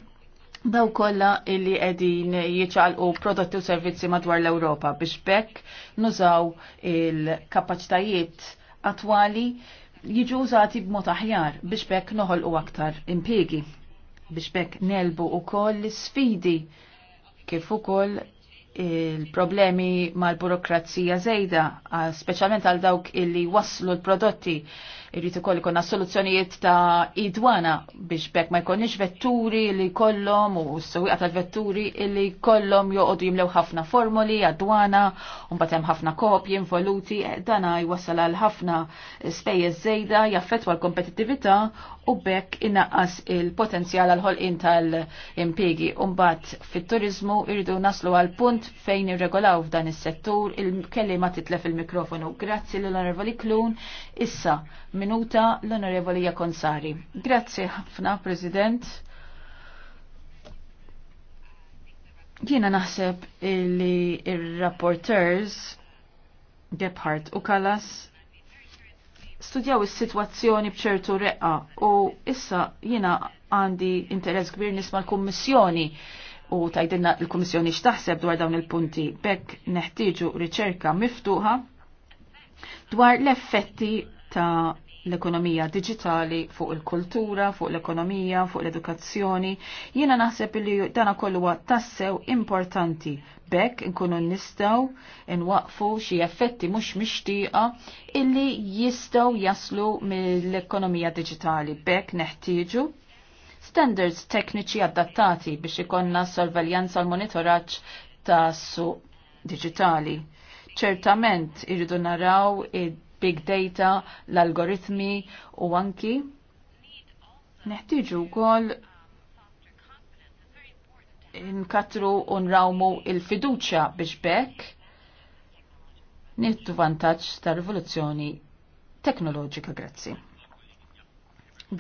Daw kolla illi edin jieċalqu prodotti u servizzi madwar l-Europa biex bekk nużaw il-kapacitajiet attwali jiġu użati b'mod aħjar biex bekk noħolqu aktar impiegi biex bekk nelbu u koll sfidi kif ukoll il-problemi mal-burokrazija zejda, speċjalment għal dawk illi waslu l-prodotti Irrid ukoll ikonna soluzzjonijiet ta' idwana biex bekk ma jkollniex vetturi li kollhom u s-sewwieqa tal-vetturi li kollhom joqogħdu jimlew ħafna formuli għadwana u mbagħad hemm ħafna kopji involuti dana jwassal għal ħafna spejjeż żejda jaffettwa l-kompetittività u bekk inaqqas il-potenzjal għal ħolqien tal-impiegi. Umbat fit-turizmu irridu naslu għal punt fejn irregolaw f'dan is-settur il-kelli ma titlef il-mikrofonu. Grazzi l-onorevoli Klun. Issa, minuta l-Onorevoli Jakonsari. Grazzi ħafna, President. Jiena naħseb li il rapporters Gebhardt u Kalas studjaw is-sitwazzjoni bċertu reqqa u issa jiena għandi interess kbir nisma' l-Kummissjoni u tajdilna l-Kummissjoni x'taħseb dwar dawn il-punti. Bekk neħtieġu riċerka miftuħa dwar l-effetti ta' l-ekonomija digitali, fuq il-kultura, fuq l-ekonomija, fuq l-edukazzjoni. Jiena naħseb li dana kollu tassew importanti. Bekk nkunu nistaw nwaqfu xi effetti mhux mixtieqa illi jistgħu jaslu mill-ekonomija digitali. Bekk neħtieġu standards tekniċi adattati biex ikonna sorveljanza l monitoraġġ ta' su digitali ċertament irridu naraw id big data, l-algoritmi u anki neħtiġu wkoll nkatru u nrawmu il-fiduċja biex bekk nittu vantaġġ ta' rivoluzzjoni teknoloġika. Grazzi.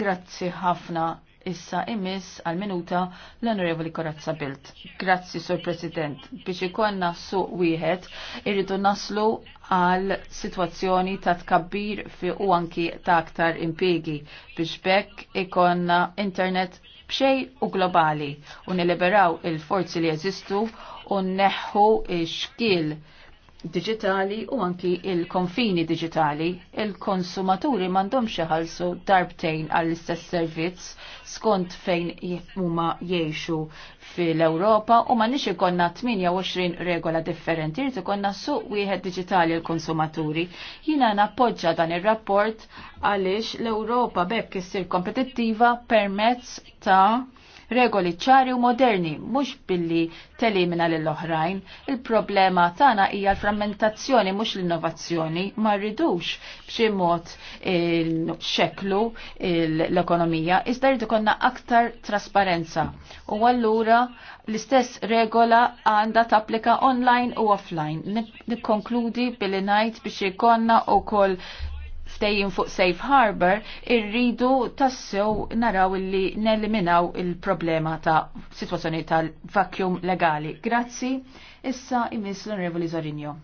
Grazzi ħafna Issa imiss għal minuta l-Onorevoli Korazza Bilt. Grazzi, Sur President. Biex ikonna su wieħed, irridu naslu għal situazzjoni ta' tkabbir fi u anki ta' aktar impiegi. Biex bekk ikonna internet bxej u globali u niliberaw il-forzi li jeżistu u neħħu xkil digitali u anki il-konfini digitali. Il-konsumaturi mandom xeħalsu darbtejn għall-istess servizz skont fejn huma jiexu fil-Europa u ma nix ikonna 28 regola differenti, irrid konna suq wieħed digitali l-konsumaturi. Jina nappoġġa dan ir-rapport għaliex l-Europa bekk issir kompetittiva permezz ta' regoli ċari u moderni, mhux billi telimina lill oħrajn Il-problema tagħna hija l-frammentazzjoni mhux l-innovazzjoni, ma rridux b'xi mod xeklu l-ekonomija, iżda rridu konna aktar trasparenza. U allura l-istess regola għanda tapplika online u offline. Nikkonkludi billi ngħid biex ikonna u koll stejjin fuq Safe Harbor, irridu tassew naraw illi neliminaw il-problema ta' situazzjoni tal-vacuum legali. Grazzi, issa imis l-Onorevoli Zorinjo.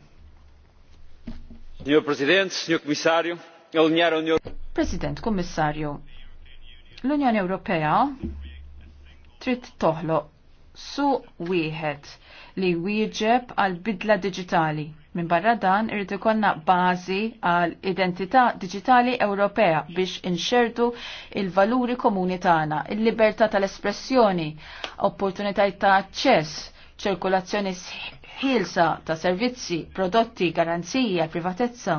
Signor President, signor Commissario,
President, Kommissarju, l-Unjoni Ewropea trid toħloq su wieħed li wieġeb għal bidla digitali Min barra dan irrid ikollna bażi għal identità Digitali Ewropea biex inxerdu il-valuri komuni tagħna, il-libertà tal-espressjoni, opportunitajiet ta' aċċess, ċirkulazzjoni ħilsa ta' servizzi, prodotti, garanzija, privatezza.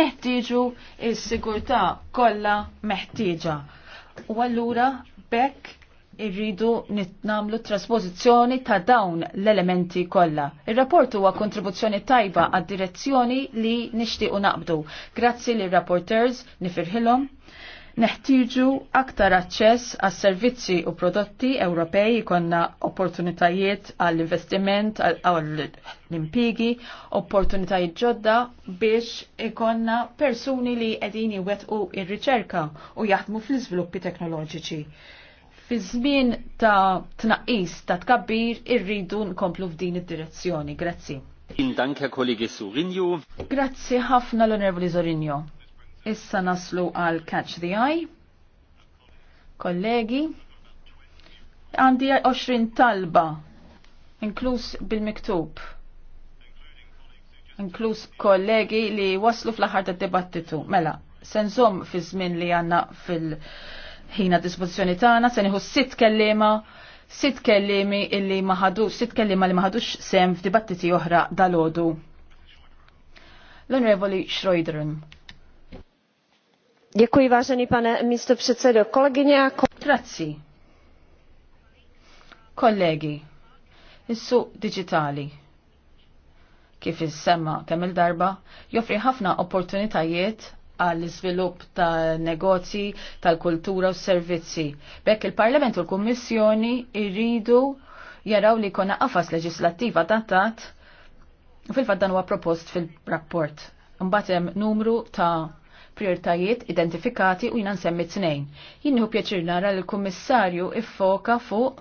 Neħtieġu is-sigurtà kollha meħtieġa. U allura bekk irridu nitnamlu t-traspożizzjoni ta' dawn l-elementi kollha. Ir-rapport huwa kontribuzzjoni tajba għad-direzzjoni li nixtiequ naqbdu. Grazzi lir rapporteurs nifirħilhom. Neħtieġu aktar aċċess għas servizzi u prodotti Ewropej ikonna opportunitajiet għall-investiment għall-impigi, opportunitajiet ġodda biex ikonna persuni li qegħdin iwettqu ir-riċerka u jaħdmu fl-iżviluppi teknoloġiċi Fi żmien ta' tnaqqis ta' tkabbir irridu nkomplu f'din id-direzzjoni. Grazzi.
Indanka kollegi Surinju.
Grazzi ħafna l-Onorevoli Zorinjo. Issa naslu għal Catch the Eye. Kollegi, għandi 20 talba, inkluż bil-miktub inkluż kollegi li waslu fl-aħħar tad-dibattitu. Mela, senżom fi żmien li għandna fil- ħina dispożizzjoni tagħna se nieħu sitt kellima sitt kellimi illi maħadux, sitt kellima li maħadux sem f'dibattiti oħra dal-ħodu. L-Onorevoli Schroederin. Dziękuję vážený pane místo przedsedo Kolegyně kontracji. Grazzi. Kollegi, is-suq digitali kif is-semma kemm il-darba joffri ħafna opportunitajiet għall-iżvilupp ta' negozji, tal-kultura u servizzi. Bekk il-Parlament u l-Kummissjoni irridu jaraw li konna qafas leġislattiva tantat fil-fat dan huwa propost fil-rapport. Mbagħad hemm numru ta' prioritajiet identifikati u jina semmi t-snejn. Jinniħu pjaċir nara l-Kummissarju iffoka fuq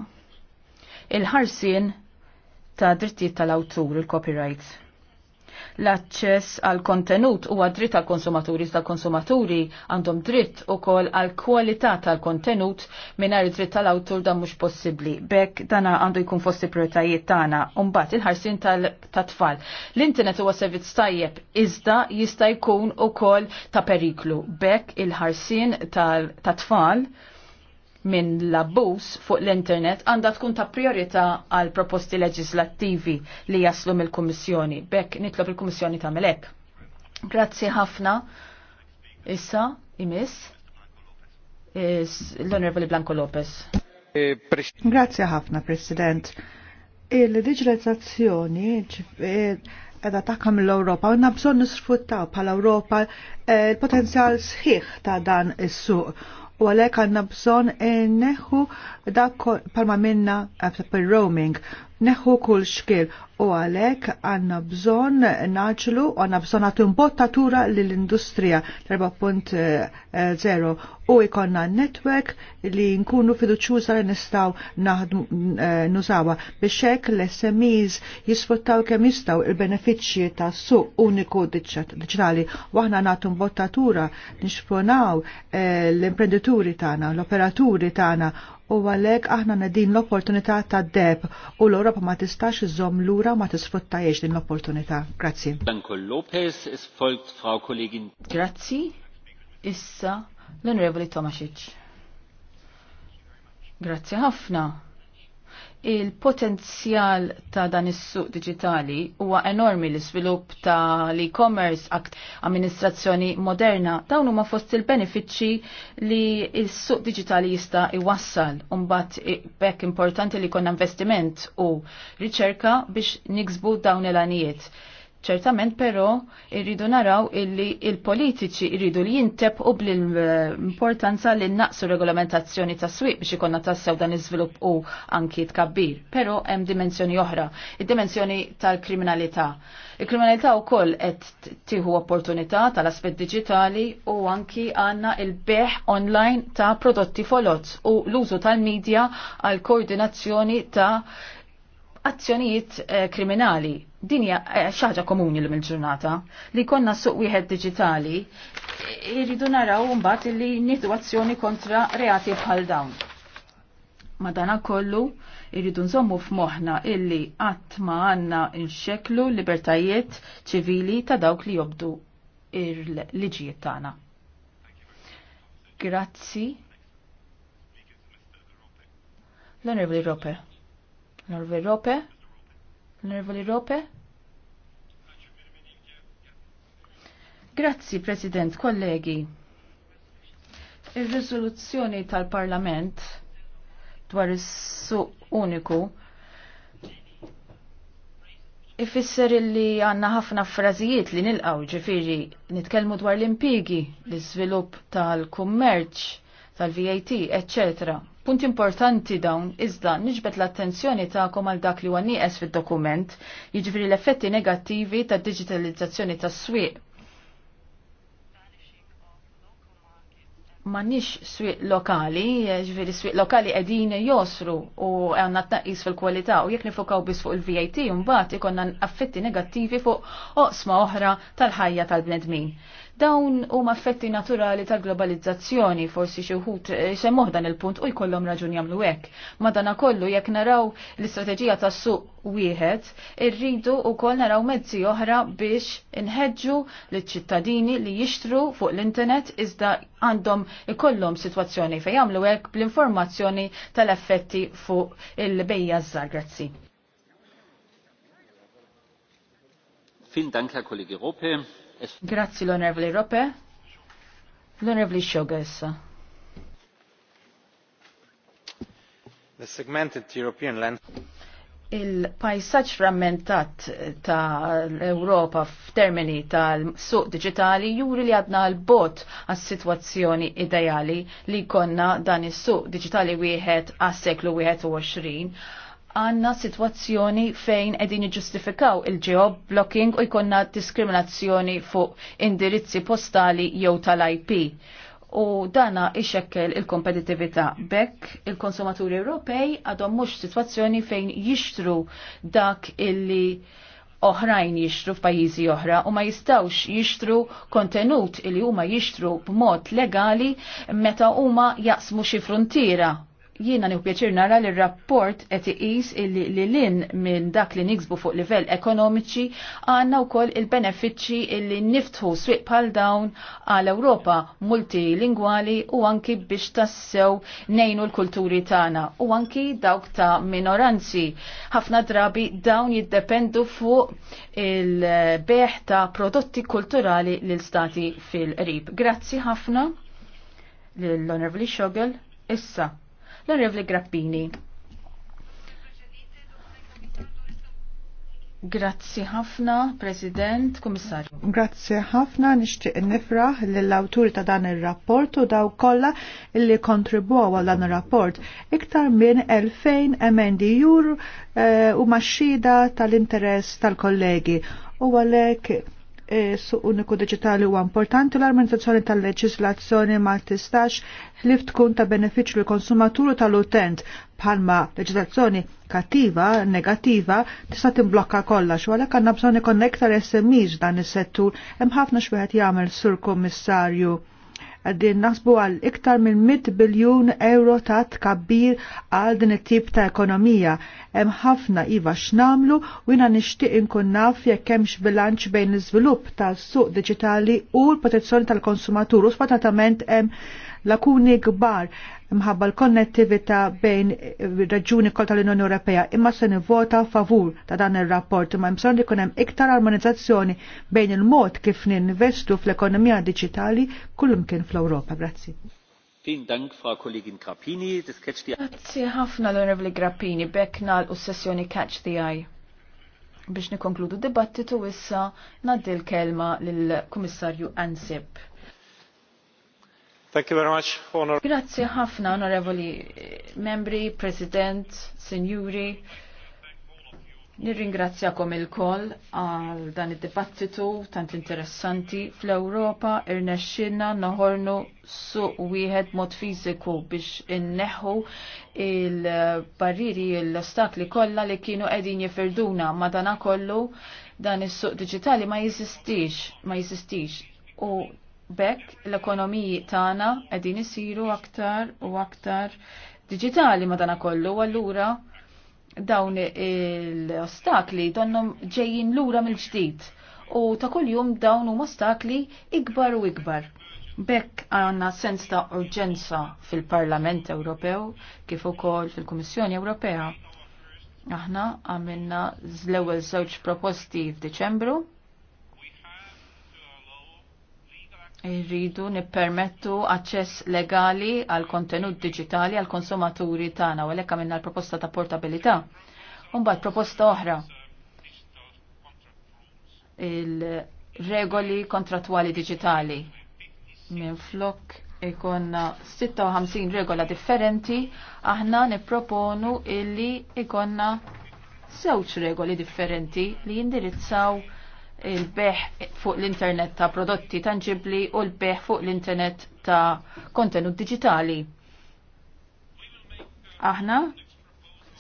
il-ħarsin ta' drittijiet tal-awtur, il-copyrights l-aċċess għal kontenut u għad dritt għal konsumaturi tal konsumaturi għandhom dritt u kol għal kualità tal kontenut minar dritt tal-autur dan mux possibli. Bek dana għandu jkun fossi prioritajiet tana umbat il-ħarsin tal-tatfall. L-internet huwa servizz tajjeb iżda jista' jkun u kol ta' periklu. Bek il-ħarsin tal-tatfall minn l-abbuż fuq l-internet għandha tkun ta' priorità għal proposti leġislattivi li jaslu mill-Kummissjoni. Bekk nitlob il-Kummissjoni ta' melek. Grazzi ħafna. Issa, imis, l-Onorevoli Blanco Lopez. Eh,
Grazzi ħafna, President. Il-digitalizzazzjoni edha takam l-Europa, għanna bżon nisfruttaw pal-Europa eh, il-potenzjal sħiħ ta' dan is-suq u għalek għanna bżon neħu dak palma minna eh, per roaming neħu kull xkil u għalek għanna bżon naċlu u għanna bżon għatu mbottatura l-industrija 4.0 eh, u ikonna network li nkunu fiduċuża li nistaw eh, nużawa biex hekk l-SMEs jisfruttaw kemm jistgħu il-benefiċċji ta' suq uniku diġitali u aħna nagħtu mbottatura nixponaw eh, l-imprenditori tagħna, l-operaturi tagħna u għalek aħna nedin l-opportunità ta' deb u l-Europa ma tistax iżom lura ma tisfruttajiex din l-opportunità.
Grazzi. Danko Lopez, es folgt Frau Kollegin.
Grazzi. Issa l-Onorevoli Tomasic.
Grazzi ħafna. Il-potenzjal ta' dan is-suq digitali huwa enormi l-iżvilupp ta' l-e-commerce akt amministrazzjoni moderna dawn huma fost il-benefiċċji li s-suq digitali jista' iwassal mbagħad bekk importanti li konna investiment u riċerka biex niksbu dawn il-għanijiet ċertament però irridu naraw illi il-politiċi irridu li jintebqu bl-importanza li naqsu regolamentazzjoni ta' swieq biex ikonna tassew dan iżvilupp u anki tkabbir. Però hemm dimensjoni oħra, id-dimensjoni tal-kriminalità. Il-kriminalità wkoll qed tieħu opportunità tal-aspett diġitali u anki għandna il-beħ online ta' prodotti folot u l-użu tal-medja għal koordinazzjoni ta' azzjonijiet eh, kriminali. Din hija eh, xaġa komuni l il-ġurnata li konna suq wieħed digitali eh, irridu naraw mbagħad li nieħdu azzjoni kontra reati bħal dawn. Madana kollu irridu nżommu f'moħħna illi qatt ma għandna nxeklu libertajiet ċivili ta' dawk li jobdu il-liġijiet tagħna. Grazzi. L-Onorevoli Norvi Rope, Nervoli Rope. Grazzi, President, kollegi. Ir-riżoluzzjoni tal-Parlament dwar is-suq uniku ifisser illi għanna ħafna frażijiet li nilqaw ġifiri nitkellmu dwar l-impigi, l-iżvilupp tal-kummerċ, tal-VAT, eccetera. Punt importanti dawn, iżda niġbet l-attenzjoni ta'kom għal dak li huwa nieqes fid-dokument, jiġifieri l-effetti negattivi ta' digitalizzazzjoni tas swieq nix swieq lokali, ġviri jiġifieri swiq lokali qegħdin josru u t tnaqqis fil kualita u jekk nifokaw biss fuq il-VAT mbagħad ikonna affetti negattivi fuq oqsma oħra tal-ħajja tal-bnedmin. Dawn huma effetti naturali tal-globalizzazzjoni, forsi xi wħud semmoh eh, dan il-punt u jkollhom raġun jagħmlu hekk. Madana kollu jekk naraw l-istrateġija tas-suq wieħed, irridu wkoll naraw mezzi oħra biex inħeġġu liċ-ċittadini li jixtru fuq l-internet iżda għandhom ikollhom sitwazzjoni fejn jagħmlu hekk bl-informazzjoni tal-effetti fuq il-bejja żgħar. Grazzi.
Vielen Dank, Herr Kollege Ruppe.
Grazzi l Rope. L-Onorevoli
The segmented European land
il-pajsaċ frammentat ta' l-Europa f'termini tal-suq digitali juri li għadna l-bot għas situazzjoni ideali li konna dan is-suq digitali wieħed għas-seklu 21 għanna situazzjoni fejn edin ġustifikaw il-ġeob blocking u jkonna diskriminazzjoni fuq indirizzi postali jew tal-IP. U dana ixekkel il-kompetitività. Bekk il-konsumaturi Ewropej għadhom mhux situazzjoni fejn jixtru dak illi oħrajn jixtru f'pajjiżi oħra u ma jistawx jixtru kontenut li huma jixtru b'mod legali meta huma jaqsmu xi fruntiera jiena nieħu nara li rapport qed iqis li lin minn dak li niksbu fuq livell ekonomiċi għandna wkoll il-benefiċċji li niftħu swieq bħal dawn għal Ewropa multilingwali u anki biex tassew nejnu l-kulturi tagħna u anki dawk ta' minoranzi. Ħafna drabi dawn jiddependu fuq il-beħ ta' prodotti kulturali l stati fil-qrib. Grazzi ħafna l-Honorable Xogel. Issa, L-Onorevoli Grappini. Grazzi ħafna, President, Komissarju.
Grazzi ħafna, nixtieq nifraħ lill-awtur ta' dan ir-rapport u daw kollha li kontribwaw għal dan ir-rapport. Iktar minn 2000 emendi jur eh, u maxxida tal-interess tal-kollegi. U għalhekk E, suq uniku digitali huwa importanti l-armonizzazzjoni tal-leġislazzjoni ma tistax ħlif tkun ta' benefiċċju l-konsumatur u tal-utent bħalma leġislazzjoni kattiva, negattiva, tista' timblokka kollha u għalhekk għandna bżonn ikun iktar SMEs dan is-settur hemm ħafna x'wieħed jagħmel sur kummissarju għaddin nasbu għal iktar minn 100 biljun euro ta' tkabbir għal din it-tip ta' ekonomija. Hemm ħafna iva x'namlu u jiena nixtieq inkun naf jekk hemmx bilanċ bejn iż-żvilupp tas-suq diġitali u l-protezzjoni tal-konsumatur u sfortunatament hemm lakuni kbar Imħabba l-konnettività bejn raġuni kol tal-Unjoni Ewropea imma se nivvota favur ta' dan ir-rapport imma jmson li jkun hemm iktar armonizzazzjoni bejn il-mod kif ninvestu fl-ekonomija diġitali kullimkien fl-Ewropa. Grazzi.
Vielen Dank, Frau Kollegin Grappini. Das Catch the Eye.
Grazie ħafna l-Onorevoli Grappini, nagħlqu s sessjoni Catch the Eye. Biex nikonkludu dibattitu issa, ngħaddi l-kelma lill-Kummissarju Ansip.
Thank you very much, Honor. Grazie
ħafna, onorevoli eh, membri, president, signori. Nirringrazzjakom il-koll għal dan id-dibattitu tant interessanti fl-Ewropa irnexxinna noħornu suq wieħed mod fiżiku biex inneħħu il-barriri l-ostakli kollha li kienu qegħdin jifirduna madana kollu dan is-suq diġitali ma jeżistix ma jeżistix u bekk l-ekonomiji tagħna qegħdin isiru aktar u aktar diġitali madanakollu. kollu allura dawn l-ostakli donnom ġejjin lura mill-ġdid u ta' kuljum dawn huma ostakli ikbar u ikbar. Bekk għanna sens ta' urġenza fil-Parlament Ewropew kif ukoll fil-Kummissjoni Ewropea. Aħna għamilna l-ewwel żewġ proposti f'Diċembru Irridu nippermettu aċċess legali għal kontenut digitali għal konsumaturi tagħna u għalhekk għamilna l-proposta ta' portabilità. Umbagħad proposta oħra il-regoli kontratwali digitali. Minn flok ikonna 56 regola differenti, aħna nipproponu illi ikonna żewġ regoli differenti li jindirizzaw il-beħ fuq l-internet ta' prodotti tangibli u l-beħ fuq l-internet ta' kontenut digitali. Aħna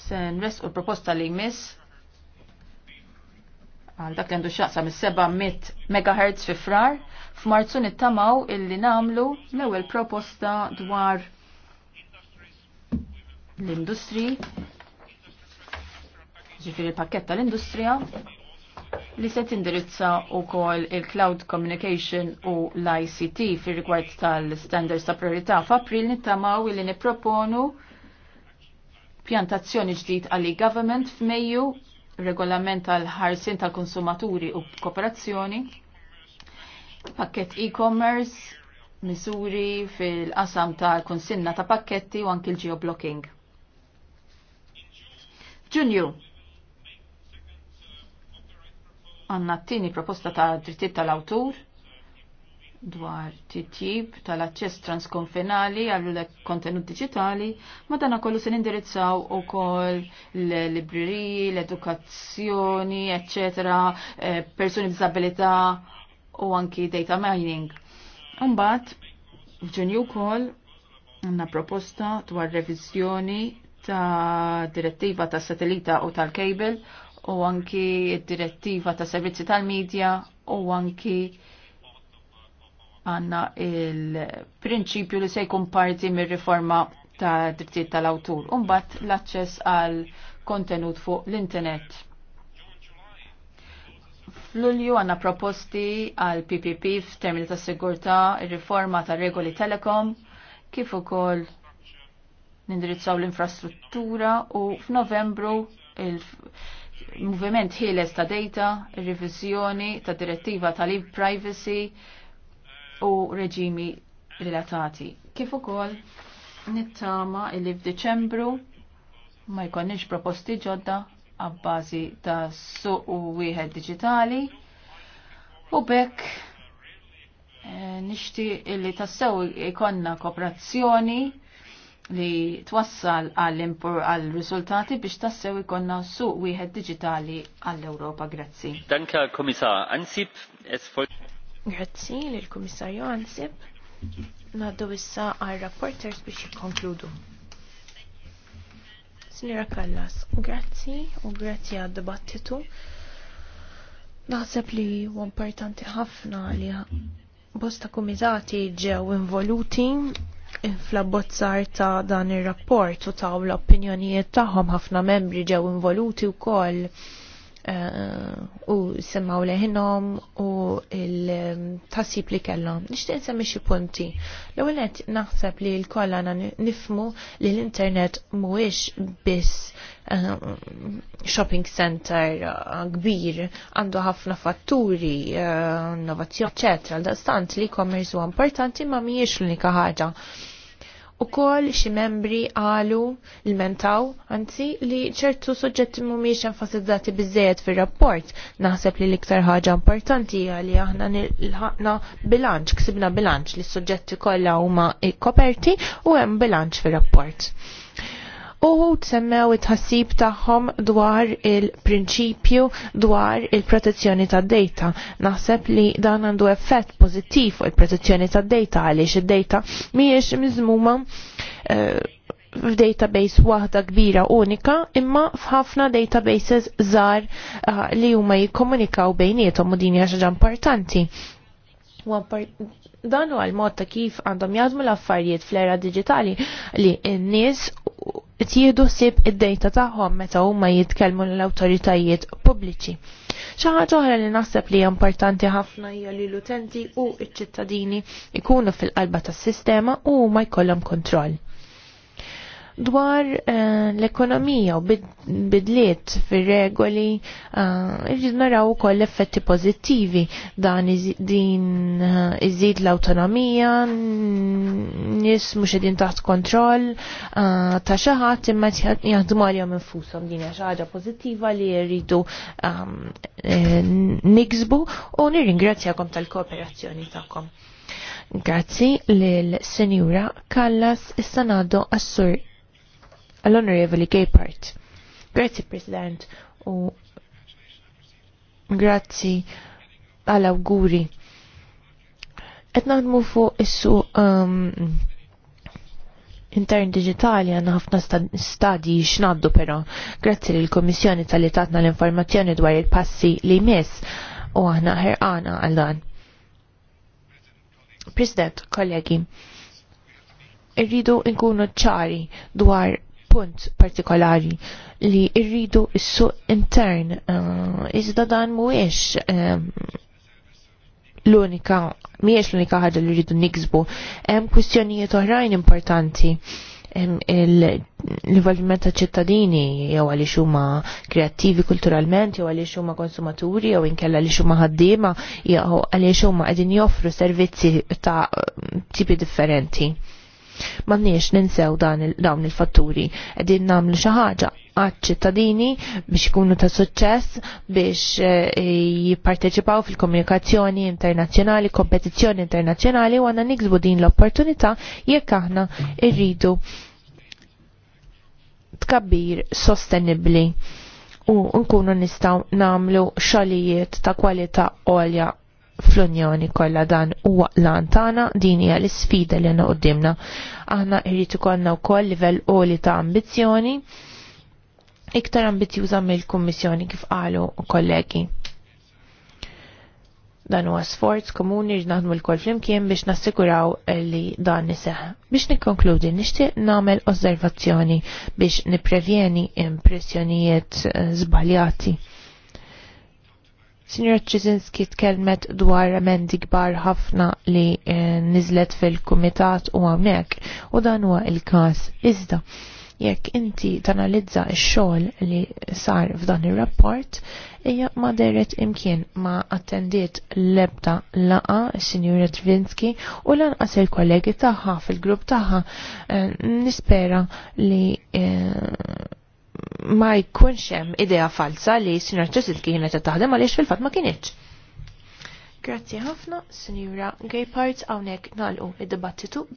se nresqu l-proposta li jmiss għal dak li għandu xaqsa mis 700 MHz fi frar, f'Marzu nittamaw illi namlu l-ewwel proposta dwar l-industri, ġifiri il pakketta tal-industrija, li se tindirizza wkoll il-Cloud Communication u l-ICT fir rigward tal-standards ta' priorità. F'April nittamaw li nipproponu pjantazzjoni ġdid għal government f'Mejju, regolament tal-ħarsin tal-konsumaturi u kooperazzjoni, pakket e-commerce, miżuri fil-qasam tal-konsinna ta' pakketti u anki l-geoblocking. Junior. Għanna t-tini proposta ta' drittijiet tal-awtur dwar titjib tal-aċċess transkonfinali għall kontenut digitali, ma dana kollu se nindirizzaw u koll l-libriri, l-edukazzjoni, eccetera, eh, persuni b'disabilità u anki data mining. Umbat, f'ġunju koll, għanna proposta dwar revizjoni ta' direttiva ta' satellita u tal-kabel u anki direttiva ta' servizzi tal-medja u anki għanna il-prinċipju li se jkun parti mir riforma ta' drittijiet tal-awtur. Umbat l-aċċess għal kontenut fuq l-internet. F'Lulju għanna proposti għal PPP f'termini ta' sigurta, il-riforma ta' regoli telekom, kif ukoll nindirizzaw l-infrastruttura u f'Novembru il- moviment ħieles ta' data, revizjoni ta' direttiva tal-privacy u reġimi relatati. Kif ukoll nittama li f'Diċembru ma jkonniex proposti ġodda għabbażi ta' suq u wieħed diġitali u bekk e, nixti illi tassew ikonna kooperazzjoni li twassal għall-impur għall-riżultati biex tassew ikonna suq wieħed digitali għall-Ewropa. Grazzi.
Danka komissar Ansip,
Grazzi lill-Kummissarju Ansip. Naddu issa għal-rapporters biex jikkonkludu. Sinira Kallas, grazzi u grazzi għad-dibattitu. Naħseb li u importanti ħafna li bosta komizati ġew involuti fl-abbozzar ta' dan ir-rapport u taw l-opinjonijiet tagħhom ħafna membri ġew involuti wkoll. Eh, u semmaw leħinom u il-tassib li kellhom. Nixtieq semmi xi punti. L-ewwel naħseb li l-koll għandna nifmu li l-internet mhuwiex biss eh, shopping center eh, kbir għandu ħafna fatturi, innovazzjoni, eċetera. dastant li e-commerce huwa importanti ma mhijiex l-unika ħaġa U kol xi membri għalu l-mentaw, anzi li ċertu soġġetti mumiex enfasizzati biżejjed fir-rapport. Naħseb li l-iktar ħaġa importanti għali aħna nilħaqna bilanċ, ksibna bilanċ li suġġetti soġġetti kollha huma koperti u hemm bilanċ fir-rapport u semmew it-ħassib tagħhom dwar il-prinċipju dwar il-protezzjoni tad-data. Naħseb li dan għandu effett pożittiv fuq il-protezzjoni tad-data għaliex id-data mhijiex miżmuma eh, f'database waħda kbira unika imma f'ħafna databases żgħar eh, li huma jikkomunikaw bejniethom u din hija xaġa importanti Dan huwa l-mod ta' kif għandhom jazmu l-affarijiet fl-era digitali li n-nies tjiedu sib id-dejta tagħhom meta huma jitkellmu l-awtoritajiet pubbliċi. Xi oħra li naħseb li hija importanti ħafna hija li l-utenti u ċ-ċittadini ikunu fil-qalba tas-sistema u ma jkollhom kontroll dwar eh, l-ekonomija u bidliet fir-regoli eh, irrid naraw ukoll effetti pozittivi dan din eh, iżid l-awtonomija nis mux edin taħt kontroll ta' xi ħadd imma għal-jom infushom din hija xi ħaġa pożittiva li rridu niksbu u nirringrazzjakom tal-kooperazzjoni tagħkom. Grazzi lil Senjura Kallas sanado Assur l-Onorevoli Part. Grazie, President, u grazzi għal-awguri. Et naħdmu fuq issu um, intern digitali għanna ħafna stadji xnaddu pero. Grazzi li l-Komissjoni tal-li tatna l-informazzjoni dwar il-passi li jmiss u għahna ħerqana għal dan. President, kollegi, irridu nkunu ċari dwar punt partikolari li irridu s-suq intern uh, iżda dan mhuwiex um, l-unika mhijiex l-unika ħaġa li rridu niksbu. Hemm kwistjonijiet oħrajn importanti l-involviment ta' ċittadini jew għaliex huma kreattivi kulturalment jew għaliex huma konsumaturi jew inkella għaliex huma ħaddiema jew għaliex huma qegħdin joffru servizzi ta' tipi differenti M'għandniex ninsew dawn il-fatturi qegħdin nagħmlu xi ħaġa għad-ċittadini biex ikunu ta' suċċess biex eh, jipparteċipaw fil-komunikazzjoni internazzjonali, kompetizzjoni internazzjonali u għanna niksbu din l-opportunità jekk aħna irridu tkabbir sostenibbli u nkunu nistaw namlu xalijiet ta' kwalità għolja fl-Unjoni kollha dan huwa l-antana din hija l-isfida li għandna qudiemna. Aħna rrid ikollna wkoll livell qoli ta' ambizzjoni iktar ambizjuża mill-Kummissjoni kif qalu kollegi. Dan huwa sforz komuni li naħdmu l-kol flimkien biex nassikuraw li dan niseħ. Biex nikkonkludi nixtieq nagħmel osservazzjoni biex nipprevjeni impressjonijiet eh, żbaljati Signor Czesinski tkellmet dwar emendi kbar ħafna li eh, nizlet fil-kumitat u għamek u dan huwa il-każ iżda jekk inti tanalizza x-xogħol li sar f'dan ir-rapport, hija ma deret imkien ma attendiet l-ebda laqa Sinjura Trvinski u lanqas il-kollegi tagħha fil-grupp tagħha eh, nispera li eh, ma jkunx hemm idea falsa li Sinjor Ċesil kienet qed taħdem għaliex fil-fatt ma kienx. Grazzi ħafna, Sinjura Gaypart, hawnhekk nagħlqu id-dibattitu.